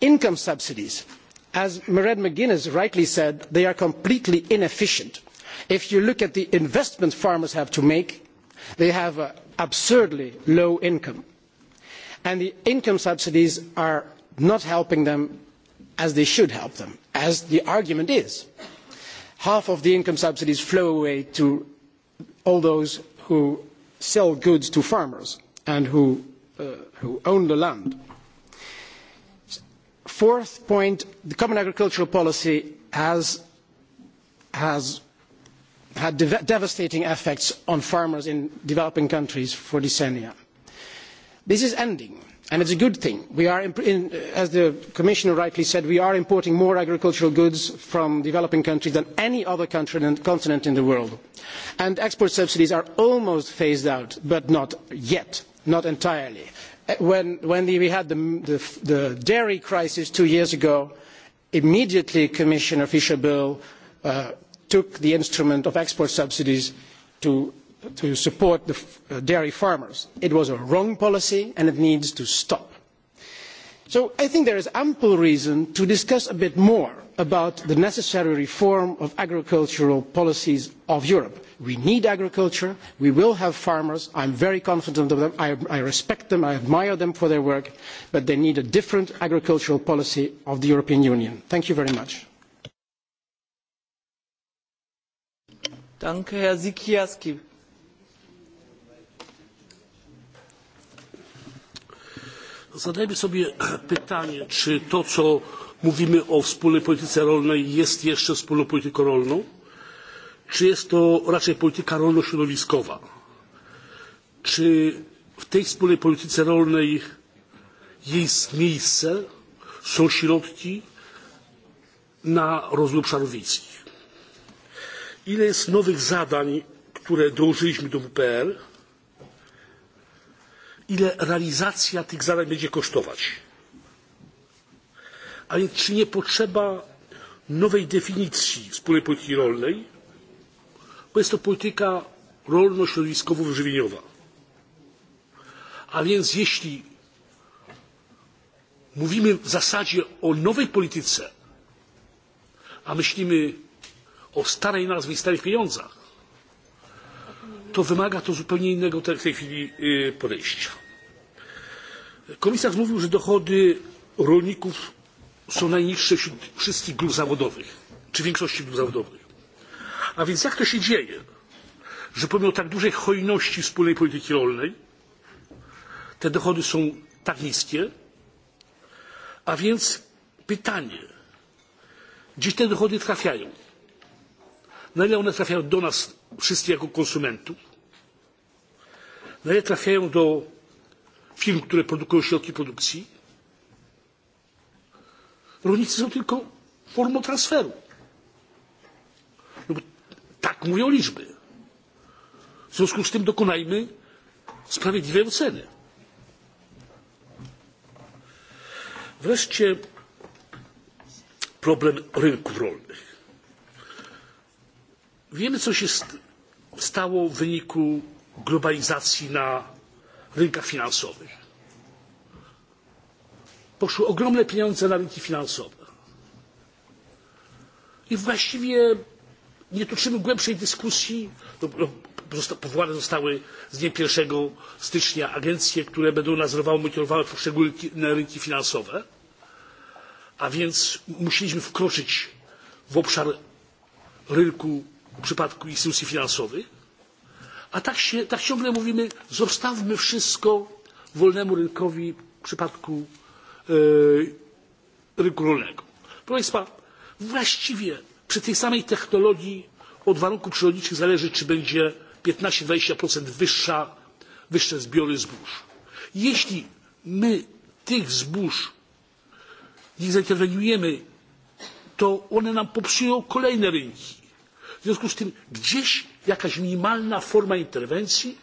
income subsidies. As Mered McGuinness rightly said, they are completely inefficient. If you look at the investments farmers have to make, they have an absurdly low income and the income subsidies are not helping them as they should help them, as the argument is. Half of the income subsidies flow away to all those who sell goods to farmers and who, uh, who own the land. Fourth point, the common agricultural policy has, has had devastating effects on farmers in developing countries for decennia. This is ending, and it is a good thing. In, uh, as the Commissioner rightly said, we are importing more agricultural goods from developing countries than any other continent in the world. And export subsidies are almost phased out, but not yet, not entirely. Uh, when, when we had the, the, the dairy crisis two years ago, immediately Commissioner Fischer-Bill uh, took the instrument of export subsidies to to support the uh, dairy farmers. It was a wrong policy and it needs to stop. So I think there is ample reason to discuss a bit more about the necessary reform of agricultural policies of Europe. We need agriculture. We will have farmers. I am very confident of them. I, I, respect them. I admire them for their work. But they need a different agricultural policy of the European Union. Thank you very much. Danke, Zadajmy sobie *clears throat* pytanie, czy to, co mówimy o wspólnej polityce rolnej, jest jeszcze wspólną polityką rolną, czy jest to raczej polityka rolno-środowiskowa? Czy w tej wspólnej polityce rolnej jest miejsce, są środki na rozwój obszarów wiejskich? Ile jest nowych zadań, które dołożyliśmy do WPR? ile realizacja tych zadań będzie kosztować. A więc czy nie potrzeba nowej definicji wspólnej polityki rolnej, bo jest to polityka rolno-środowiskowo-żywieniowa. A więc jeśli mówimy w zasadzie o nowej polityce, a myślimy o starej nazwie i starych pieniądzach, to wymaga to zupełnie innego w tej chwili podejścia. Komisarz mówił, że dochody rolników są najniższe wśród wszystkich grup zawodowych, czy większości grup zawodowych. A więc jak to się dzieje, że pomimo tak dużej hojności wspólnej polityki rolnej, te dochody są tak niskie? A więc pytanie, gdzie te dochody trafiają? Na ile one trafiają do nas wszystkich jako konsumentów? Na trafiają do firm, które produkują środki produkcji? Rolnicy są tylko formą transferu. No, tak mówią liczby. W związku z tym dokonajmy sprawiedliwej oceny. Wreszcie problem rynków rolnych. Wiemy, co się stało w wyniku globalizacji na rynkach finansowych. Poszły ogromne pieniądze na rynki finansowe. I właściwie nie toczymy głębszej dyskusji. No, no, zosta powołane zostały z dniem 1 stycznia agencje, które będą nadzorowały, monitorowały poszczególne rynki finansowe. A więc musieliśmy wkroczyć w obszar rynku w przypadku instytucji finansowych. A tak, się, tak ciągle mówimy, zostawmy wszystko wolnemu rynkowi w przypadku yy, e, rynku rolnego. Proszę Państwa, właściwie przy tej samej technologii od warunków przyrodniczych zależy, czy będzie 15-20% wyższa, wyższe zbiory zbóż. Jeśli my tych zbóż nie zainterweniujemy, to one nam popsują kolejne rynki. W związku z tym gdzieś jakaś minimalna forma interwencji,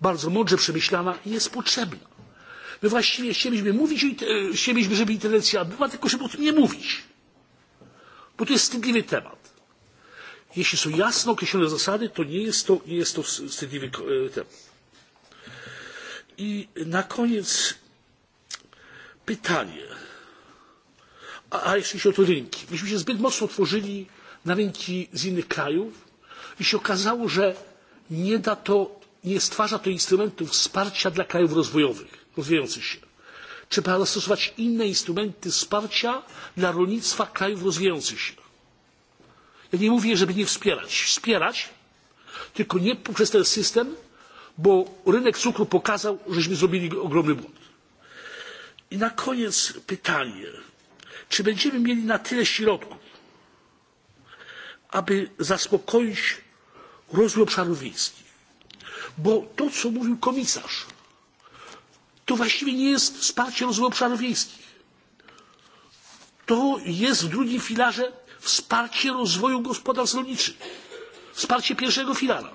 bardzo mądrze przemyślana, jest potrzebna. My właściwie chcieliśmy mówić, e, chcieliśmy, żeby interwencja była, tylko żeby o tym nie mówić. Bo to jest wstydliwy temat. Jeśli są jasno określone zasady, to nie jest to, nie jest to wstydliwy e, temat. I na koniec pytanie. A, a jeśli chodzi o to rynki. Myśmy się zbyt mocno otworzyli na rynki z innych krajów i się okazało, że nie, da to, nie stwarza to instrumentów wsparcia dla krajów rozwojowych, rozwijających się. Trzeba zastosować inne instrumenty wsparcia dla rolnictwa krajów rozwijających się. Ja nie mówię, żeby nie wspierać. Wspierać, tylko nie poprzez ten system, bo rynek cukru pokazał, żeśmy zrobili ogromny błąd. I na koniec pytanie, czy będziemy mieli na tyle środków, aby zaspokoić rozwój obszarów wiejskich. Bo to, co mówił komisarz, to właściwie nie jest wsparcie rozwoju obszarów wiejskich. To jest w drugim filarze wsparcie rozwoju gospodarstw rolniczych, wsparcie pierwszego filara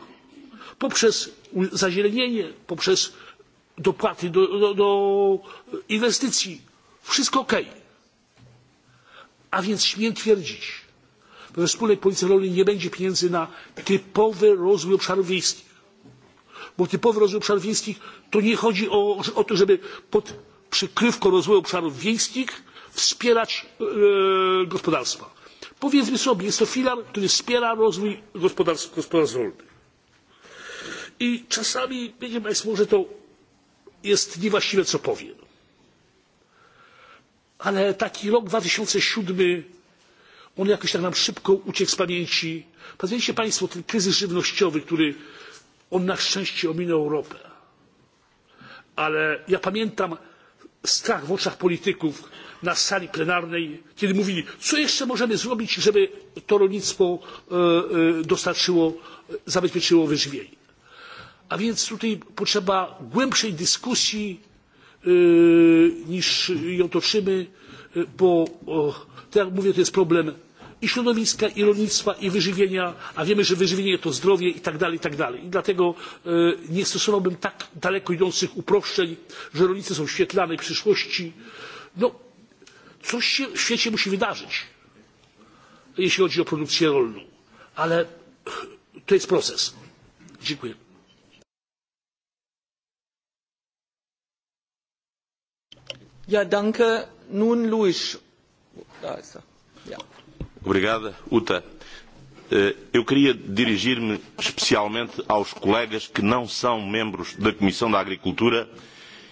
poprzez zazielenienie, poprzez dopłaty do, do, do inwestycji. Wszystko ok. A więc śmiem twierdzić, we wspólnej polityce rolnej nie będzie pieniędzy na typowy rozwój obszarów wiejskich. Bo typowy rozwój obszarów wiejskich to nie chodzi o, o to, żeby pod przykrywką rozwoju obszarów wiejskich wspierać e, gospodarstwa. Powiedzmy sobie, jest to filar, który wspiera rozwój gospodarstw, gospodarstw rolnych. I czasami, wiecie Państwo, że to jest niewłaściwe, co powiem. Ale taki rok 2007 on jakoś tak nam szybko uciekł z pamięci. Pamiętajcie Państwo, ten kryzys żywnościowy, który on na szczęście ominął Europę. Ale ja pamiętam strach w oczach polityków na sali plenarnej, kiedy mówili, co jeszcze możemy zrobić, żeby to rolnictwo e, e, dostarczyło, zabezpieczyło wyżywienie. A więc tutaj potrzeba głębszej dyskusji e, niż ją toczymy, bo tak jak mówię, to jest problem i środowiska, i rolnictwa, i wyżywienia, a wiemy, że wyżywienie to zdrowie i tak dalej, i tak dalej. I dlatego e, nie stosowałbym tak daleko idących uproszczeń, że rolnicy są świetlane w przyszłości. No, coś się w świecie musi wydarzyć, jeśli chodzi o produkcję rolną, ale to jest proces. Dziękuję. Ja, danke. Nun Luis. Da ist er. Ja. Obrigada, Uta. Eh, eu queria dirigir-me especialmente aos colegas que não são membros da Comissão da Agricultura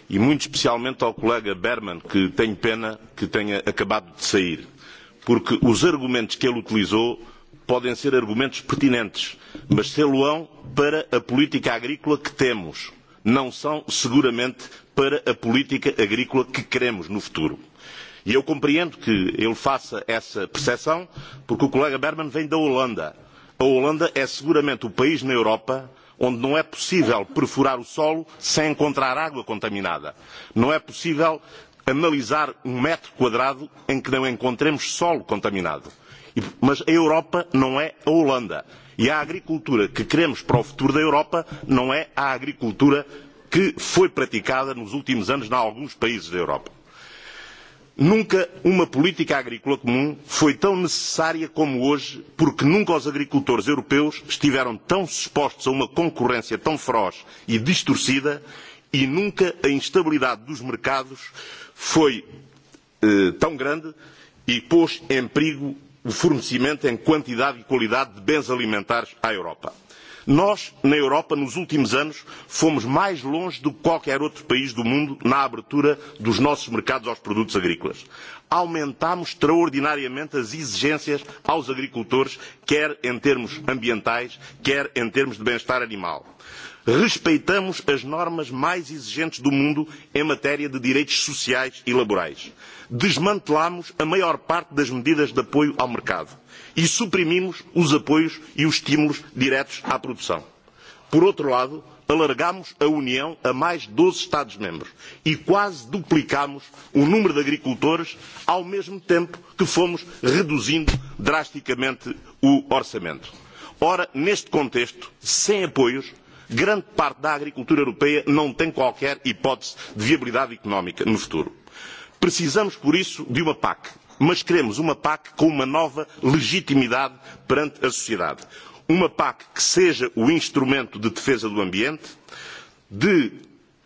e muito especialmente ao colega Berman, que tenho pena que tenha acabado de sair, porque os argumentos que ele utilizou podem ser argumentos pertinentes, mas serão para a política agrícola que temos, não são seguramente para a política agrícola que queremos no futuro. E eu compreendo que ele faça essa percepção, porque o colega Berman vem da Holanda. A Holanda é seguramente o país na Europa onde não é possível perfurar o solo sem encontrar água contaminada. Não é possível analisar um metro quadrado em que não encontremos solo contaminado. E, mas a Europa não é a Holanda. E a agricultura que queremos para o futuro da Europa não é a agricultura que foi praticada nos últimos anos em alguns países da Europa. Nunca uma política agrícola comum foi tão necessária como hoje, porque nunca os agricultores europeus estiveram tão expostos a uma concorrência tão feroz e distorcida e nunca a instabilidade dos mercados foi eh, tão grande e pôs em perigo o fornecimento em quantidade e qualidade de bens alimentares à Europa. Nós, na Europa, nos últimos anos, fomos mais longe do que qualquer outro país do mundo na abertura dos nossos mercados aos produtos agrícolas. Aumentámos extraordinariamente as exigências aos agricultores, quer em termos ambientais, quer em termos de bem-estar animal respeitamos as normas mais exigentes do mundo em matéria de direitos sociais e laborais. Desmantelamos a maior parte das medidas de apoio ao mercado e suprimimos os apoios e os estímulos diretos à produção. Por outro lado, alargamos a União a mais doze Estados-membros e quase duplicamos o número de agricultores, ao mesmo tempo que fomos reduzindo drasticamente o orçamento. Ora, neste contexto, sem apoios, grande parte da agricultura europeia não tem qualquer hipótese de viabilidade económica no futuro. Precisamos, por isso, de uma PAC mas queremos uma PAC com uma nova legitimidade perante a sociedade. Uma PAC que seja o instrumento de defesa do ambiente, de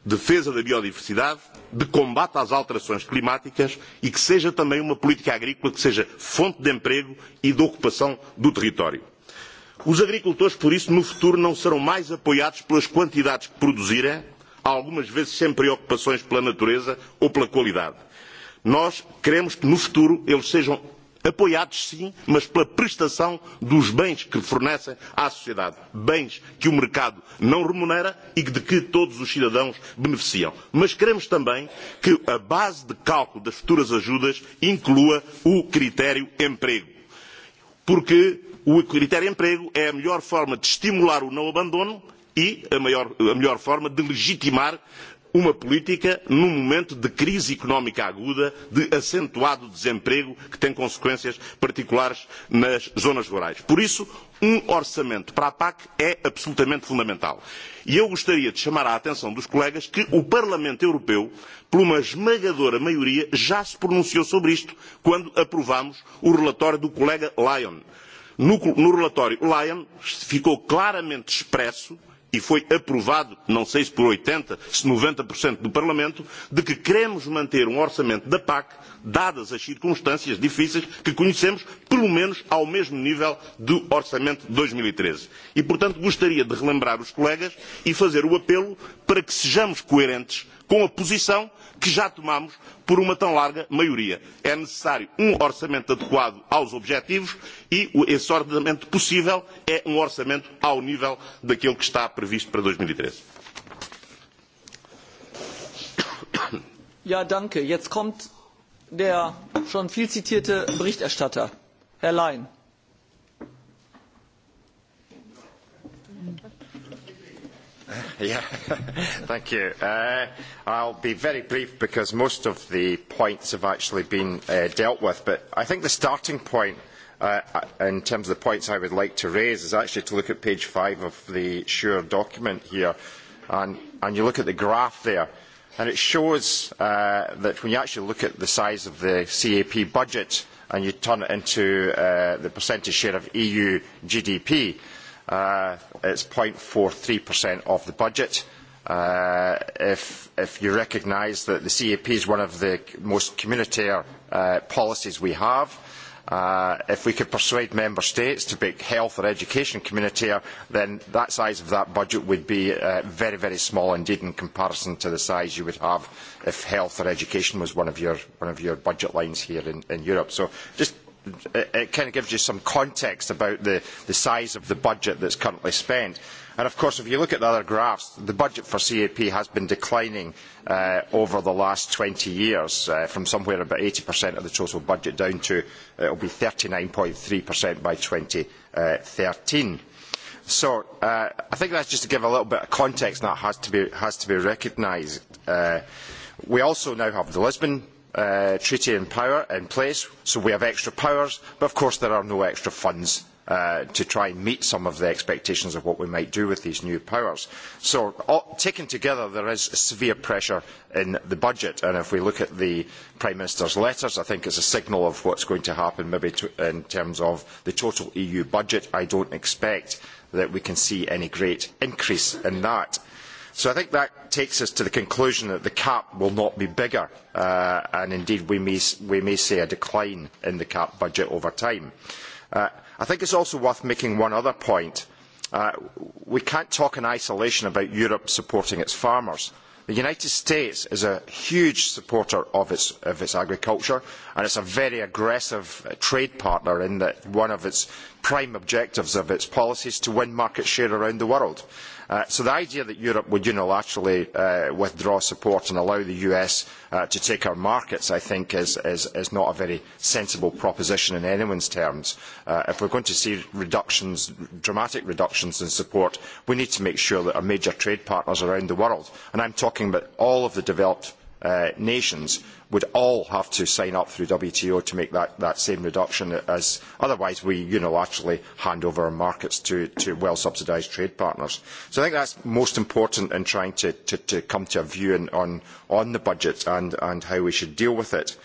defesa da biodiversidade, de combate às alterações climáticas e que seja também uma política agrícola que seja fonte de emprego e de ocupação do território. Os agricultores, por isso, no futuro não serão mais apoiados pelas quantidades que produzirem, algumas vezes sem preocupações pela natureza ou pela qualidade Nós queremos que no futuro eles sejam apoiados sim, mas pela prestação dos bens que fornecem à sociedade, bens que o mercado não remunera e de que todos os cidadãos beneficiam. Mas queremos também que a base de cálculo das futuras ajudas inclua o critério emprego, porque o critério emprego é a melhor forma de estimular o não abandono e a, maior, a melhor forma de legitimar uma política num momento de crise económica aguda, de acentuado desemprego, que tem consequências particulares nas zonas rurais. Por isso, um orçamento para a PAC é absolutamente fundamental. E eu gostaria de chamar a atenção dos colegas que o Parlamento Europeu, por uma esmagadora maioria, já se pronunciou sobre isto quando aprovámos o relatório do colega Lyon. No, no relatório Lyon ficou claramente expresso e foi aprovado, não sei se por 80, se 90% do Parlamento, de que queremos manter um orçamento da PAC, dadas as circunstâncias difíceis que conhecemos, pelo menos ao mesmo nível do orçamento de 2013. E, e, portanto, gostaria de relembrar os colegas e fazer o apelo para que sejamos coerentes com a posição que já tomamos por uma tão larga maioria. É necessário um orçamento adequado aos objetivos e esse orçamento possível é um orçamento ao nível daquele que está previsto para 2013. E ja, danke. Jetzt kommt der schon viel zitierte Berichterstatter, Herr Lein. *laughs* yeah, *laughs* thank you. Uh, I'll be very brief because most of the points have actually been uh, dealt with, but I think the starting point uh, uh, in terms of the points I would like to raise is actually to look at page five of the SURE document here, and, and you look at the graph there, and it shows uh, that when you actually look at the size of the CAP budget and you turn it into uh, the percentage share of EU GDP, Uh, it's 0.43% of the budget. Uh, if, if you recognise that the CAP is one of the most communautaire uh, policies we have, uh, if we could persuade member states to make health or education communautaire, then that size of that budget would be uh, very, very small indeed in comparison to the size you would have if health or education was one of your, one of your budget lines here in, in Europe. So just Uh, it kind of gives you some context about the, the size of the budget that is currently spent. And of course, if you look at the other graphs, the budget for CAP has been declining uh, over the last twenty years, uh, from somewhere about 80% of the total budget down to uh, it will be thirty 39.3% by thirteen. So uh, I think that is just to give a little bit of context, and that has to be, has to be recognised. Uh, we also now have the Lisbon uh, treaty in power in place, so we have extra powers, but of course there are no extra funds uh, to try and meet some of the expectations of what we might do with these new powers. So all, taken together, there is severe pressure in the budget, and if we look at the Prime Minister's letters, I think it is a signal of what is going to happen maybe to, in terms of the total EU budget. I do not expect that we can see any great increase in that. So I think that takes us to the conclusion that the cap will not be bigger, uh, and indeed we may, we may see a decline in the cap budget over time. Uh, I think it is also worth making one other point. Uh, we cannot talk in isolation about Europe supporting its farmers. The United States is a huge supporter of its, of its agriculture and it is a very aggressive uh, trade partner in that one of its prime objectives of its policy is to win market share around the world. Uh, so the idea that Europe would unilaterally uh, withdraw support and allow the US uh, to take our markets, I think, is, is, is not a very sensible proposition in anyone's terms. Uh, if we're going to see reductions, dramatic reductions in support, we need to make sure that our major trade partners around the world, and I'm talking about all of the developed uh, nations, would all have to sign up through WTO to make that, that same reduction as otherwise we unilaterally hand over our markets to, to well subsidised trade partners. So I think that's most important in trying to, to, to come to a view in, on, on the budget and, and how we should deal with it.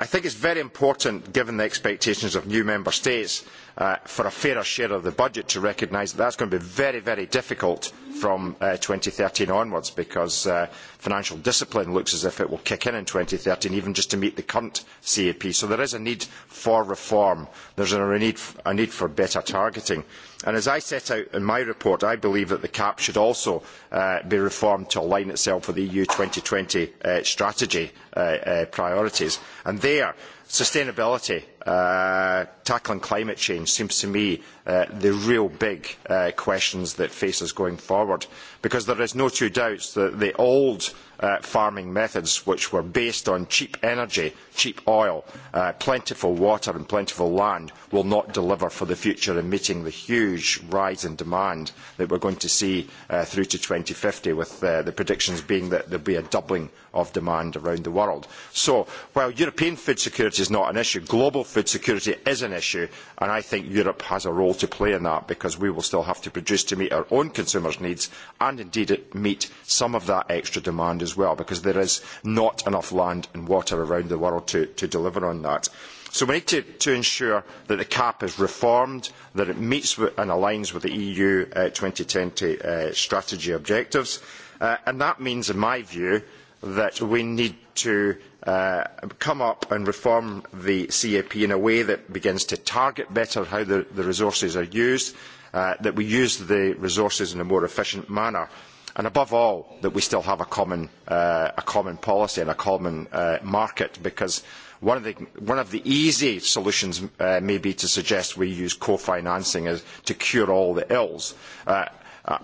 I think it is very important, given the expectations of new member states, Uh, for a fairer share of the budget to recognise that that is going to be very, very difficult from uh, thirteen onwards because uh, financial discipline looks as if it will kick in in thirteen, even just to meet the current CAP. So there is a need for reform. There is a need, a need for better targeting. And as I set out in my report, I believe that the CAP should also uh, be reformed to align itself with the EU twenty uh, strategy uh, uh, priorities. And there, sustainability Uh, tackling climate change seems to me uh, the real big uh, questions that face us going forward because there is no two doubts that the old uh, farming methods which were based on cheap energy, cheap oil, uh, plentiful water and plentiful land will not deliver for the future in meeting the huge rise in demand that we are going to see uh, through to fifty, with the predictions being that there will be a doubling of demand around the world. So while European food security is not an issue, global food food security is an issue, and I think Europe has a role to play in that because we will still have to produce to meet our own consumers' needs and indeed meet some of that extra demand as well because there is not enough land and water around the world to, to deliver on that. So we need to, to, ensure that the cap is reformed, that it meets with, and aligns with the EU uh, 2020 uh, strategy objectives, uh, and that means, in my view, that we need to Uh, come up and reform the CAP in a way that begins to target better how the, the resources are used, uh, that we use the resources in a more efficient manner, and above all, that we still have a common, uh, a common policy and a common uh, market, because one of the, one of the easy solutions uh, may be to suggest we use co-financing to cure all the ills. Uh,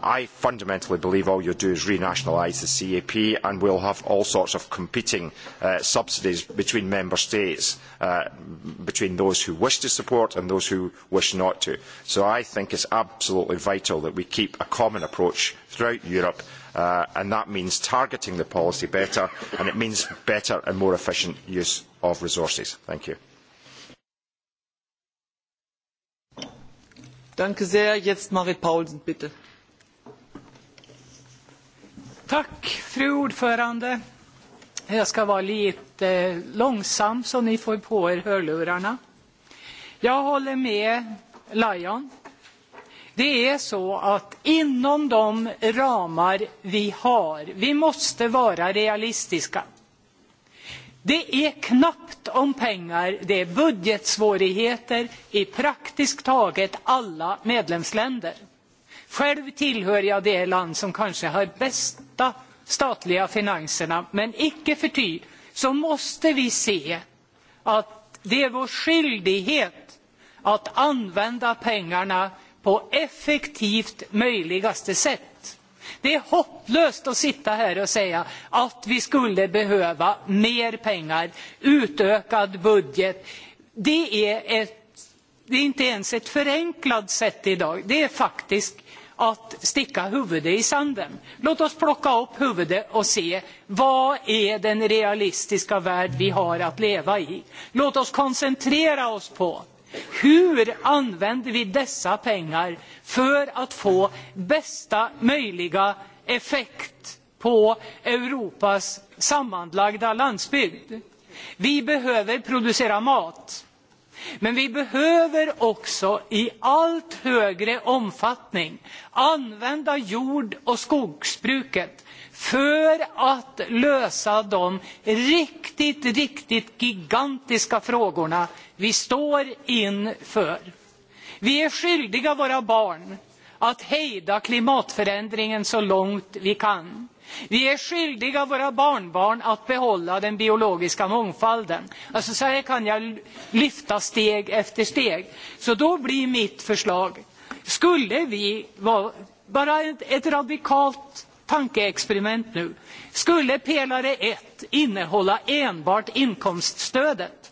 I fundamentally believe all you do is renationalise the CAP and we will have all sorts of competing uh, subsidies between member states, uh, between those who wish to support and those who wish not to. So I think it is absolutely vital that we keep a common approach throughout Europe uh, and that means targeting the policy better and it means better and more efficient use of resources. Thank you. Danke sehr. Jetzt Marit Paulsen, bitte. Tack, fru ordförande. Jag ska vara lite eh, långsam så ni får på er hörlurarna. Jag håller med Lion. Det är så att inom de ramar vi har, vi måste vara realistiska. Det är knappt om pengar, det är budgetsvårigheter i praktiskt taget alla medlemsländer. Själv tillhör jag det land som kanske har bästa statliga finanserna, men icke förty så måste vi se att det är vår skyldighet att använda pengarna på effektivt möjligaste sätt. Det är hopplöst att sitta här och säga att vi skulle behöva mer pengar, utökad budget. Det är, ett, det är inte ens ett förenklat sätt idag. Det är faktiskt att sticka huvudet i sanden. Låt oss plocka upp huvudet och se vad är den realistiska värld vi har att leva i. Låt oss koncentrera oss på hur använder vi dessa pengar för att få bästa möjliga effekt på Europas sammanlagda landsbygd. Vi behöver producera mat. Men vi behöver också i allt högre omfattning använda jord och skogsbruket för att lösa de riktigt, riktigt gigantiska frågorna vi står inför. Vi är skyldiga våra barn att hejda klimatförändringen så långt vi kan. Vi är skyldiga våra barnbarn att behålla den biologiska mångfalden. Alltså så här kan jag lyfta steg efter steg. Så då blir mitt förslag, skulle vi vara, bara ett, ett radikalt tankeexperiment nu, skulle pelare 1 innehålla enbart inkomststödet?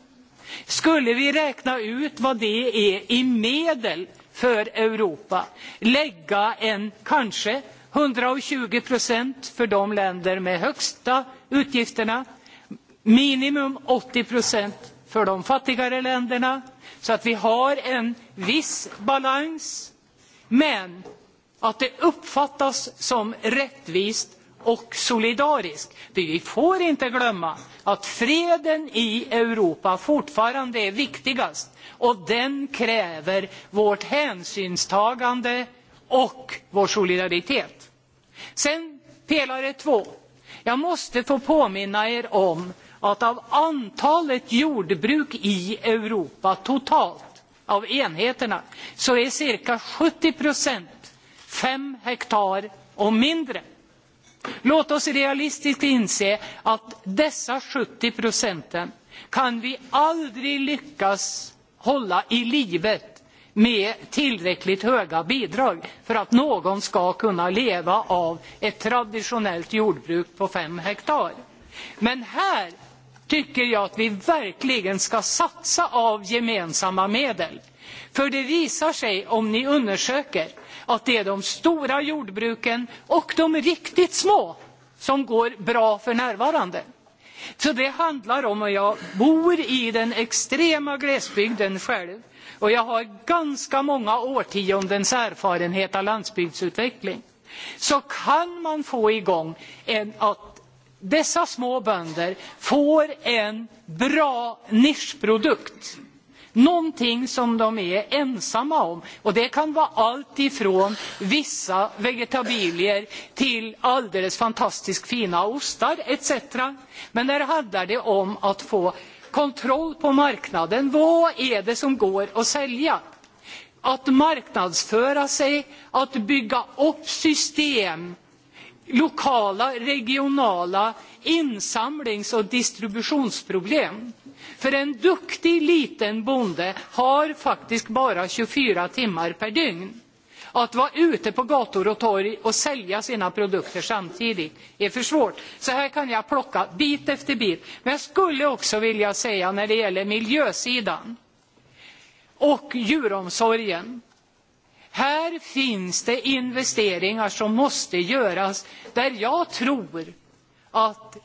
Skulle vi räkna ut vad det är i medel för Europa, lägga en kanske 120 procent för de länder med högsta utgifterna, minimum 80 procent för de fattigare länderna, så att vi har en viss balans, men att det uppfattas som rättvist och solidariskt. För vi får inte glömma att freden i Europa fortfarande är viktigast och den kräver vårt hänsynstagande och vår solidaritet. Sen pelare två. Jag måste få påminna er om att av antalet jordbruk i Europa totalt, av enheterna, så är cirka 70 procent fem hektar och mindre. Låt oss realistiskt inse att dessa 70 procenten kan vi aldrig lyckas hålla i livet med tillräckligt höga bidrag för att någon ska kunna leva av ett traditionellt jordbruk på fem hektar. Men här tycker jag att vi verkligen ska satsa av gemensamma medel. För det visar sig, om ni undersöker, att det är de stora jordbruken och de riktigt små som går bra för närvarande. Så det handlar om, att jag bor i den extrema glesbygden själv, Och jag har ganska många årtiondens erfarenhet av landsbygdsutveckling. Så kan man få igång en, att dessa små bönder får en bra nischprodukt. Någonting som de är ensamma om. Och det kan vara allt ifrån vissa vegetabilier till alldeles fantastiskt fina ostar etc. Men där handlar det om att få kontroll på marknaden. Vad är det som går att sälja? Att marknadsföra sig, att bygga upp system, lokala, regionala insamlings och distributionsproblem. För en duktig liten bonde har faktiskt bara 24 timmar per dygn. Att vara ute på gator och torg och sälja sina produkter samtidigt är för svårt. Så här kan jag plocka bit efter bit. Men jag skulle också vilja säga när det gäller miljösidan och djuromsorgen. Här finns det investeringar som måste göras där jag tror att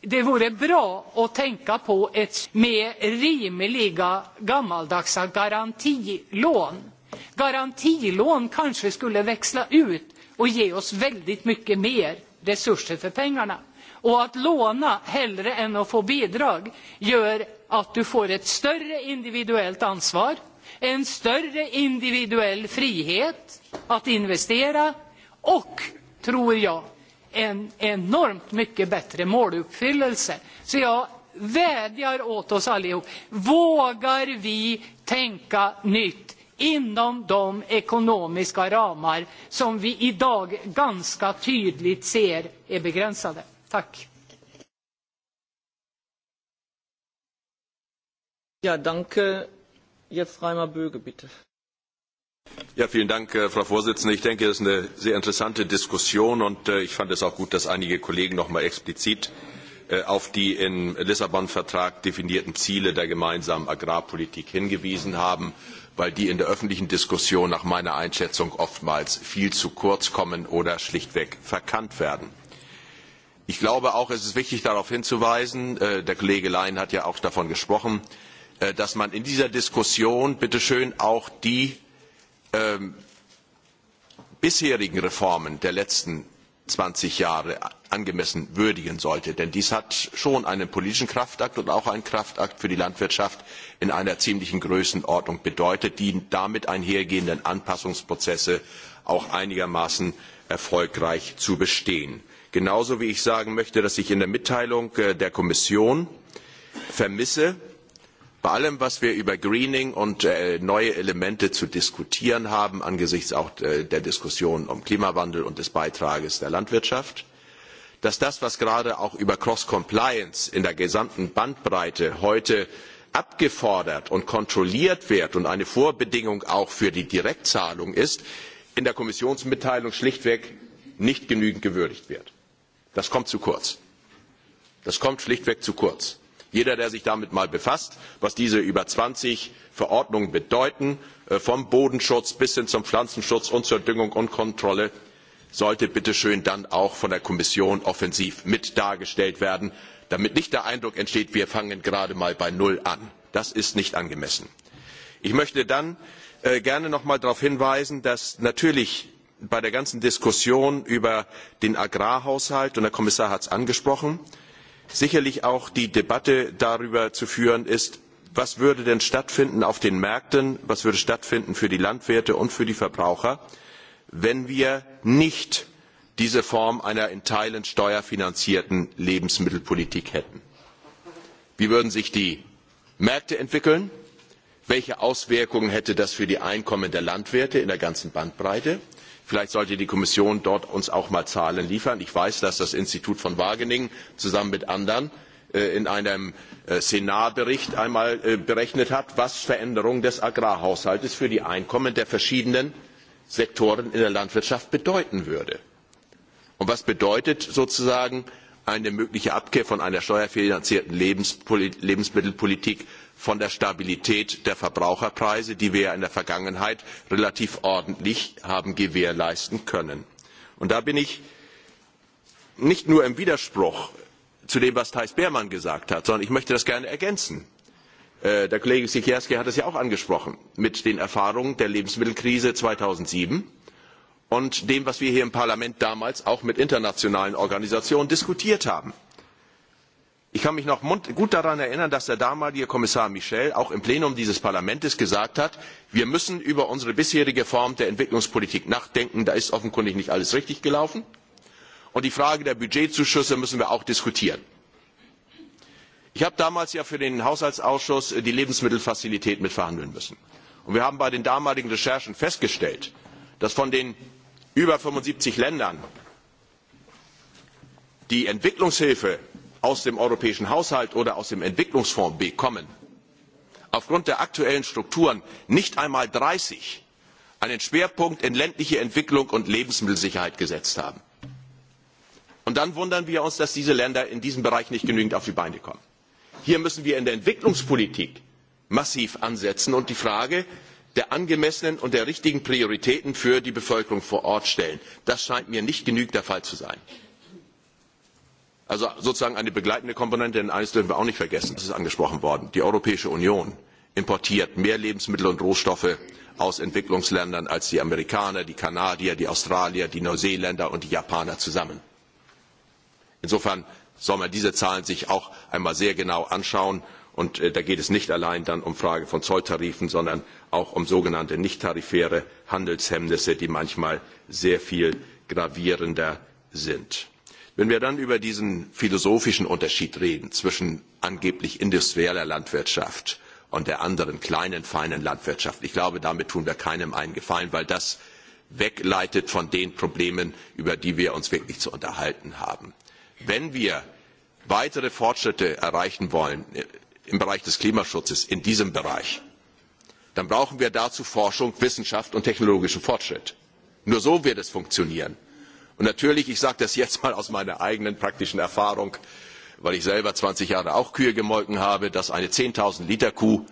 det vore bra att tänka på ett mer rimliga gammaldags garantilån Garantilån kanske skulle växla ut och ge oss väldigt mycket mer resurser för pengarna. Och att låna hellre än att få bidrag gör att du får ett större individuellt ansvar, en större individuell frihet att investera och, tror jag, en enormt mycket bättre måluppfyllelse. Så jag vädjar åt oss allihop. Vågar vi tänka nytt? inom de ekonomiska ramar som vi idag ganska tydligt ser är begränsade. Tack. Ja, danke. Jetzt Reimer Böge, bitte. Ja, vielen Dank, äh, Frau Vorsitzende. Ich denke, das ist eine sehr interessante Diskussion und äh, ich fand es auch gut, dass einige Kollegen noch mal explizit äh, auf die im Lissabon-Vertrag definierten Ziele der gemeinsamen Agrarpolitik hingewiesen haben weil die in der öffentlichen Diskussion nach meiner Einschätzung oftmals viel zu kurz kommen oder schlichtweg verkannt werden. Ich glaube auch, es ist wichtig darauf hinzuweisen, äh, der Kollege Lein hat ja auch davon gesprochen, äh, dass man in dieser Diskussion bitte schön auch die ähm, bisherigen Reformen der letzten zwanzig Jahre angemessen würdigen sollte. Denn dies hat schon einen politischen Kraftakt und auch einen Kraftakt für die Landwirtschaft in einer ziemlichen Größenordnung bedeutet, die damit einhergehenden Anpassungsprozesse auch einigermaßen erfolgreich zu bestehen. Genauso wie ich sagen möchte, dass ich in der Mitteilung äh, der Kommission vermisse, Bei allem, was wir über Greening und äh, neue Elemente zu diskutieren haben, angesichts auch äh, der Diskussion um Klimawandel und des Beitrages der Landwirtschaft, dass das, was gerade auch über Cross-Compliance in der gesamten Bandbreite heute abgefordert und kontrolliert wird und eine Vorbedingung auch für die Direktzahlung ist, in der Kommissionsmitteilung schlichtweg nicht genügend gewürdigt wird. Das kommt zu kurz. Das kommt schlichtweg zu kurz. Jeder, der sich damit mal befasst, was diese über zwanzig Verordnungen bedeuten, äh, vom Bodenschutz bis hin zum Pflanzenschutz und zur Düngung und Kontrolle, sollte bitte schön dann auch von der Kommission offensiv mit dargestellt werden, damit nicht der Eindruck entsteht, wir fangen gerade mal bei Null an. Das ist nicht angemessen. Ich möchte dann äh, gerne noch einmal darauf hinweisen, dass natürlich bei der ganzen Diskussion über den Agrarhaushalt, und der Kommissar hat es angesprochen, sicherlich auch die Debatte darüber zu führen ist, was würde denn stattfinden auf den Märkten, was würde stattfinden für die Landwirte und für die Verbraucher, wenn wir nicht diese Form einer in Teilen steuerfinanzierten Lebensmittelpolitik hätten. Wie würden sich die Märkte entwickeln? Welche Auswirkungen hätte das für die Einkommen der Landwirte in der ganzen Bandbreite? Vielleicht sollte die Kommission dort uns auch mal Zahlen liefern. Ich weiß, dass das Institut von Wageningen zusammen mit anderen äh, in einem äh, Senarbericht einmal äh, berechnet hat, was Veränderungen des Agrarhaushaltes für die Einkommen der verschiedenen Sektoren in der Landwirtschaft bedeuten würde. Und was bedeutet sozusagen eine mögliche Abkehr von einer steuerfinanzierten Lebensmittelpolitik von der Stabilität der Verbraucherpreise, die wir ja in der Vergangenheit relativ ordentlich haben gewährleisten können. Und da bin ich nicht nur im Widerspruch zu dem, was Thijs Beermann gesagt hat, sondern ich möchte das gerne ergänzen. Äh, der Kollege Sikierski hat es ja auch angesprochen mit den Erfahrungen der Lebensmittelkrise 2007 und dem, was wir hier im Parlament damals auch mit internationalen Organisationen diskutiert haben. Ich kann mich noch gut daran erinnern, dass der damalige Kommissar Michel auch im Plenum dieses Parlaments gesagt hat, wir müssen über unsere bisherige Form der Entwicklungspolitik nachdenken. Da ist offenkundig nicht alles richtig gelaufen. Und die Frage der Budgetzuschüsse müssen wir auch diskutieren. Ich habe damals ja für den Haushaltsausschuss äh, die Lebensmittelfazilität mitverhandeln müssen. Und wir haben bei den damaligen Recherchen festgestellt, dass von den über 75 Ländern die Entwicklungshilfe aus dem europäischen Haushalt oder aus dem Entwicklungsfonds bekommen, aufgrund der aktuellen Strukturen nicht einmal dreißig einen Schwerpunkt in ländliche Entwicklung und Lebensmittelsicherheit gesetzt haben. Und dann wundern wir uns, dass diese Länder in diesem Bereich nicht genügend auf die Beine kommen. Hier müssen wir in der Entwicklungspolitik massiv ansetzen und die Frage der angemessenen und der richtigen Prioritäten für die Bevölkerung vor Ort stellen. Das scheint mir nicht genügend der Fall zu sein. Also sozusagen eine begleitende Komponente, denn eines dürfen wir auch nicht vergessen, das ist angesprochen worden. Die Europäische Union importiert mehr Lebensmittel und Rohstoffe aus Entwicklungsländern als die Amerikaner, die Kanadier, die Australier, die Neuseeländer und die Japaner zusammen. Insofern soll man diese Zahlen sich auch einmal sehr genau anschauen Und äh, da geht es nicht allein dann um Frage von Zolltarifen, sondern auch um sogenannte nichttarifäre Handelshemmnisse, die manchmal sehr viel gravierender sind. Wenn wir dann über diesen philosophischen Unterschied reden zwischen angeblich industrieller Landwirtschaft und der anderen kleinen, feinen Landwirtschaft, ich glaube, damit tun wir keinem einen Gefallen, weil das wegleitet von den Problemen, über die wir uns wirklich zu unterhalten haben. Wenn wir weitere Fortschritte erreichen wollen äh, im Bereich des Klimaschutzes, in diesem Bereich, dann brauchen wir dazu Forschung, Wissenschaft und technologischen Fortschritt. Nur so wird es funktionieren. Und natürlich, ich sage das jetzt mal aus meiner eigenen praktischen Erfahrung, weil ich selber zwanzig Jahre auch Kühe gemolken habe, dass eine 10.000 Liter Kuh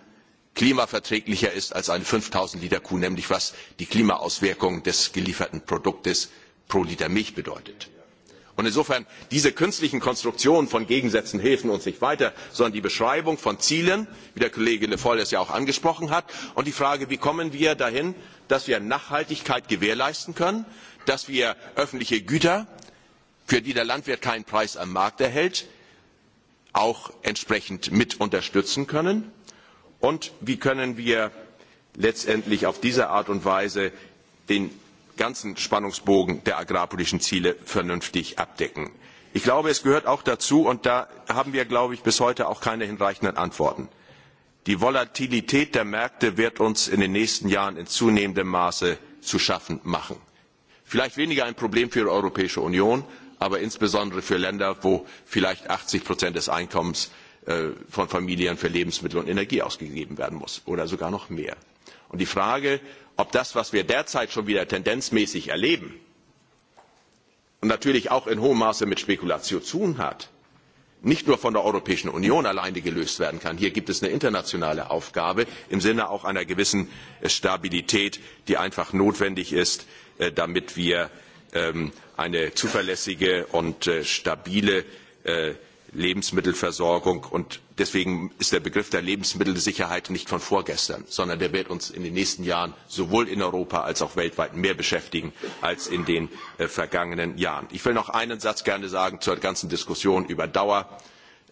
klimaverträglicher ist als eine 5.000 Liter Kuh, nämlich was die Klimaauswirkungen des gelieferten Produktes pro Liter Milch bedeutet. Und insofern, diese künstlichen Konstruktionen von Gegensätzen helfen uns nicht weiter, sondern die Beschreibung von Zielen, wie der Kollege Le Foll es ja auch angesprochen hat, und die Frage, wie kommen wir dahin, dass wir Nachhaltigkeit gewährleisten können, dass wir öffentliche Güter, für die der Landwirt keinen Preis am Markt erhält, auch entsprechend mit unterstützen können? Und wie können wir letztendlich auf diese Art und Weise den ganzen Spannungsbogen der agrarpolitischen Ziele vernünftig abdecken. Ich glaube, es gehört auch dazu, und da haben wir, glaube ich, bis heute auch keine hinreichenden Antworten. Die Volatilität der Märkte wird uns in den nächsten Jahren in zunehmendem Maße zu schaffen machen. Vielleicht weniger ein Problem für die Europäische Union, aber insbesondere für Länder, wo vielleicht achtzig des Einkommens äh, von Familien für Lebensmittel und Energie ausgegeben werden muss oder sogar noch mehr. Und die Frage, ob das, was wir derzeit schon wieder tendenzmäßig erleben und natürlich auch in hohem Maße mit Spekulation zu tun hat, nicht nur von der Europäischen Union alleine gelöst werden kann. Hier gibt es eine internationale Aufgabe im Sinne auch einer gewissen Stabilität, die einfach notwendig ist, äh, damit wir ähm, eine zuverlässige und äh, stabile äh, Lebensmittelversorgung. Und deswegen ist der Begriff der Lebensmittelsicherheit nicht von vorgestern, sondern der wird uns in den nächsten Jahren sowohl in Europa als auch weltweit mehr beschäftigen als in den äh, vergangenen Jahren. Ich will noch einen Satz gerne sagen zur ganzen Diskussion über Dauer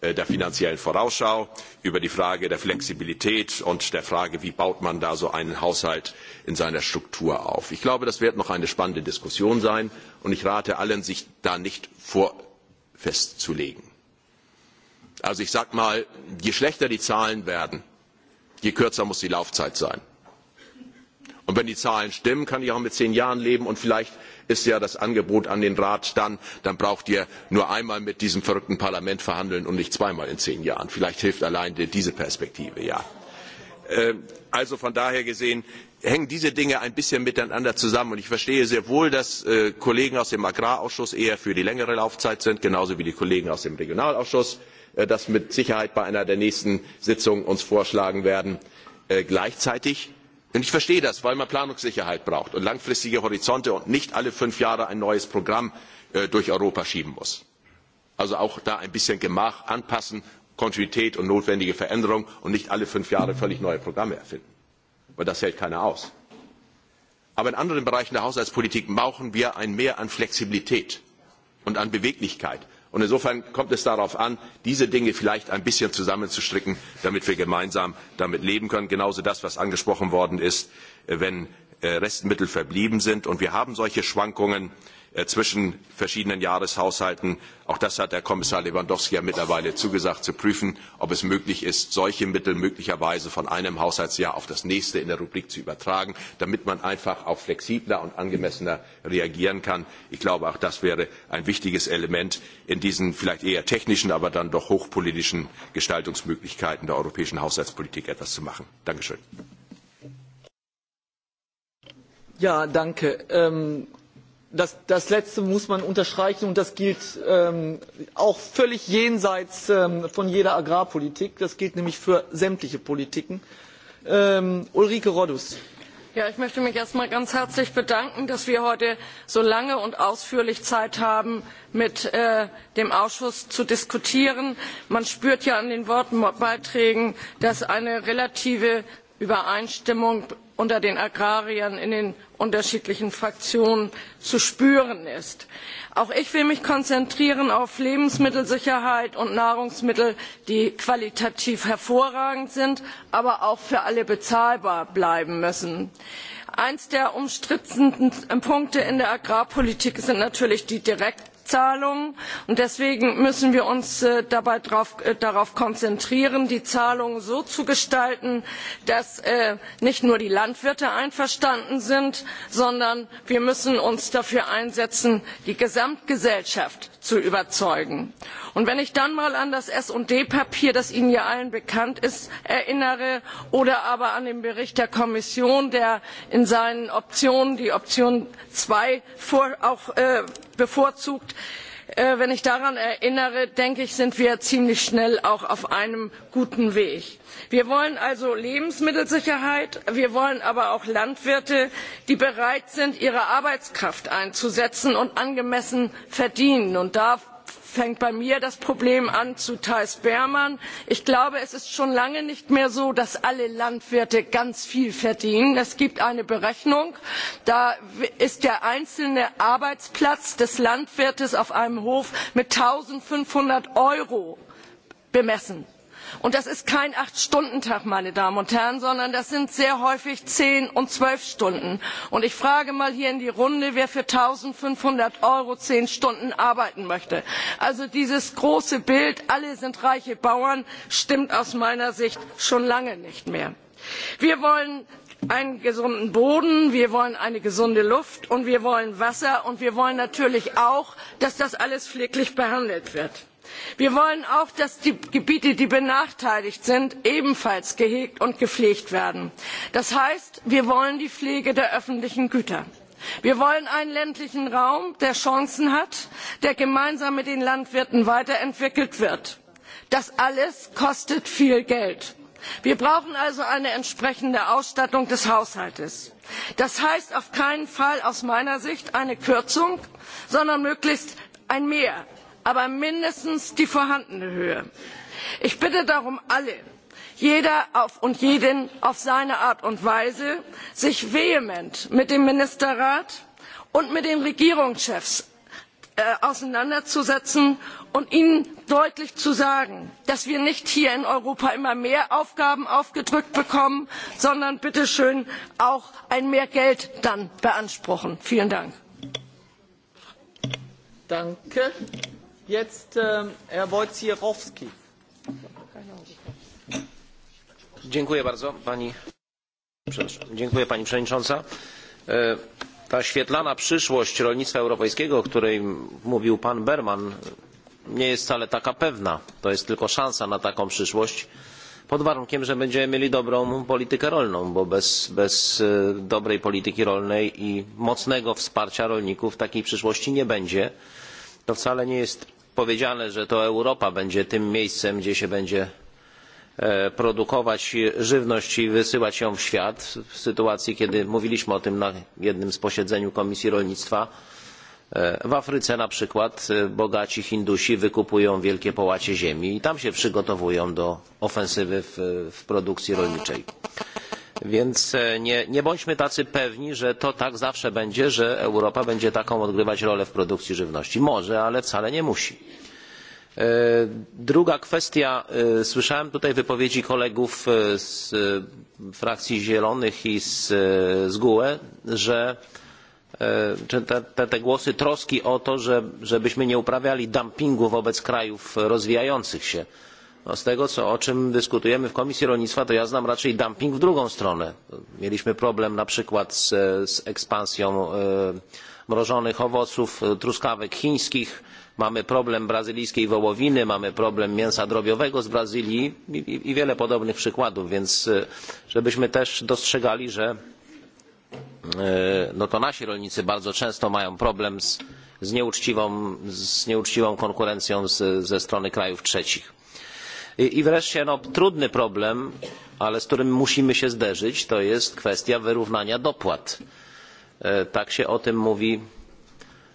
äh, der finanziellen Vorausschau, über die Frage der Flexibilität und der Frage, wie baut man da so einen Haushalt in seiner Struktur auf. Ich glaube, das wird noch eine spannende Diskussion sein und ich rate allen, sich da nicht vorfestzulegen Also ich sage mal, je schlechter die Zahlen werden, je kürzer muss die Laufzeit sein. Und wenn die Zahlen stimmen, kann ich auch mit zehn Jahren leben und vielleicht ist ja das Angebot an den Rat dann, dann braucht ihr nur einmal mit diesem verrückten Parlament verhandeln und nicht zweimal in zehn Jahren. Vielleicht hilft allein diese Perspektive, ja. Ähm, also von daher gesehen hängen diese Dinge ein bisschen miteinander zusammen und ich verstehe sehr wohl, dass äh, Kollegen aus dem Agrarausschuss eher für die längere Laufzeit sind, genauso wie die Kollegen aus dem Regionalausschuss. Äh, das wir mit Sicherheit bei einer der nächsten Sitzungen uns vorschlagen werden. Äh, gleichzeitig Und ich verstehe das, weil man Planungssicherheit braucht und langfristige Horizonte und nicht alle fünf Jahre ein neues Programm äh, durch Europa schieben muss. Also auch da ein bisschen Gemach anpassen, Kontinuität und notwendige Veränderung und nicht alle fünf Jahre völlig neue Programme erfinden. Weil das hält keiner aus. Aber in anderen Bereichen der Haushaltspolitik brauchen wir ein Mehr an Flexibilität und an Beweglichkeit. Und insofern kommt es darauf an, diese Dinge vielleicht ein bisschen zusammenzustricken, damit wir gemeinsam damit leben können. Genauso das, was angesprochen worden ist, äh, wenn äh, Restmittel verblieben sind. Und wir haben solche Schwankungen äh, Äh, zwischen verschiedenen Jahreshaushalten. Auch das hat Herr Kommissar Lewandowski ja mittlerweile zugesagt, zu prüfen, ob es möglich ist, solche Mittel möglicherweise von einem Haushaltsjahr auf das nächste in der Rubrik zu übertragen, damit man einfach auch flexibler und angemessener reagieren kann. Ich glaube, auch das wäre ein wichtiges Element in diesen vielleicht eher technischen, aber dann doch hochpolitischen Gestaltungsmöglichkeiten der europäischen Haushaltspolitik etwas zu machen. Dankeschön. Ja, danke. Ähm das, das Letzte muss man unterstreichen und das gilt ähm, auch völlig jenseits ähm, von jeder Agrarpolitik. Das gilt nämlich für sämtliche Politiken. Ähm, Ulrike Roddus. Ja, ich möchte mich erst einmal ganz herzlich bedanken, dass wir heute so lange und ausführlich Zeit haben, mit äh, dem Ausschuss zu diskutieren. Man spürt ja an den Wortbeiträgen, dass eine relative Übereinstimmung unter den Agrariern in den unterschiedlichen Fraktionen zu spüren ist. Auch ich will mich konzentrieren auf Lebensmittelsicherheit und Nahrungsmittel, die qualitativ hervorragend sind, aber auch für alle bezahlbar bleiben müssen. Eines der umstrittensten Punkte in der Agrarpolitik sind natürlich die direkt Zahlungen. Und deswegen müssen wir uns äh, dabei drauf, äh, darauf konzentrieren, die Zahlungen so zu gestalten, dass äh, nicht nur die Landwirte einverstanden sind, sondern wir müssen uns dafür einsetzen, die Gesamtgesellschaft zu überzeugen. Und wenn ich dann mal an das S&D Papier, das Ihnen ja allen bekannt ist, erinnere oder aber an den Bericht der Kommission, der in seinen Optionen die Option zwei auch äh, bevorzugt, äh, Äh, wenn ich daran erinnere, denke ich, sind wir ziemlich schnell auch auf einem guten Weg. Wir wollen also Lebensmittelsicherheit, wir wollen aber auch Landwirte, die bereit sind, ihre Arbeitskraft einzusetzen und angemessen verdienen. Und da fängt bei mir das Problem an zu Thais Berman. Ich glaube, es ist schon lange nicht mehr so, dass alle Landwirte ganz viel verdienen. Es gibt eine Berechnung, da ist der einzelne Arbeitsplatz des Landwirtes auf einem Hof mit 1500 Euro bemessen Und das ist kein Acht-Stunden-Tag, meine Damen und Herren, sondern das sind sehr häufig zehn und zwölf Stunden. Und ich frage mal hier in die Runde, wer für 1500 Euro zehn Stunden arbeiten möchte. Also dieses große Bild, alle sind reiche Bauern, stimmt aus meiner Sicht schon lange nicht mehr. Wir wollen einen gesunden Boden, wir wollen eine gesunde Luft und wir wollen Wasser und wir wollen natürlich auch, dass das alles pfleglich behandelt wird. Wir wollen auch, dass die Gebiete, die benachteiligt sind, ebenfalls gehegt und gepflegt werden. Das heißt, wir wollen die Pflege der öffentlichen Güter. Wir wollen einen ländlichen Raum, der Chancen hat, der gemeinsam mit den Landwirten weiterentwickelt wird. Das alles kostet viel Geld. Wir brauchen also eine entsprechende Ausstattung des Haushaltes. Das heißt auf keinen Fall aus meiner Sicht eine Kürzung, sondern möglichst ein Mehr aber mindestens die vorhandene Höhe. Ich bitte darum alle, jeder und jeden auf seine Art und Weise, sich vehement mit dem Ministerrat und mit den Regierungschefs äh, auseinanderzusetzen und ihnen deutlich zu sagen, dass wir nicht hier in Europa immer mehr Aufgaben aufgedrückt bekommen, sondern bitte schön auch ein mehr Geld dann beanspruchen. Vielen Dank. Danke. Jetzt ähm, Herr Wojciechowski. Dziękuję bardzo Pani, dziękuję Pani Przewodnicząca. E, ta świetlana przyszłość rolnictwa europejskiego, o której mówił Pan Berman, nie jest wcale taka pewna. To jest tylko szansa na taką przyszłość pod warunkiem, że będziemy mieli dobrą politykę rolną, bo bez, bez e, dobrej polityki rolnej i mocnego wsparcia rolników takiej przyszłości nie będzie. To wcale nie jest powiedziane, że to Europa będzie tym miejscem, gdzie się będzie e, produkować żywność i wysyłać ją w świat. W sytuacji, kiedy mówiliśmy o tym na jednym z posiedzeń Komisji Rolnictwa, e, w Afryce na przykład e, bogaci Hindusi wykupują wielkie połacie ziemi i tam się przygotowują do ofensywy w, w produkcji rolniczej. Więc e, nie, nie bądźmy tacy pewni, że to tak zawsze będzie, że Europa będzie taką odgrywać rolę w produkcji żywności. Może, ale wcale nie musi. E, druga kwestia, e, słyszałem tutaj wypowiedzi kolegów z frakcji Zielonych i z, z GUE, że te, te, te głosy troski o to, że, żebyśmy nie uprawiali dumpingu wobec krajów rozwijających się z tego, co, o czym dyskutujemy w Komisji Rolnictwa, to ja znam raczej dumping w drugą stronę. Mieliśmy problem na przykład z, z ekspansją e, mrożonych owoców, e, truskawek chińskich, mamy problem brazylijskiej wołowiny, mamy problem mięsa drobiowego z Brazylii i, i, i wiele podobnych przykładów, więc e, żebyśmy też dostrzegali, że no to nasi rolnicy bardzo często mają problem z, z, nieuczciwą, z nieuczciwą konkurencją z, ze strony krajów trzecich. I wreszcie no, trudny problem, ale z którym musimy się zderzyć, to jest kwestia wyrównania dopłat. E, tak się o tym mówi.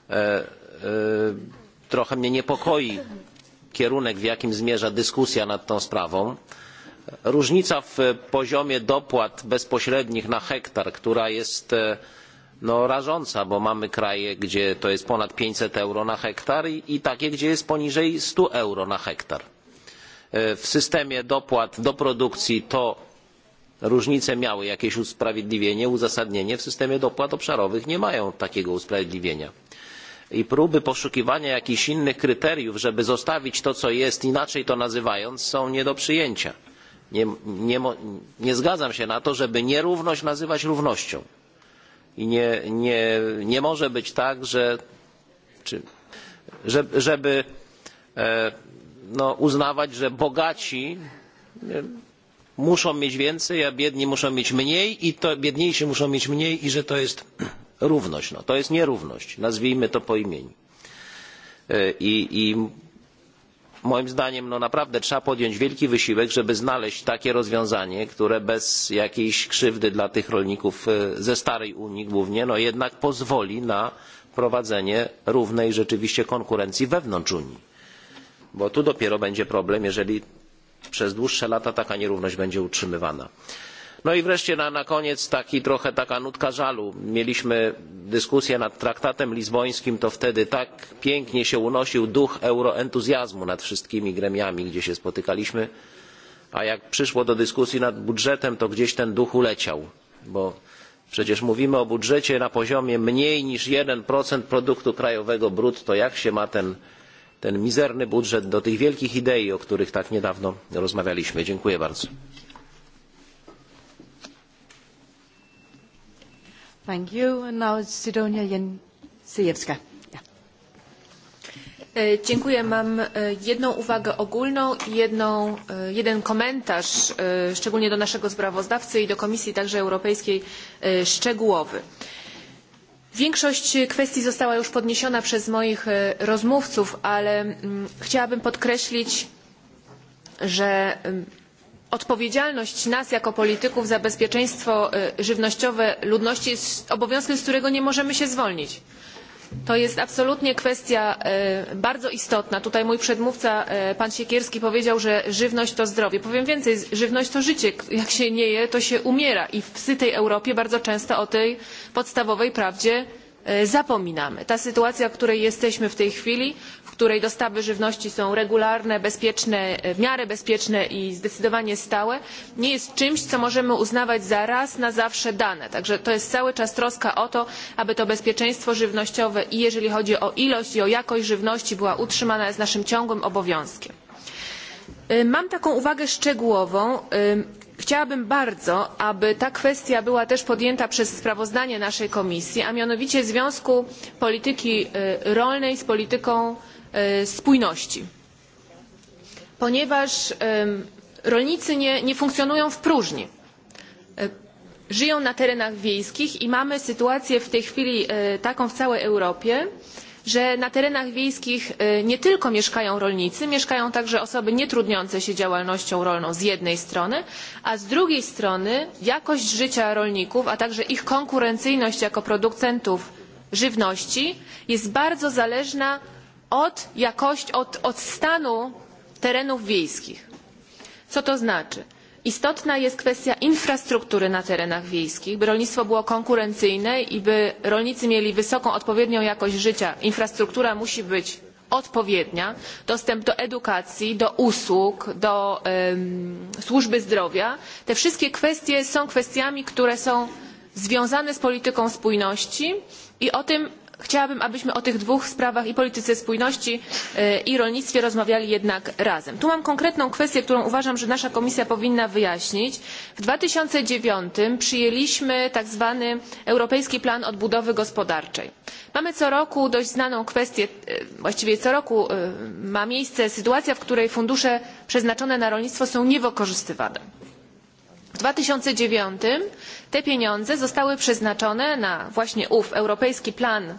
E, e, trochę mnie niepokoi kierunek, w jakim zmierza dyskusja nad tą sprawą. Różnica w poziomie dopłat bezpośrednich na hektar, która jest no, rażąca, bo mamy kraje, gdzie to jest ponad 500 euro na hektar i, i takie, gdzie jest poniżej 100 euro na hektar E, w systemie dopłat do produkcji to różnice miały jakieś usprawiedliwienie, uzasadnienie, w systemie dopłat obszarowych nie mają takiego usprawiedliwienia. I próby poszukiwania jakichś innych kryteriów, żeby zostawić to, co jest, inaczej to nazywając, są nie do przyjęcia. Nie, nie, nie zgadzam się na to, żeby nierówność nazywać równością. I nie, nie, nie może być tak, że, czy, żeby, żeby e, no, uznawać, że bogaci muszą mieć więcej, a biedni muszą mieć mniej i to biedniejsi muszą mieć mniej i że to jest *clears throat* równość. No, to jest nierówność, nazwijmy to po imieniu. E, I, i moim zdaniem no, naprawdę trzeba podjąć wielki wysiłek, żeby znaleźć takie rozwiązanie, które bez jakiejś krzywdy dla tych rolników e, ze starej Unii głównie, no jednak pozwoli na prowadzenie równej rzeczywiście konkurencji wewnątrz Unii bo tu dopiero będzie problem, jeżeli przez dłuższe lata taka nierówność będzie utrzymywana. No i wreszcie na, na koniec taki trochę taka nutka żalu. Mieliśmy dyskusję nad traktatem lizbońskim, to wtedy tak pięknie się unosił duch euroentuzjazmu nad wszystkimi gremiami, gdzie się spotykaliśmy, a jak przyszło do dyskusji nad budżetem, to gdzieś ten duch uleciał, bo przecież mówimy o budżecie na poziomie mniej niż 1% produktu krajowego brutto, jak się ma ten ten mizerny budżet do tych wielkich idei, o których tak niedawno rozmawialiśmy. Dziękuję bardzo. Thank you. And now Sidonia Jędrzejewska. E, dziękuję. Mam e, jedną uwagę ogólną i jedną, e, jeden komentarz, szczególnie do naszego sprawozdawcy i do Komisji także Europejskiej szczegółowy. Większość kwestii została już podniesiona przez moich e, rozmówców, ale mm, chciałabym podkreślić, że mm, odpowiedzialność nas jako polityków za bezpieczeństwo e, żywnościowe ludności jest obowiązkiem, z którego nie możemy się zwolnić. To jest absolutnie kwestia e, bardzo istotna. Tutaj mój przedmówca, e, pan Siekierski, powiedział, że żywność to zdrowie. Powiem więcej, żywność to życie. Jak się nie je, to się umiera. I w sytej Europie bardzo często o tej podstawowej prawdzie e, zapominamy. Ta sytuacja, w której jesteśmy w tej chwili, której dostawy żywności są regularne, bezpieczne, e, w miarę bezpieczne i zdecydowanie stałe, nie jest czymś, co możemy uznawać za raz na zawsze dane. Także to jest cały czas troska o to, aby to bezpieczeństwo żywnościowe i jeżeli chodzi o ilość i o jakość żywności była utrzymana jest naszym ciągłym obowiązkiem. E, mam taką uwagę szczegółową. E, chciałabym bardzo, aby ta kwestia była też podjęta przez sprawozdanie naszej komisji, a mianowicie związku polityki rolnej z polityką E, spójności. Ponieważ e, rolnicy nie, nie funkcjonują w próżni. E, żyją na terenach wiejskich i mamy sytuację w tej chwili taką w całej Europie, że na terenach wiejskich nie tylko mieszkają rolnicy, mieszkają także osoby nietrudniące się działalnością rolną z jednej strony, a z drugiej strony jakość życia rolników, a także ich konkurencyjność jako producentów żywności jest bardzo zależna od jakości, od, od stanu terenów wiejskich. Co to znaczy? Istotna jest kwestia infrastruktury na terenach wiejskich, by rolnictwo było konkurencyjne i by rolnicy mieli wysoką, odpowiednią jakość życia. Infrastruktura musi być odpowiednia, dostęp do edukacji, do usług, do ym, służby zdrowia. Te wszystkie kwestie są kwestiami, które są związane z polityką spójności i o tym Chciałabym, abyśmy o tych dwóch sprawach i polityce spójności e, i rolnictwie rozmawiali jednak razem. Tu mam konkretną kwestię, którą uważam, że nasza komisja powinna wyjaśnić. W 2009 przyjęliśmy tak zwany Europejski Plan Odbudowy Gospodarczej. Mamy co roku dość znaną kwestię, e, właściwie co roku e, ma miejsce sytuacja, w której fundusze przeznaczone na rolnictwo są niewykorzystywane. W 2009 te pieniądze zostały przeznaczone na właśnie ów Europejski Plan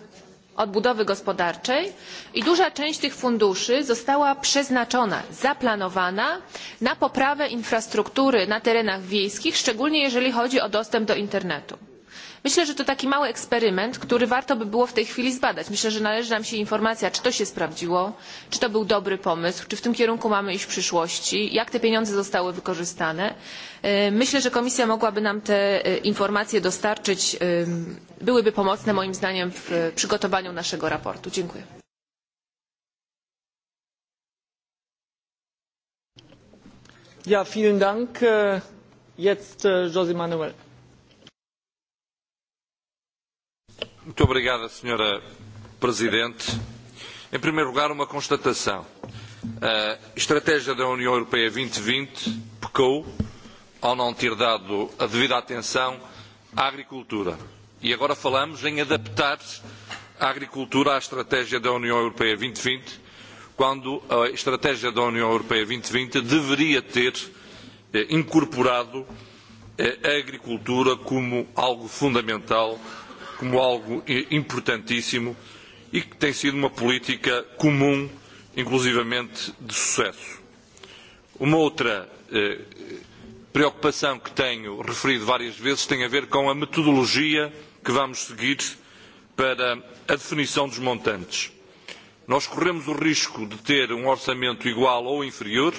odbudowy gospodarczej i duża część tych funduszy została przeznaczona, zaplanowana na poprawę infrastruktury na terenach wiejskich, szczególnie jeżeli chodzi o dostęp do internetu. Myślę, że to taki mały eksperyment, który warto by było w tej chwili zbadać. Myślę, że należy nam się informacja, czy to się sprawdziło, czy to był dobry pomysł, czy w tym kierunku mamy iść w przyszłości, jak te pieniądze zostały wykorzystane. Myślę, że komisja mogłaby nam te informacje dostarczyć. Byłyby pomocne moim zdaniem w przygotowaniu naszego raportu. Dziękuję. Ja, vielen Dank. Jetzt José Manuel. Muito obrigado, Sra Presidente. Em primeiro lugar, uma constatação. A estratégia da União Europeia 2020 e pecou ao não ter dado a devida atenção à agricultura. E agora falamos em adaptar a agricultura à estratégia da União Europeia 2020, e quando a estratégia da União Europeia 2020 e deveria ter eh, incorporado eh, a agricultura como algo fundamental como algo importantíssimo e que tem sido uma política comum, inclusivamente de sucesso. Uma outra eh, preocupação que tenho referido várias vezes tem a ver com a metodologia que vamos seguir para a definição dos montantes. Nós corremos o risco de ter um orçamento igual ou inferior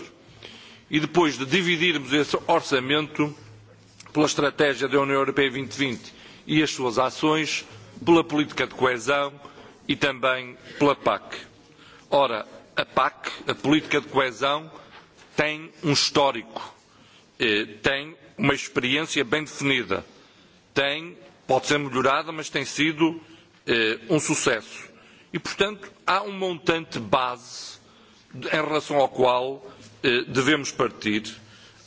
e depois de dividirmos esse orçamento pela estratégia da União Europeia 2020 e as suas ações pela política de coesão e também pela PAC. Ora, a PAC, a política de coesão, tem um histórico, eh, tem uma experiência bem definida, tem, pode ser melhorada, mas tem sido eh, um sucesso. E, portanto, há um montante base em relação ao qual eh, devemos partir,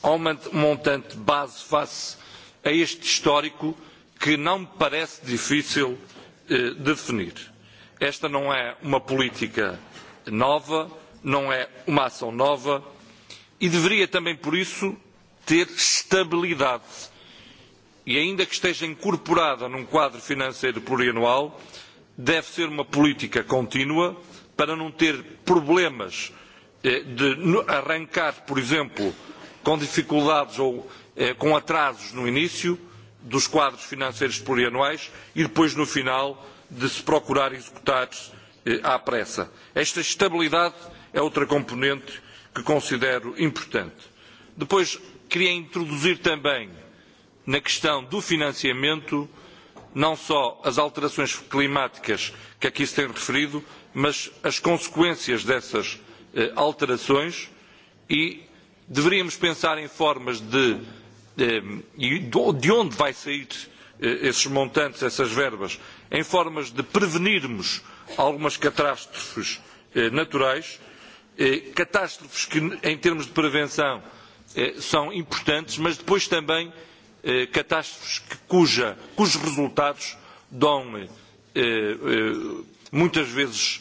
há um montante base face a este histórico que não me parece difícil eh, definir. Esta não é uma política nova, não é uma ação nova e deveria também, por isso, ter estabilidade. E ainda que esteja incorporada num quadro financeiro plurianual, deve ser uma política contínua para não ter problemas eh, de arrancar, por exemplo, com dificuldades ou eh, com atrasos no início dos quadros financeiros plurianuais e depois, no final, de se procurar executar eh, à pressa. Esta estabilidade é outra componente que considero importante. Depois, queria introduzir também na questão do financiamento não só as alterações climáticas que aqui se tem referido, mas as consequências dessas eh, alterações e deveríamos pensar em formas de Eh, e de onde vai sair eh, esses montantes, essas verbas, em formas de prevenirmos algumas catástrofes eh, naturais, catástrofes que, em termos de prevenção, são importantes, mas depois também catástrofes cuja, cujos resultados dão muitas vezes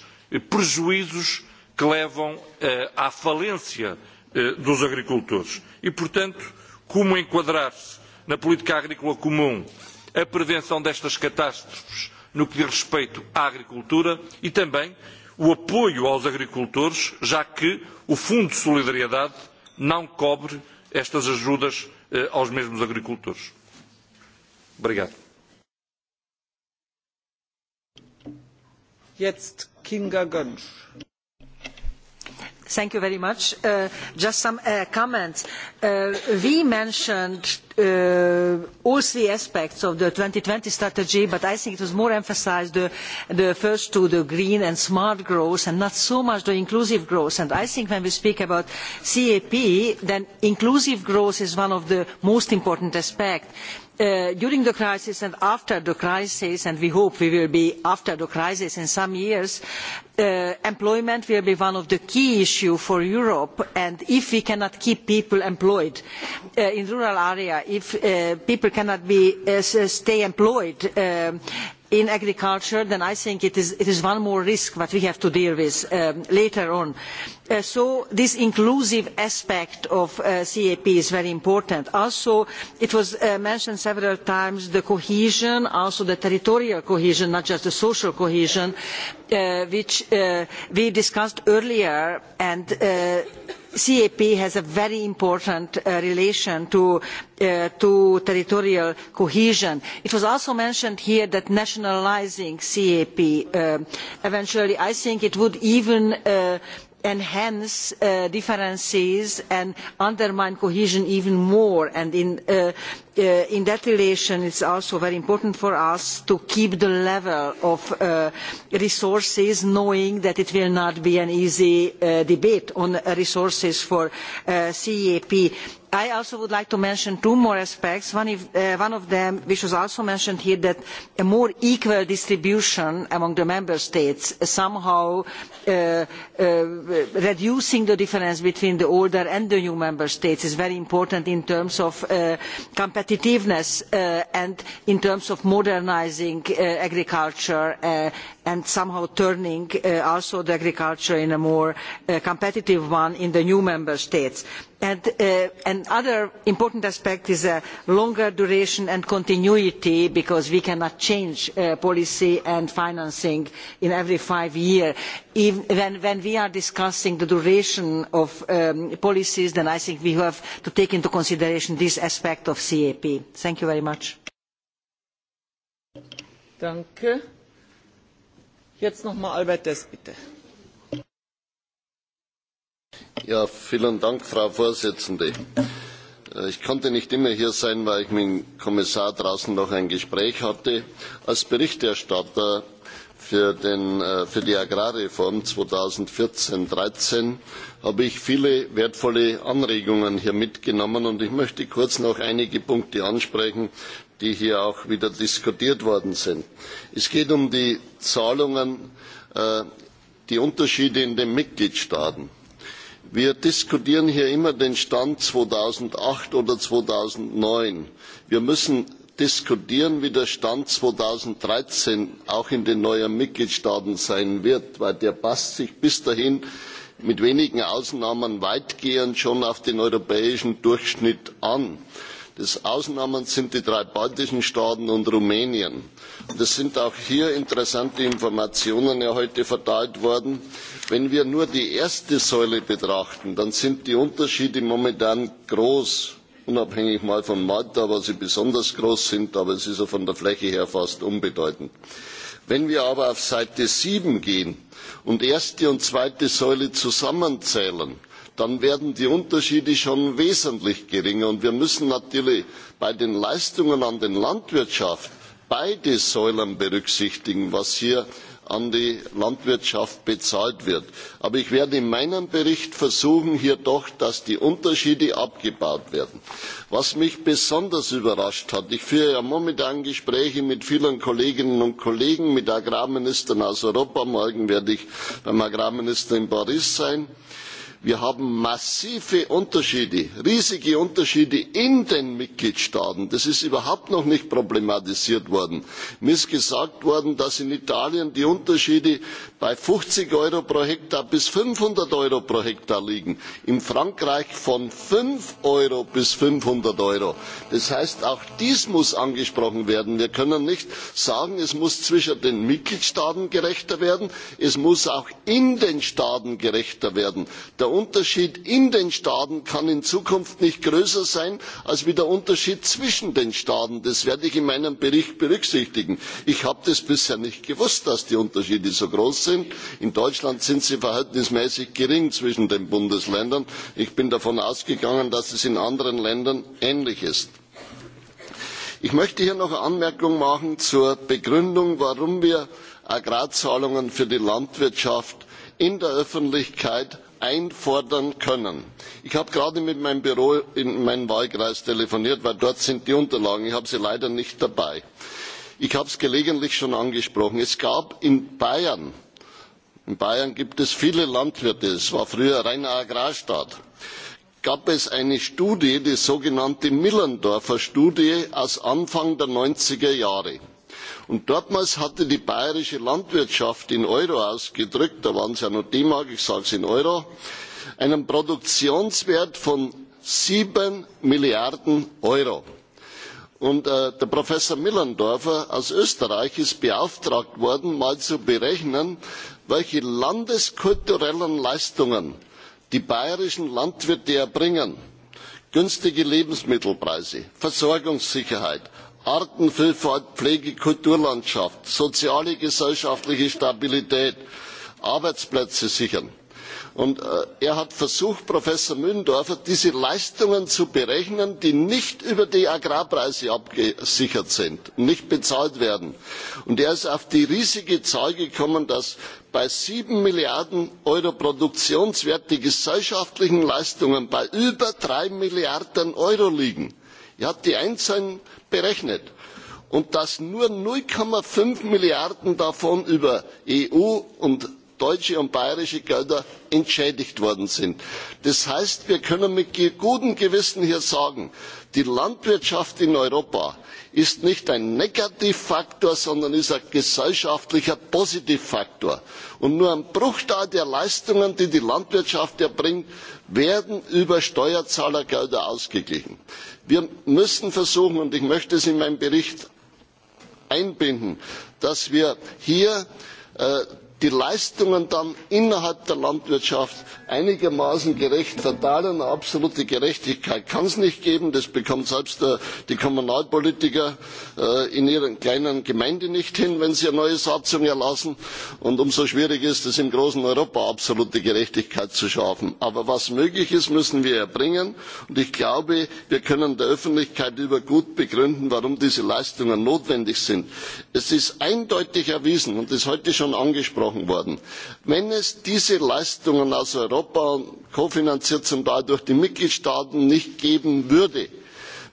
prejuízos que levam à falência dos agricultores. E, portanto, como enquadrar-se na política agrícola comum a prevenção destas catástrofes no que diz respeito à agricultura e também o apoio aos agricultores, já que o Fundo de Solidariedade não cobre estas ajudas eh, aos mesmos agricultores. Obrigado. Jetzt Kinga Gönsch. Thank you very much. Uh, just some uh, comments. Uh, we mentioned uh, all three aspects of the twenty strategy, but I think it was more emphasised the, the, first two, the green and smart growth, and not so much the inclusive growth. And I think when we speak about CAP, then inclusive growth is one of the most important aspects Uh, during the crisis and after the crisis, and we hope we will be after the crisis in some years, uh, employment will be one of the key issues for Europe. And if we cannot keep people employed uh, in rural areas, if people cannot stay employed, um, in agriculture, then I think it is, it is one more risk that we have to deal with um, later on. Uh, so this inclusive aspect of uh, CAP is very important. Also, it was uh, mentioned several times, the cohesion, also the territorial cohesion, not just the social cohesion, uh, which uh, we discussed earlier and uh, CAP has a very important uh, relation to, uh, to, territorial cohesion. It was also mentioned here that nationalising CAP uh, eventually I think it would even uh, enhance uh, differences and undermine cohesion even more and in uh, Uh, in that relation, it is also very important for us to keep the level of uh, resources, knowing that it will not be an easy uh, debate on resources for uh, CEP. I also would like to mention two more aspects. One, if, uh, one, of them, which was also mentioned here, that a more equal distribution among the member states, somehow uh, uh, reducing the difference between the older and the new member states is very important in terms of uh, competitiveness competitiveness uh, and in terms of modernising uh, agriculture uh, and somehow turning uh, also the agriculture into a more uh, competitive one in the new member states. And, uh, another important aspect is a uh, longer duration and continuity because we cannot change uh, policy and financing in every five years. When, we are discussing the duration of um, policies, then I think we have to take into consideration this aspect of CAP. Thank you very much. Ja, vielen Dank, Frau Vorsitzende. Äh, ich konnte nicht immer hier sein, weil ich mit dem Kommissar draußen noch ein Gespräch hatte. Als Berichterstatter für, den, äh, für die Agrarreform 2014-13 habe ich viele wertvolle Anregungen hier mitgenommen und ich möchte kurz noch einige Punkte ansprechen, die hier auch wieder diskutiert worden sind. Es geht um die Zahlungen, äh, die Unterschiede in den Mitgliedstaaten. Wir diskutieren hier immer den Stand 2008 oder 2009. Wir müssen diskutieren, wie der Stand 2013 auch in den neuen Mitgliedstaaten sein wird, weil der passt sich bis dahin mit wenigen Ausnahmen weitgehend schon auf den europäischen Durchschnitt an. Das Ausnahmen sind die drei baltischen Staaten und Rumänien. es sind auch hier interessante Informationen ja heute verteilt worden. Wenn wir nur die erste Säule betrachten, dann sind die Unterschiede momentan groß unabhängig mal von Malta, wo sie besonders groß sind, aber es ist ja von der Fläche her fast unbedeutend. Wenn wir aber auf Seite sieben gehen und erste und zweite Säule zusammenzählen, dann werden die Unterschiede schon wesentlich geringer. Und wir müssen natürlich bei den Leistungen an den Landwirtschaft beide Säulen berücksichtigen, was hier an die Landwirtschaft bezahlt wird. Aber ich werde in meinem Bericht versuchen, hier doch, dass die Unterschiede abgebaut werden. Was mich besonders überrascht hat, ich führe ja momentan Gespräche mit vielen Kolleginnen und Kollegen, mit Agrarministern aus Europa. Morgen werde ich beim Agrarminister in Paris sein. Äh, Wir haben massive Unterschiede, riesige Unterschiede in den Mitgliedstaaten. Das ist überhaupt noch nicht problematisiert worden. Mir ist gesagt worden, dass in Italien die Unterschiede bei 50 Euro pro Hektar bis 500 Euro pro Hektar liegen. In Frankreich von 5 Euro bis 500 Euro. Das heißt, auch dies muss angesprochen werden. Wir können nicht sagen, es muss zwischen den Mitgliedstaaten gerechter werden, es muss auch in den Staaten gerechter werden. Der der unterschied in den staaten kann in zukunft nicht größer sein als der unterschied zwischen den staaten. das werde ich in meinem bericht berücksichtigen. ich habe das bisher nicht gewusst dass die unterschiede so groß sind. in deutschland sind sie verhältnismäßig gering zwischen den bundesländern. ich bin davon ausgegangen dass es in anderen ländern ähnlich ist. ich möchte hier noch eine anmerkung machen zur begründung warum wir agrarzahlungen für die landwirtschaft in der öffentlichkeit einfordern können. Ich habe gerade mit meinem Büro in meinem Wahlkreis telefoniert, weil dort sind die Unterlagen. Ich habe sie leider nicht dabei. Ich habe es gelegentlich schon angesprochen. Es gab in Bayern, in Bayern gibt es viele Landwirte, es war früher reiner Agrarstaat, gab es eine Studie, die sogenannte Millendorfer Studie aus Anfang der 90er Jahre. Und dortmals hatte die bayerische Landwirtschaft in Euro ausgedrückt, da waren es ja noch D-Mark, ich sage es in Euro, einen Produktionswert von sieben Milliarden Euro. Und äh, der Professor Millendorfer aus Österreich ist beauftragt worden, mal zu berechnen, welche landeskulturellen Leistungen die bayerischen Landwirte erbringen günstige Lebensmittelpreise, Versorgungssicherheit, Artenvielfalt, Pflege, Kulturlandschaft, soziale gesellschaftliche Stabilität, Arbeitsplätze sichern. Und äh, er hat versucht, Professor Mündorfer, diese Leistungen zu berechnen, die nicht über die Agrarpreise abgesichert sind und nicht bezahlt werden. Und er ist auf die riesige Zahl gekommen, dass bei sieben Milliarden Euro Produktionswert die gesellschaftlichen Leistungen bei über drei Milliarden Euro liegen. Er hat die einzelnen berechnet und dass nur null fünf Milliarden davon über EU und deutsche und bayerische Gelder entschädigt worden sind. Das heißt, wir können mit gutem Gewissen hier sagen, die Landwirtschaft in Europa ist nicht ein Negativfaktor, sondern ist ein gesellschaftlicher Positivfaktor. Und nur ein Bruchteil der Leistungen, die die Landwirtschaft erbringt, werden über Steuerzahlergelder ausgeglichen. Wir müssen versuchen, und ich möchte es in meinem Bericht einbinden, dass wir hier äh, die Leistungen dann innerhalb der Landwirtschaft einigermaßen gerecht verteilen. Eine absolute Gerechtigkeit kann es nicht geben. Das bekommen selbst der, die Kommunalpolitiker äh, in ihrer kleinen Gemeinden nicht hin, wenn sie eine neue Satzung erlassen. Und umso schwieriger ist es im großen Europa, absolute Gerechtigkeit zu schaffen. Aber was möglich ist, müssen wir erbringen. Und ich glaube, wir können der Öffentlichkeit über gut begründen, warum diese Leistungen notwendig sind. Es ist eindeutig erwiesen und ist heute schon angesprochen, gesprochen worden. Wenn es diese Leistungen aus Europa, kofinanziert zum Teil durch die Mitgliedstaaten, nicht geben würde,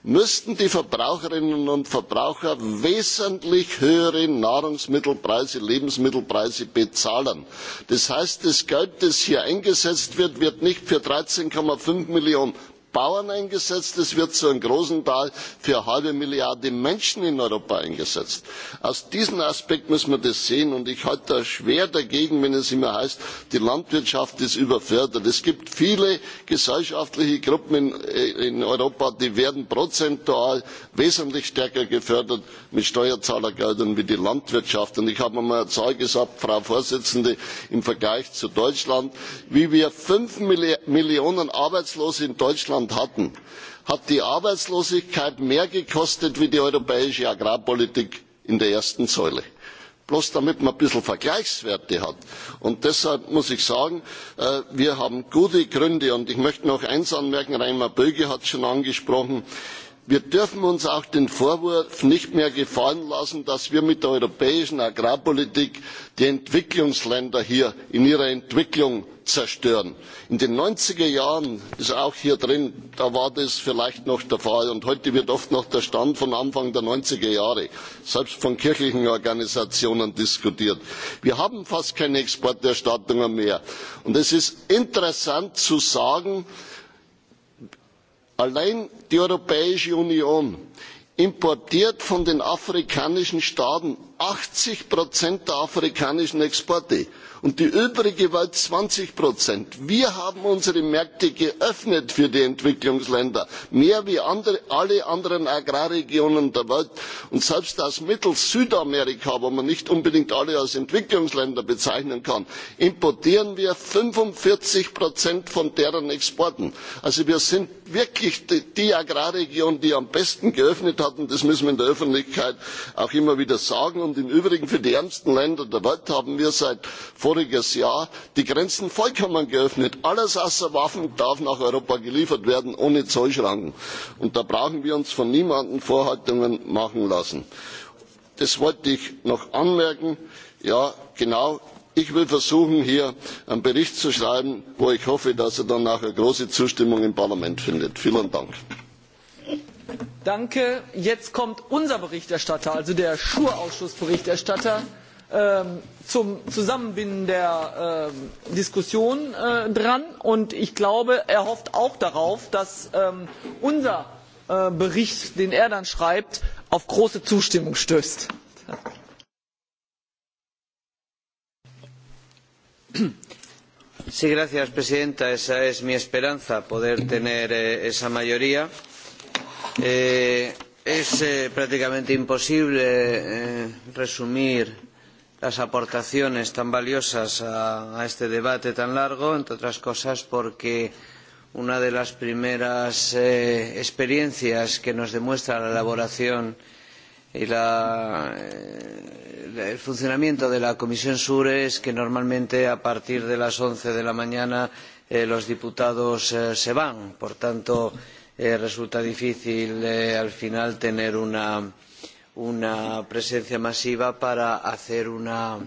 müssten die Verbraucherinnen und Verbraucher wesentlich höhere Nahrungsmittelpreise, Lebensmittelpreise bezahlen. Das heißt, das Geld, das hier eingesetzt wird, wird nicht für dreizehn fünf Millionen Bauern eingesetzt, es wird zu einem großen Teil für eine halbe Milliarde Menschen in Europa eingesetzt. Aus diesem Aspekt muss man das sehen und ich halte da schwer dagegen, wenn es immer heißt, die Landwirtschaft ist überfördert. Es gibt viele gesellschaftliche Gruppen in, äh, in Europa, die werden prozentual wesentlich stärker gefördert mit Steuerzahlergeldern wie die Landwirtschaft. Und ich habe mal eine Zahl gesagt, Frau Vorsitzende, im Vergleich zu Deutschland, wie wir fünf Millionen Arbeitslose in Deutschland deutschland hatten hat die arbeitslosigkeit mehr gekostet als die europäische agrarpolitik in der ersten säule bloß damit man ein bisschen Vergleichswerte hat. Und deshalb muss ich sagen, äh, wir haben gute Gründe. Und ich möchte noch eins anmerken, Reimer Böge hat es schon angesprochen wir dürfen uns auch den vorwurf nicht mehr gefallen lassen dass wir mit der europäischen agrarpolitik die entwicklungsländer hier in ihrer entwicklung zerstören. in den neunzig er jahren ist auch hier drin da war das vielleicht noch der fall und heute wird oft noch der stand von anfang der neunzig er jahre selbst von kirchlichen organisationen diskutiert. wir haben fast keine exporterstattungen mehr und es ist interessant zu sagen allein die europäische union importiert von den afrikanischen staaten achtzig der afrikanischen exporte und die übrige Welt zwanzig Wir haben unsere Märkte geöffnet für die Entwicklungsländer, mehr als andere, alle anderen Agrarregionen der Welt. Und selbst aus Mittel Südamerika, wo man nicht unbedingt alle als Entwicklungsländer bezeichnen kann, importieren wir fünfundvierzig von deren Exporten. Also wir sind wirklich die, die Agrarregion, die am besten geöffnet hat, und das müssen wir in der Öffentlichkeit auch immer wieder sagen. Und im Übrigen für die ärmsten Länder der Welt haben wir seit voriges Jahr die Grenzen vollkommen geöffnet. Alles außer Waffen darf nach Europa geliefert werden, ohne Zollschranken. Und da brauchen wir uns von niemandem Vorhaltungen machen lassen. Das wollte ich noch anmerken. Ja, genau. Ich will versuchen, hier einen Bericht zu schreiben, wo ich hoffe, dass er dann nachher große Zustimmung im Parlament findet. Vielen Dank. Danke. Jetzt kommt unser Berichterstatter, also der Schur-Ausschussberichterstatter. Ähm, zum Zusammenbinden der äh, Diskussion äh, dran und ich glaube, er hofft auch darauf, dass ähm, unser äh, Bericht, den er dann schreibt, auf große Zustimmung stößt. Sí, gracias, Presidenta. Esa es mi esperanza, poder tener eh, esa mayoría. Eh, es eh, prácticamente imposible eh, resumir las aportaciones tan valiosas a, a este debate tan largo, entre otras cosas porque una de las primeras eh, experiencias que nos demuestra la elaboración y la, eh, el funcionamiento de la Comisión SURE es que normalmente a partir de las once de la mañana eh, los diputados eh, se van. Por tanto, eh, resulta difícil eh, al final tener una, una presencia masiva para hacer una,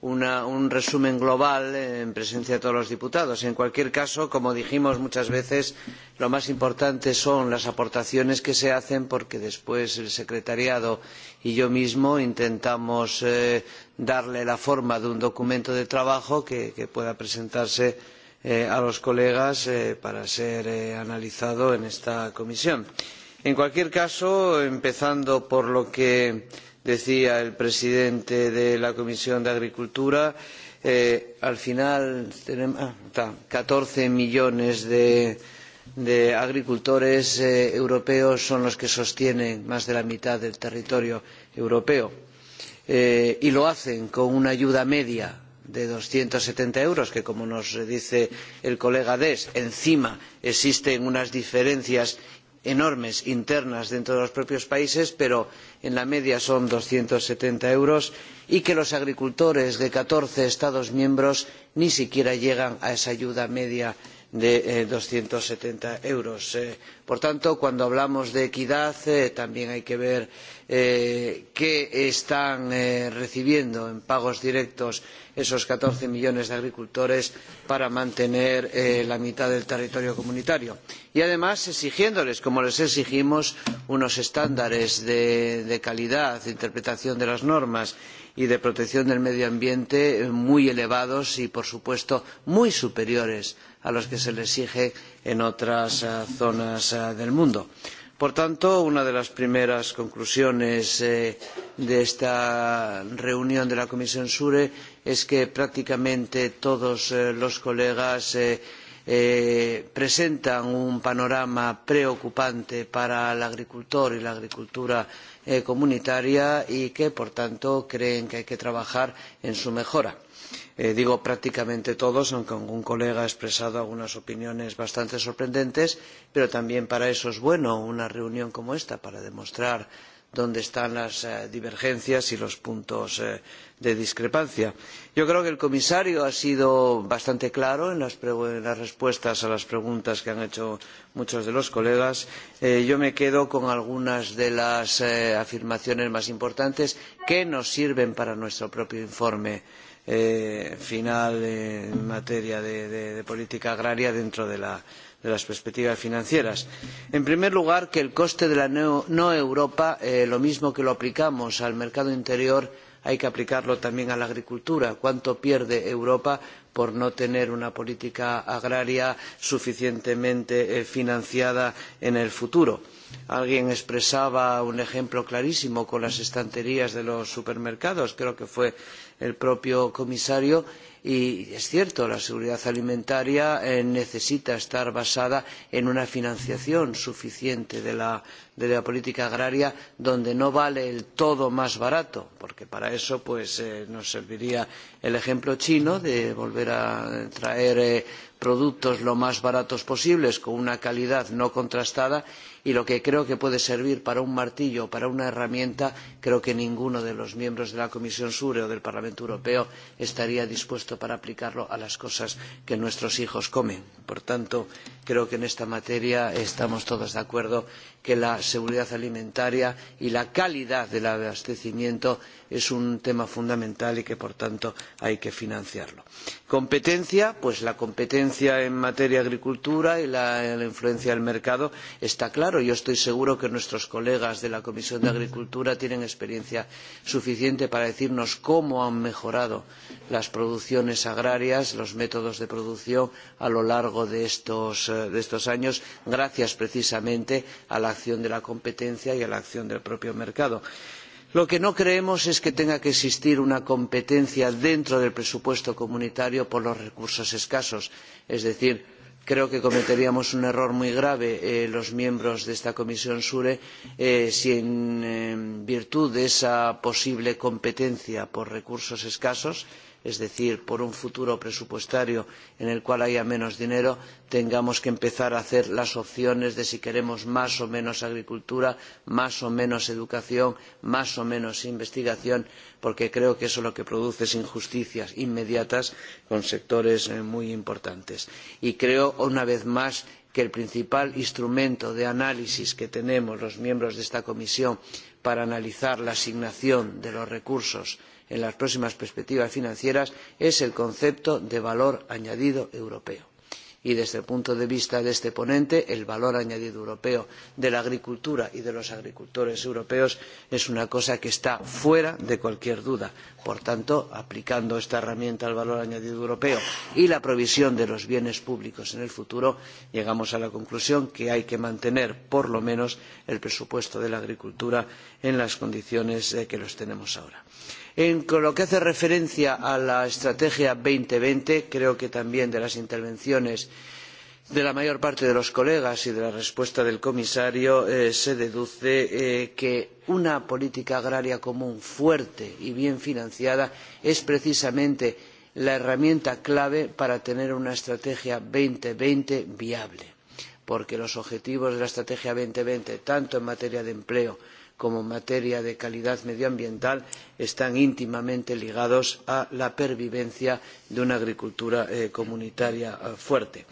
una, un resumen global en presencia de todos los diputados. En cualquier caso, como dijimos muchas veces, lo más importante son las aportaciones que se hacen porque después el secretariado y yo mismo intentamos eh, darle la forma de un documento de trabajo que, que pueda presentarse eh, a los colegas eh, para ser eh, analizado en esta comisión. En cualquier caso, empezando por lo que decía el presidente de la Comisión de Agricultura, eh, al final tenemos ah, catorce millones de, de agricultores eh, europeos son los que sostienen más de la mitad del territorio europeo eh, y lo hacen con una ayuda media de doscientos setenta euros que como nos dice el colega Dess encima existen unas diferencias enormes internas dentro de los propios países, pero en la media son doscientos setenta euros, y que los agricultores de catorce Estados miembros ni siquiera llegan a esa ayuda media de eh, doscientos setenta euros. Eh, por tanto, cuando hablamos de equidad, eh, también hay que ver eh, que están eh, recibiendo en pagos directos esos catorce millones de agricultores para mantener eh, la mitad del territorio comunitario. Y además exigiéndoles, como les exigimos, unos estándares de, de calidad, de interpretación de las normas y de protección del medio ambiente eh, muy elevados y, por supuesto, muy superiores a los que se les exige en otras uh, zonas uh, del mundo. Por tanto, una de las primeras conclusiones eh, de esta reunión de la Comisión SURE es que prácticamente todos eh, los colegas eh, eh, presentan un panorama preocupante para el agricultor y la agricultura eh, comunitaria y que, por tanto, creen que hay que trabajar en su mejora eh, digo prácticamente todos, aunque algún colega ha expresado algunas opiniones bastante sorprendentes, pero también para eso es bueno una reunión como esta, para demostrar dónde están las eh, divergencias y los puntos eh, de discrepancia. Yo creo que el comisario ha sido bastante claro en las, en las respuestas a las preguntas que han hecho muchos de los colegas. Eh, yo me quedo con algunas de las eh, afirmaciones más importantes que nos sirven para nuestro propio informe eh, final en materia de, de, de política agraria dentro de, la, de las perspectivas financieras. En primer lugar, que el coste de la no, no Europa, eh, lo mismo que lo aplicamos al mercado interior, hay que aplicarlo también a la agricultura. ¿Cuánto pierde Europa por no tener una política agraria suficientemente eh, financiada en el futuro? Alguien expresaba un ejemplo clarísimo con las estanterías de los supermercados, creo que fue el propio comisario y es cierto la seguridad alimentaria eh, necesita estar basada en una financiación suficiente de la, de la política agraria donde no vale el todo más barato porque para eso pues, eh, nos serviría el ejemplo chino de volver a traer eh, productos lo más baratos posibles con una calidad no contrastada y y lo que creo que puede servir para un martillo o para una herramienta, creo que ninguno de los miembros de la Comisión SURE o del Parlamento Europeo estaría dispuesto para aplicarlo a las cosas que nuestros hijos comen. Por tanto, Creo que en esta materia estamos todos de acuerdo que la seguridad alimentaria y la calidad del abastecimiento es un tema fundamental y que, por tanto, hay que financiarlo. Competencia, pues la competencia en materia de agricultura y la, la influencia del mercado está claro. Yo estoy seguro que nuestros colegas de la Comisión de Agricultura tienen experiencia suficiente para decirnos cómo han mejorado las producciones agrarias, los métodos de producción a lo largo de estos eh, de estos años gracias precisamente a la acción de la competencia y a la acción del propio mercado. Lo que no creemos es que tenga que existir una competencia dentro del presupuesto comunitario por los recursos escasos. Es decir, creo que cometeríamos un error muy grave eh, los miembros de esta comisión SURE eh, si en eh, virtud de esa posible competencia por recursos escasos es decir, por un futuro presupuestario en el cual haya menos dinero, tengamos que empezar a hacer las opciones de si queremos más o menos agricultura, más o menos educación, más o menos investigación, porque creo que eso lo que produce es injusticias inmediatas con sectores eh, muy importantes. Y creo, una vez más, que el principal instrumento de análisis que tenemos los miembros de esta comisión para analizar la asignación de los recursos en las próximas perspectivas financieras es el concepto de valor añadido europeo. Y desde el punto de vista de este ponente, el valor añadido europeo de la agricultura y de los agricultores europeos es una cosa que está fuera de cualquier duda. Por tanto, aplicando esta herramienta al valor añadido europeo y la provisión de los bienes públicos en el futuro, llegamos a la conclusión de que hay que mantener, por lo menos, el presupuesto de la agricultura en las condiciones eh, que lo tenemos ahora. En lo que hace referencia a la estrategia dos mil veinte, creo que también de las intervenciones de la mayor parte de los colegas y de la respuesta del comisario eh, se deduce eh, que una política agraria común fuerte y bien financiada es precisamente la herramienta clave para tener una estrategia dos mil veinte viable, porque los objetivos de la estrategia dos mil veinte, tanto en materia de empleo como como materia de calidad medioambiental están íntimamente ligados a la pervivencia de una agricultura eh, comunitaria eh, fuerte.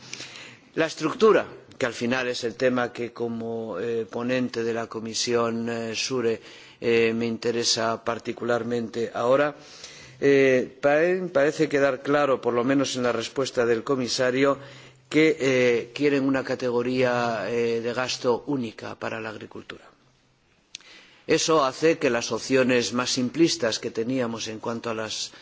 La estructura, que al final es el tema que como eh, ponente de la Comisión eh, SURE eh, me interesa particularmente ahora, eh, parece quedar claro, por lo menos en la respuesta del comisario, que quieren una categoría de gasto única para la agricultura Eso hace que las opciones más simplistas que teníamos en cuanto a las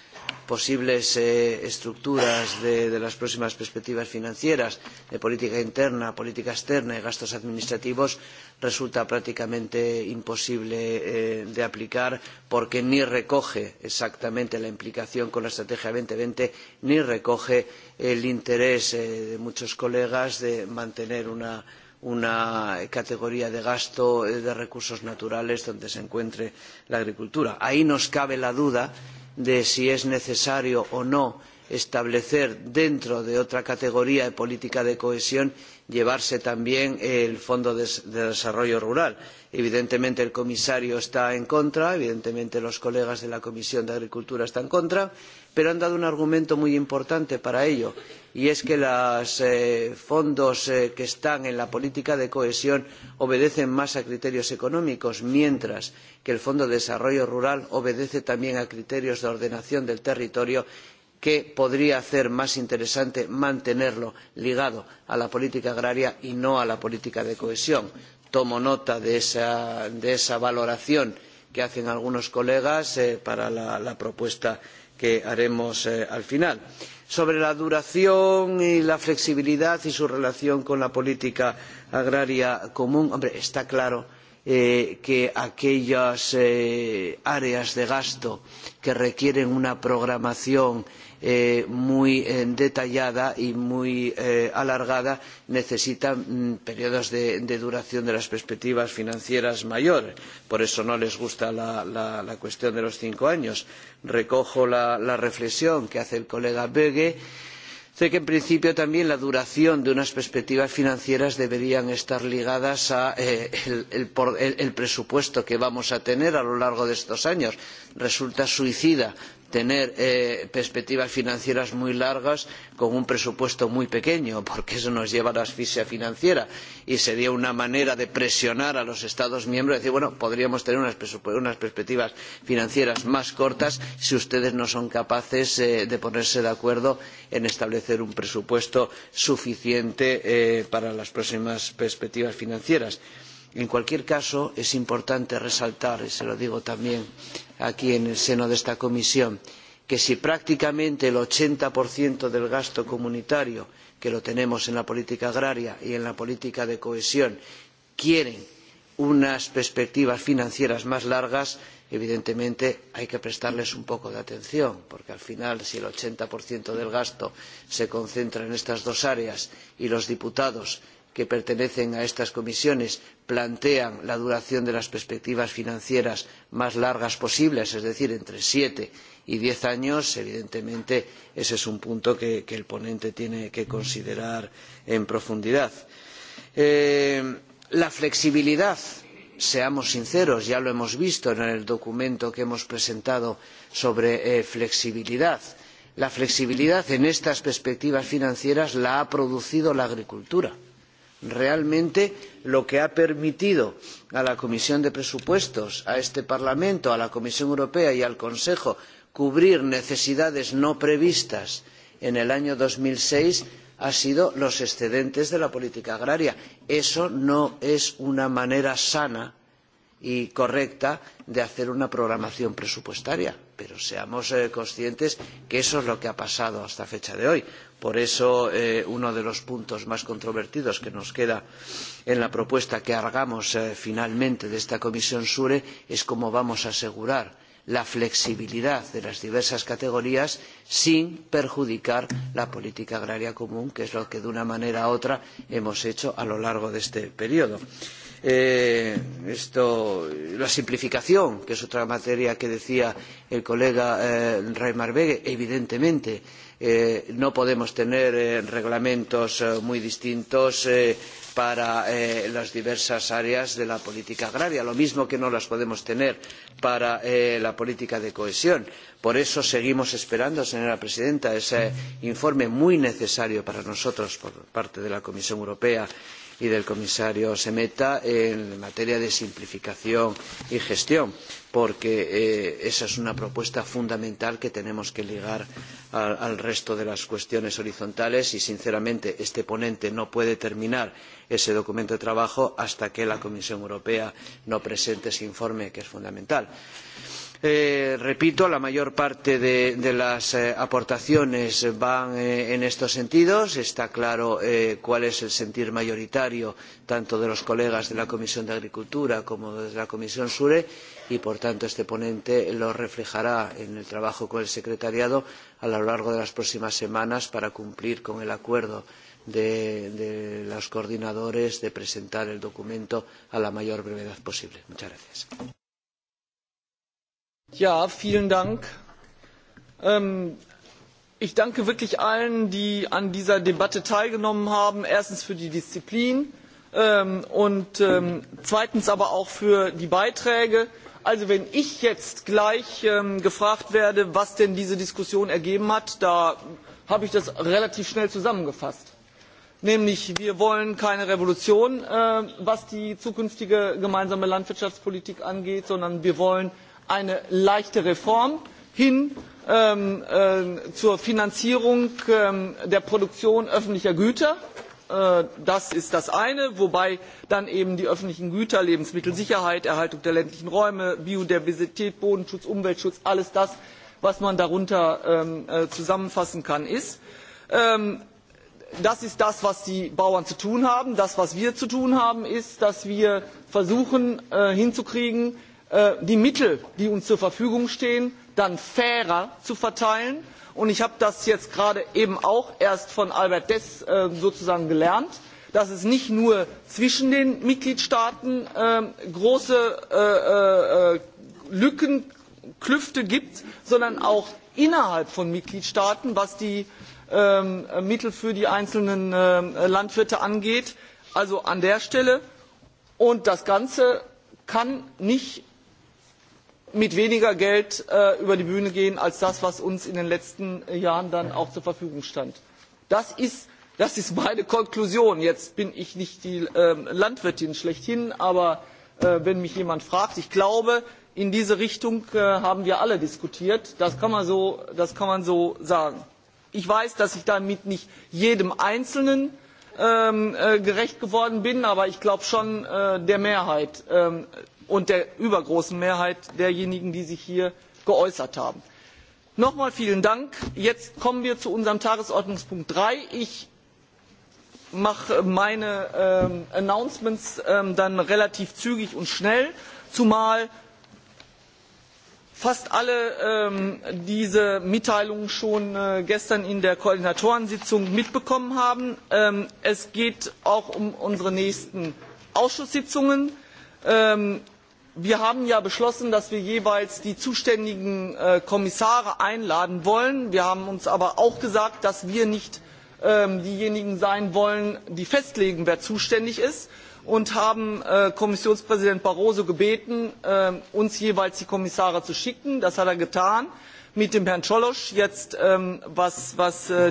posibles eh, estructuras de, de las próximas perspectivas financieras, de política interna, política externa y gastos administrativos, resulta prácticamente imposible eh, de aplicar porque ni recoge exactamente la implicación con la Estrategia dos mil veinte ni recoge el interés eh, de muchos colegas de mantener una una categoría de gasto de recursos naturales donde se encuentre la agricultura. Ahí nos cabe la duda de si es necesario o no establecer dentro de otra categoría de política de cohesión llevarse también el Fondo de, Desarrollo Rural. Evidentemente el comisario está en contra, evidentemente los colegas de la Comisión de Agricultura están en contra pero han dado un argumento muy importante para ello y es que los eh, fondos eh, que están en la política de cohesión obedecen más a criterios económicos mientras que el fondo de desarrollo rural obedece también a criterios de ordenación del territorio que podría hacer más interesante mantenerlo ligado a la política agraria y no a la política de cohesión. tomo nota de esa, de esa valoración que hacen algunos colegas eh, para la, la propuesta que haremos eh, al final. Sobre la duración y la flexibilidad y su relación con la política agraria común, hombre, está claro eh, que aquellas eh, áreas de gasto que requieren una programación Eh, muy eh, detallada y muy eh, alargada necesita mm, periodos de, de, duración de las perspectivas financieras mayores. Por eso no les gusta la, la, la cuestión de los cinco años. Recojo la, la reflexión que hace el colega Böge. Sé que en principio también la duración de unas perspectivas financieras deberían estar ligadas al eh, el, el, el presupuesto que vamos a tener a lo largo de estos años. Resulta suicida tener eh, perspectivas financieras muy largas con un presupuesto muy pequeño, porque eso nos lleva a la asfixia financiera y sería una manera de presionar a los Estados miembros, y decir, bueno, podríamos tener unas, unas perspectivas financieras más cortas si ustedes no son capaces eh, de ponerse de acuerdo en establecer un presupuesto suficiente eh, para las próximas perspectivas financieras. En cualquier caso, es importante resaltar, y se lo digo también, aquí en el seno de esta comisión que si prácticamente el ochenta del gasto comunitario que lo tenemos en la política agraria y en la política de cohesión quieren unas perspectivas financieras más largas, evidentemente hay que prestarles un poco de atención, porque al final, si el ochenta del gasto se concentra en estas dos áreas y los diputados que pertenecen a estas comisiones plantean la duración de las perspectivas financieras más largas posibles, es decir, entre siete y diez años, evidentemente ese es un punto que, que el ponente tiene que considerar en profundidad. Eh, la flexibilidad, seamos sinceros, ya lo hemos visto en el documento que hemos presentado sobre eh, flexibilidad. La flexibilidad en estas perspectivas financieras la ha producido la agricultura realmente lo que ha permitido a la Comisión de Presupuestos, a este Parlamento, a la Comisión Europea y al Consejo cubrir necesidades no previstas en el año dos mil seis han sido los excedentes de la política agraria. Eso no es una manera sana y correcta de hacer una programación presupuestaria. Pero seamos eh, conscientes que eso es lo que ha pasado hasta fecha de hoy. Por eso, eh, uno de los puntos más controvertidos que nos queda en la propuesta que hagamos eh, finalmente de esta Comisión SURE es cómo vamos a asegurar la flexibilidad de las diversas categorías sin perjudicar la política agraria común, que es lo que de una manera u otra hemos hecho a lo largo de este periodo. Eh, eh, esto, la simplificación, que es otra materia que decía el colega eh, Raimar evidentemente eh, no podemos tener eh, reglamentos eh, muy distintos eh, para eh, las diversas áreas de la política agraria, lo mismo que no las podemos tener para eh, la política de cohesión. Por eso seguimos esperando, señora presidenta, ese informe muy necesario para nosotros por parte de la Comisión Europea y del comisario Semeta en materia de simplificación y gestión, porque eh, esa es una propuesta fundamental que tenemos que ligar al, al resto de las cuestiones horizontales y, sinceramente, este ponente no puede terminar ese documento de trabajo hasta que la Comisión Europea no presente ese informe, que es fundamental. Eh, repito, la mayor parte de, de las eh, aportaciones van eh, en estos sentidos. Está claro eh, cuál es el sentir mayoritario tanto de los colegas de la Comisión de Agricultura como de la Comisión SURE y, por tanto, este ponente lo reflejará en el trabajo con el secretariado a lo largo de las próximas semanas para cumplir con el acuerdo de, de los coordinadores de presentar el documento a la mayor brevedad posible. Muchas gracias. Ja, vielen Dank. Ähm, ich danke wirklich allen, die an dieser Debatte teilgenommen haben. Erstens für die Disziplin ähm, und ähm, zweitens aber auch für die Beiträge. Also wenn ich jetzt gleich ähm, gefragt werde, was denn diese Diskussion ergeben hat, da habe ich das relativ schnell zusammengefasst. Nämlich, wir wollen keine Revolution, äh, was die zukünftige gemeinsame Landwirtschaftspolitik angeht, sondern wir wollen eine leichte Reform hin ähm, äh, zur Finanzierung ähm, der Produktion öffentlicher Güter. Äh, das ist das eine, wobei dann eben die öffentlichen Güter, Lebensmittelsicherheit, Erhaltung der ländlichen Räume, Biodiversität, Bodenschutz, Umweltschutz, alles das, was man darunter ähm, äh, zusammenfassen kann, ist. Ähm, das ist das, was die Bauern zu tun haben. Das, was wir zu tun haben, ist, dass wir versuchen äh, hinzukriegen, Äh, die Mittel, die uns zur Verfügung stehen, dann fairer zu verteilen. Und ich habe das jetzt gerade eben auch erst von Albert Dess äh, sozusagen gelernt, dass es nicht nur zwischen den Mitgliedstaaten ähm, große äh, Lücken, Klüfte gibt, sondern auch innerhalb von Mitgliedstaaten, was die ähm, Mittel für die einzelnen ähm, Landwirte angeht. Also an der Stelle. Und das Ganze kann nicht mit weniger Geld äh, über die Bühne gehen als das, was uns in den letzten äh, Jahren dann auch zur Verfügung stand. Das ist, das ist meine Konklusion. Jetzt bin ich nicht die ähm, Landwirtin schlechthin, aber äh, wenn mich jemand fragt, ich glaube, in diese Richtung äh, haben wir alle diskutiert. Das kann man so, kann man so sagen. Ich weiß, dass ich damit nicht jedem Einzelnen ähm, äh, gerecht geworden bin, aber ich glaube schon der Mehrheit. Ähm, und der übergroßen Mehrheit derjenigen, die sich hier geäußert haben. Nochmal vielen Dank. Jetzt kommen wir zu unserem Tagesordnungspunkt drei. Ich mache meine ähm, Announcements ähm, dann relativ zügig und schnell, zumal fast alle ähm, diese Mitteilungen schon äh, gestern in der Koordinatorensitzung mitbekommen haben. Ähm, es geht auch um unsere nächsten Ausschusssitzungen. Ähm, wir haben ja beschlossen, dass wir jeweils die zuständigen äh, Kommissare einladen wollen. Wir haben uns aber auch gesagt, dass wir nicht ähm, diejenigen sein wollen, die festlegen, wer zuständig ist und haben äh, Kommissionspräsident Barroso gebeten, äh, uns jeweils die Kommissare zu schicken. Das hat er getan mit dem Herrn ciolo jetzt, ähm, was,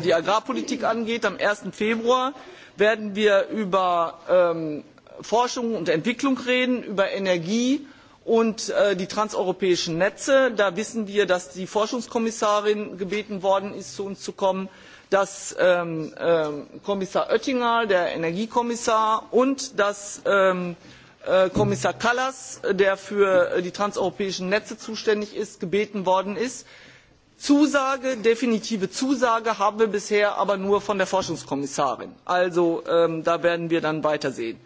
die Agrarpolitik angeht. Am eins Februar werden wir über ähm, Forschung und Entwicklung reden, über Energie und äh, die transeuropäischen Netze. Da wissen wir, dass die Forschungskommissarin gebeten worden ist, zu uns zu kommen, dass ähm, ähm Kommissar Oettinger, der Energiekommissar, und dass ähm, äh, Kommissar Kallas, der für äh, die transeuropäischen Netze zuständig ist, gebeten worden ist. Zusage, definitive Zusage haben wir bisher aber nur von der Forschungskommissarin. Also ähm, da werden wir dann weitersehen.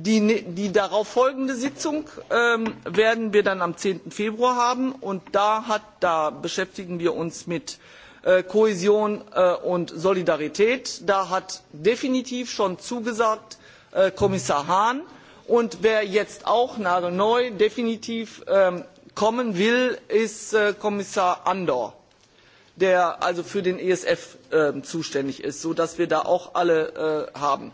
Die, die darauffolgende Sitzung ähm, werden wir dann am 10. Februar haben und da, hat, da beschäftigen wir uns mit äh, Kohäsion äh, und Solidarität. Da hat definitiv schon zugesagt äh, Kommissar Hahn und wer jetzt auch nagelneu definitiv ähm, kommen will, ist äh, Kommissar Andor der also für den ESF äh, zuständig ist, sodass wir da auch alle äh, haben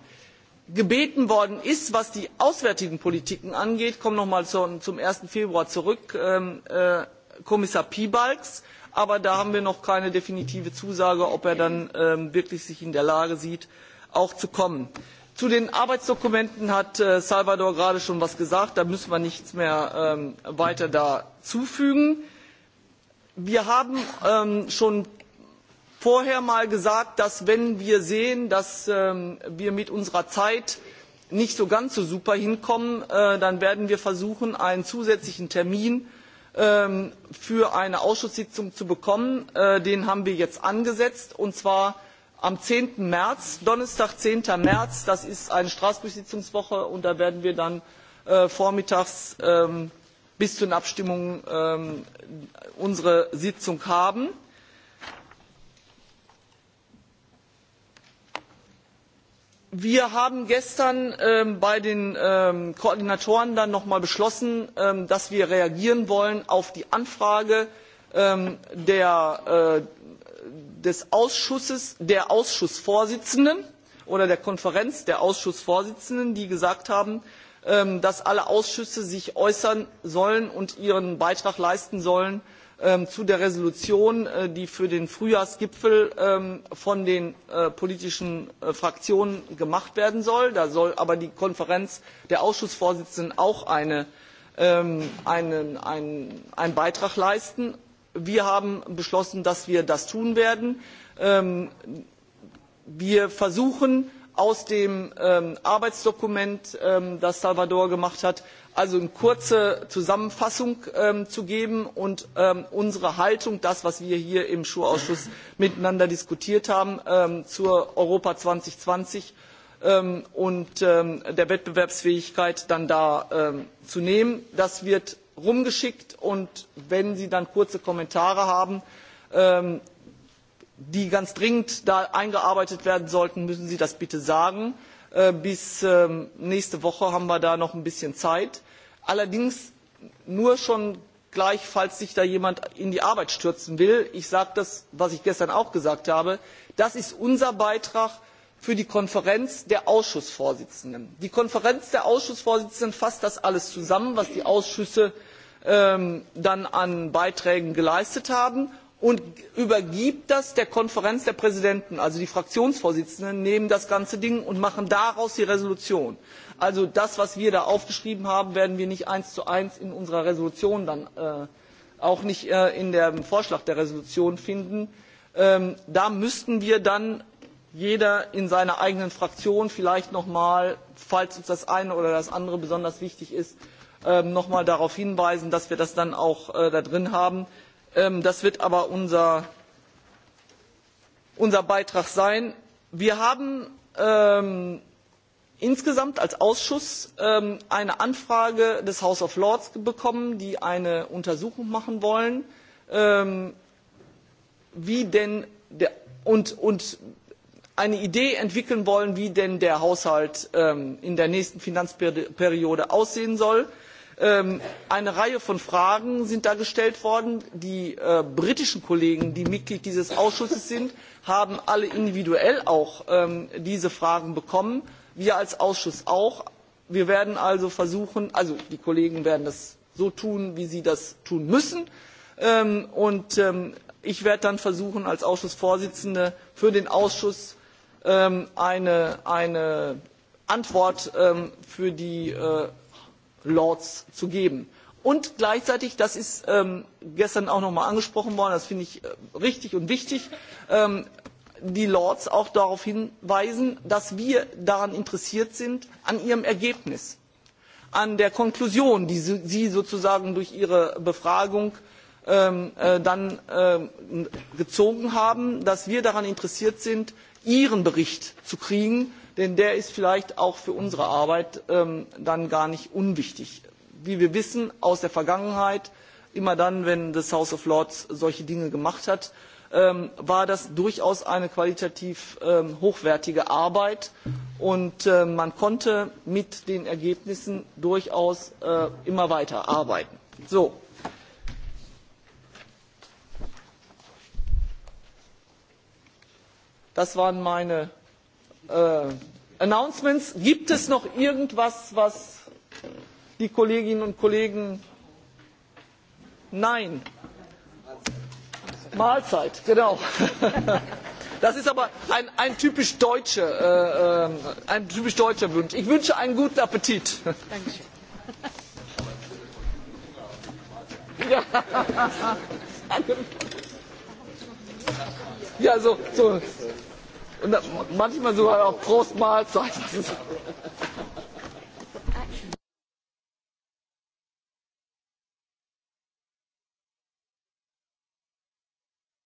gebeten worden ist, was die auswärtigen Politiken angeht, komme noch einmal zum eins Februar zurück, ähm, äh, Kommissar Piebalgs, aber da haben wir noch keine definitive Zusage, ob er ähm, sich dann wirklich in der Lage sieht, auch zu kommen. Zu den Arbeitsdokumenten hat äh, Salvador gerade schon etwas gesagt, da müssen wir nichts mehr ähm, weiter dazufügen. Wir haben schon vorher mal gesagt, dass wenn wir sehen, dass ähm, wir mit unserer Zeit nicht so ganz so super hinkommen, äh, dann werden wir versuchen, einen zusätzlichen Termin ähm, für eine Ausschusssitzung zu bekommen. Äh, den haben wir jetzt angesetzt, und zwar am 10. März, Donnerstag, 10. März. Das ist eine Straßburg-Sitzungswoche, und da werden wir dann äh, vormittags ähm, bis zu den Abstimmungen ähm, unsere Sitzung haben. wir haben gestern ähm, bei den ähm, koordinatoren dann noch einmal beschlossen ähm, dass wir reagieren wollen auf die anfrage äh, des ausschusses der ausschussvorsitzenden oder der konferenz der ausschussvorsitzenden die gesagt haben dass alle ausschüsse sich äußern sollen und ihren beitrag leisten sollen Ähm, zu der Entschließung, äh, die für den Frühjahrsgipfel ähm, von den äh, politischen äh, Fraktionen gemacht werden soll. Da soll aber die Konferenz der Ausschussvorsitzenden auch eine, ähm, einen, einen, einen Beitrag leisten. Wir haben beschlossen, dass wir das tun werden. Wir versuchen aus dem Arbeitsdokument, das Salvador gemacht hat, also eine kurze Zusammenfassung ähm, zu geben und ähm, unsere Haltung, das, was wir hier im Schulausschuss miteinander diskutiert haben, ähm, zur Europa 2020 ähm, und ähm, der Wettbewerbsfähigkeit dann da ähm, zu nehmen. Das wird rumgeschickt und wenn Sie dann kurze Kommentare haben, ähm, die ganz dringend da eingearbeitet werden sollten, müssen Sie das bitte sagen. Äh, bis ähm, nächste Woche haben wir da noch ein bisschen Zeit. Allerdings nur schon gleich, falls sich da jemand in die Arbeit stürzen will. Ich sage das, was ich gestern auch gesagt habe. Das ist unser Beitrag für die Konferenz der Ausschussvorsitzenden. Die Konferenz der Ausschussvorsitzenden fasst das alles zusammen, was die Ausschüsse ähm, dann an Beiträgen geleistet haben und übergibt das der Konferenz der Präsidenten. Also die Fraktionsvorsitzenden nehmen das ganze Ding und machen daraus die Resolution. Also das, was wir da aufgeschrieben haben, werden wir nicht eins zu eins in unserer Entschließung dann äh, auch nicht äh, in dem Vorschlag der Entschließung finden. Ähm, da müssten wir dann jeder in seiner eigenen Fraktion vielleicht noch einmal falls uns das eine oder das andere besonders wichtig ist, ähm, nochmal darauf hinweisen, dass wir das dann auch äh, da drin haben. Ähm, das wird aber unser, unser Beitrag sein. Wir haben ähm, insgesamt als Ausschuss ähm, eine Anfrage des House of Lords bekommen, die eine Untersuchung machen wollen, ähm, wie denn der, und, und eine Idee entwickeln wollen, wie denn der Haushalt ähm, in der nächsten Finanzperiode aussehen soll. Ähm, eine reihe von fragen sind da gestellt worden. die äh, britischen kollegen die mitglied dieses ausschusses sind haben alle individuell auch ähm, diese fragen bekommen wir als ausschuss auch. wir werden also versuchen also die kollegen werden das so tun wie sie das tun müssen ähm, und ich werde dann versuchen als ausschussvorsitzende für den ausschuss eine, eine antwort für die äh, Lords zu geben. Und gleichzeitig, das ist ähm, gestern auch nochmal angesprochen worden, das finde ich äh, richtig und wichtig, ähm, die Lords auch darauf hinweisen, dass wir daran interessiert sind, an ihrem Ergebnis, an der Konklusion, die sie sozusagen durch ihre Befragung ähm, äh, dann äh, gezogen haben, dass wir daran interessiert sind, ihren Bericht zu kriegen, denn der ist vielleicht auch für unsere Arbeit ähm, dann gar nicht unwichtig. Wie wir wissen aus der Vergangenheit, immer dann, wenn das House of Lords solche Dinge gemacht hat, ähm, war das durchaus eine qualitativ ähm, hochwertige Arbeit und äh, man konnte mit den Ergebnissen durchaus äh, immer weiter arbeiten. So. Das waren meine äh, Announcements. Gibt es noch irgendwas, was die Kolleginnen und Kollegen? Nein. Mahlzeit, genau. *laughs* Das ist aber ein, ein, typisch deutscher, äh, äh, ein typisch deutscher Wunsch. Ich wünsche einen guten Appetit. Dankeschön. Ja, *laughs* ja so, so. Und manchmal sogar auch Prost Mahlzeit.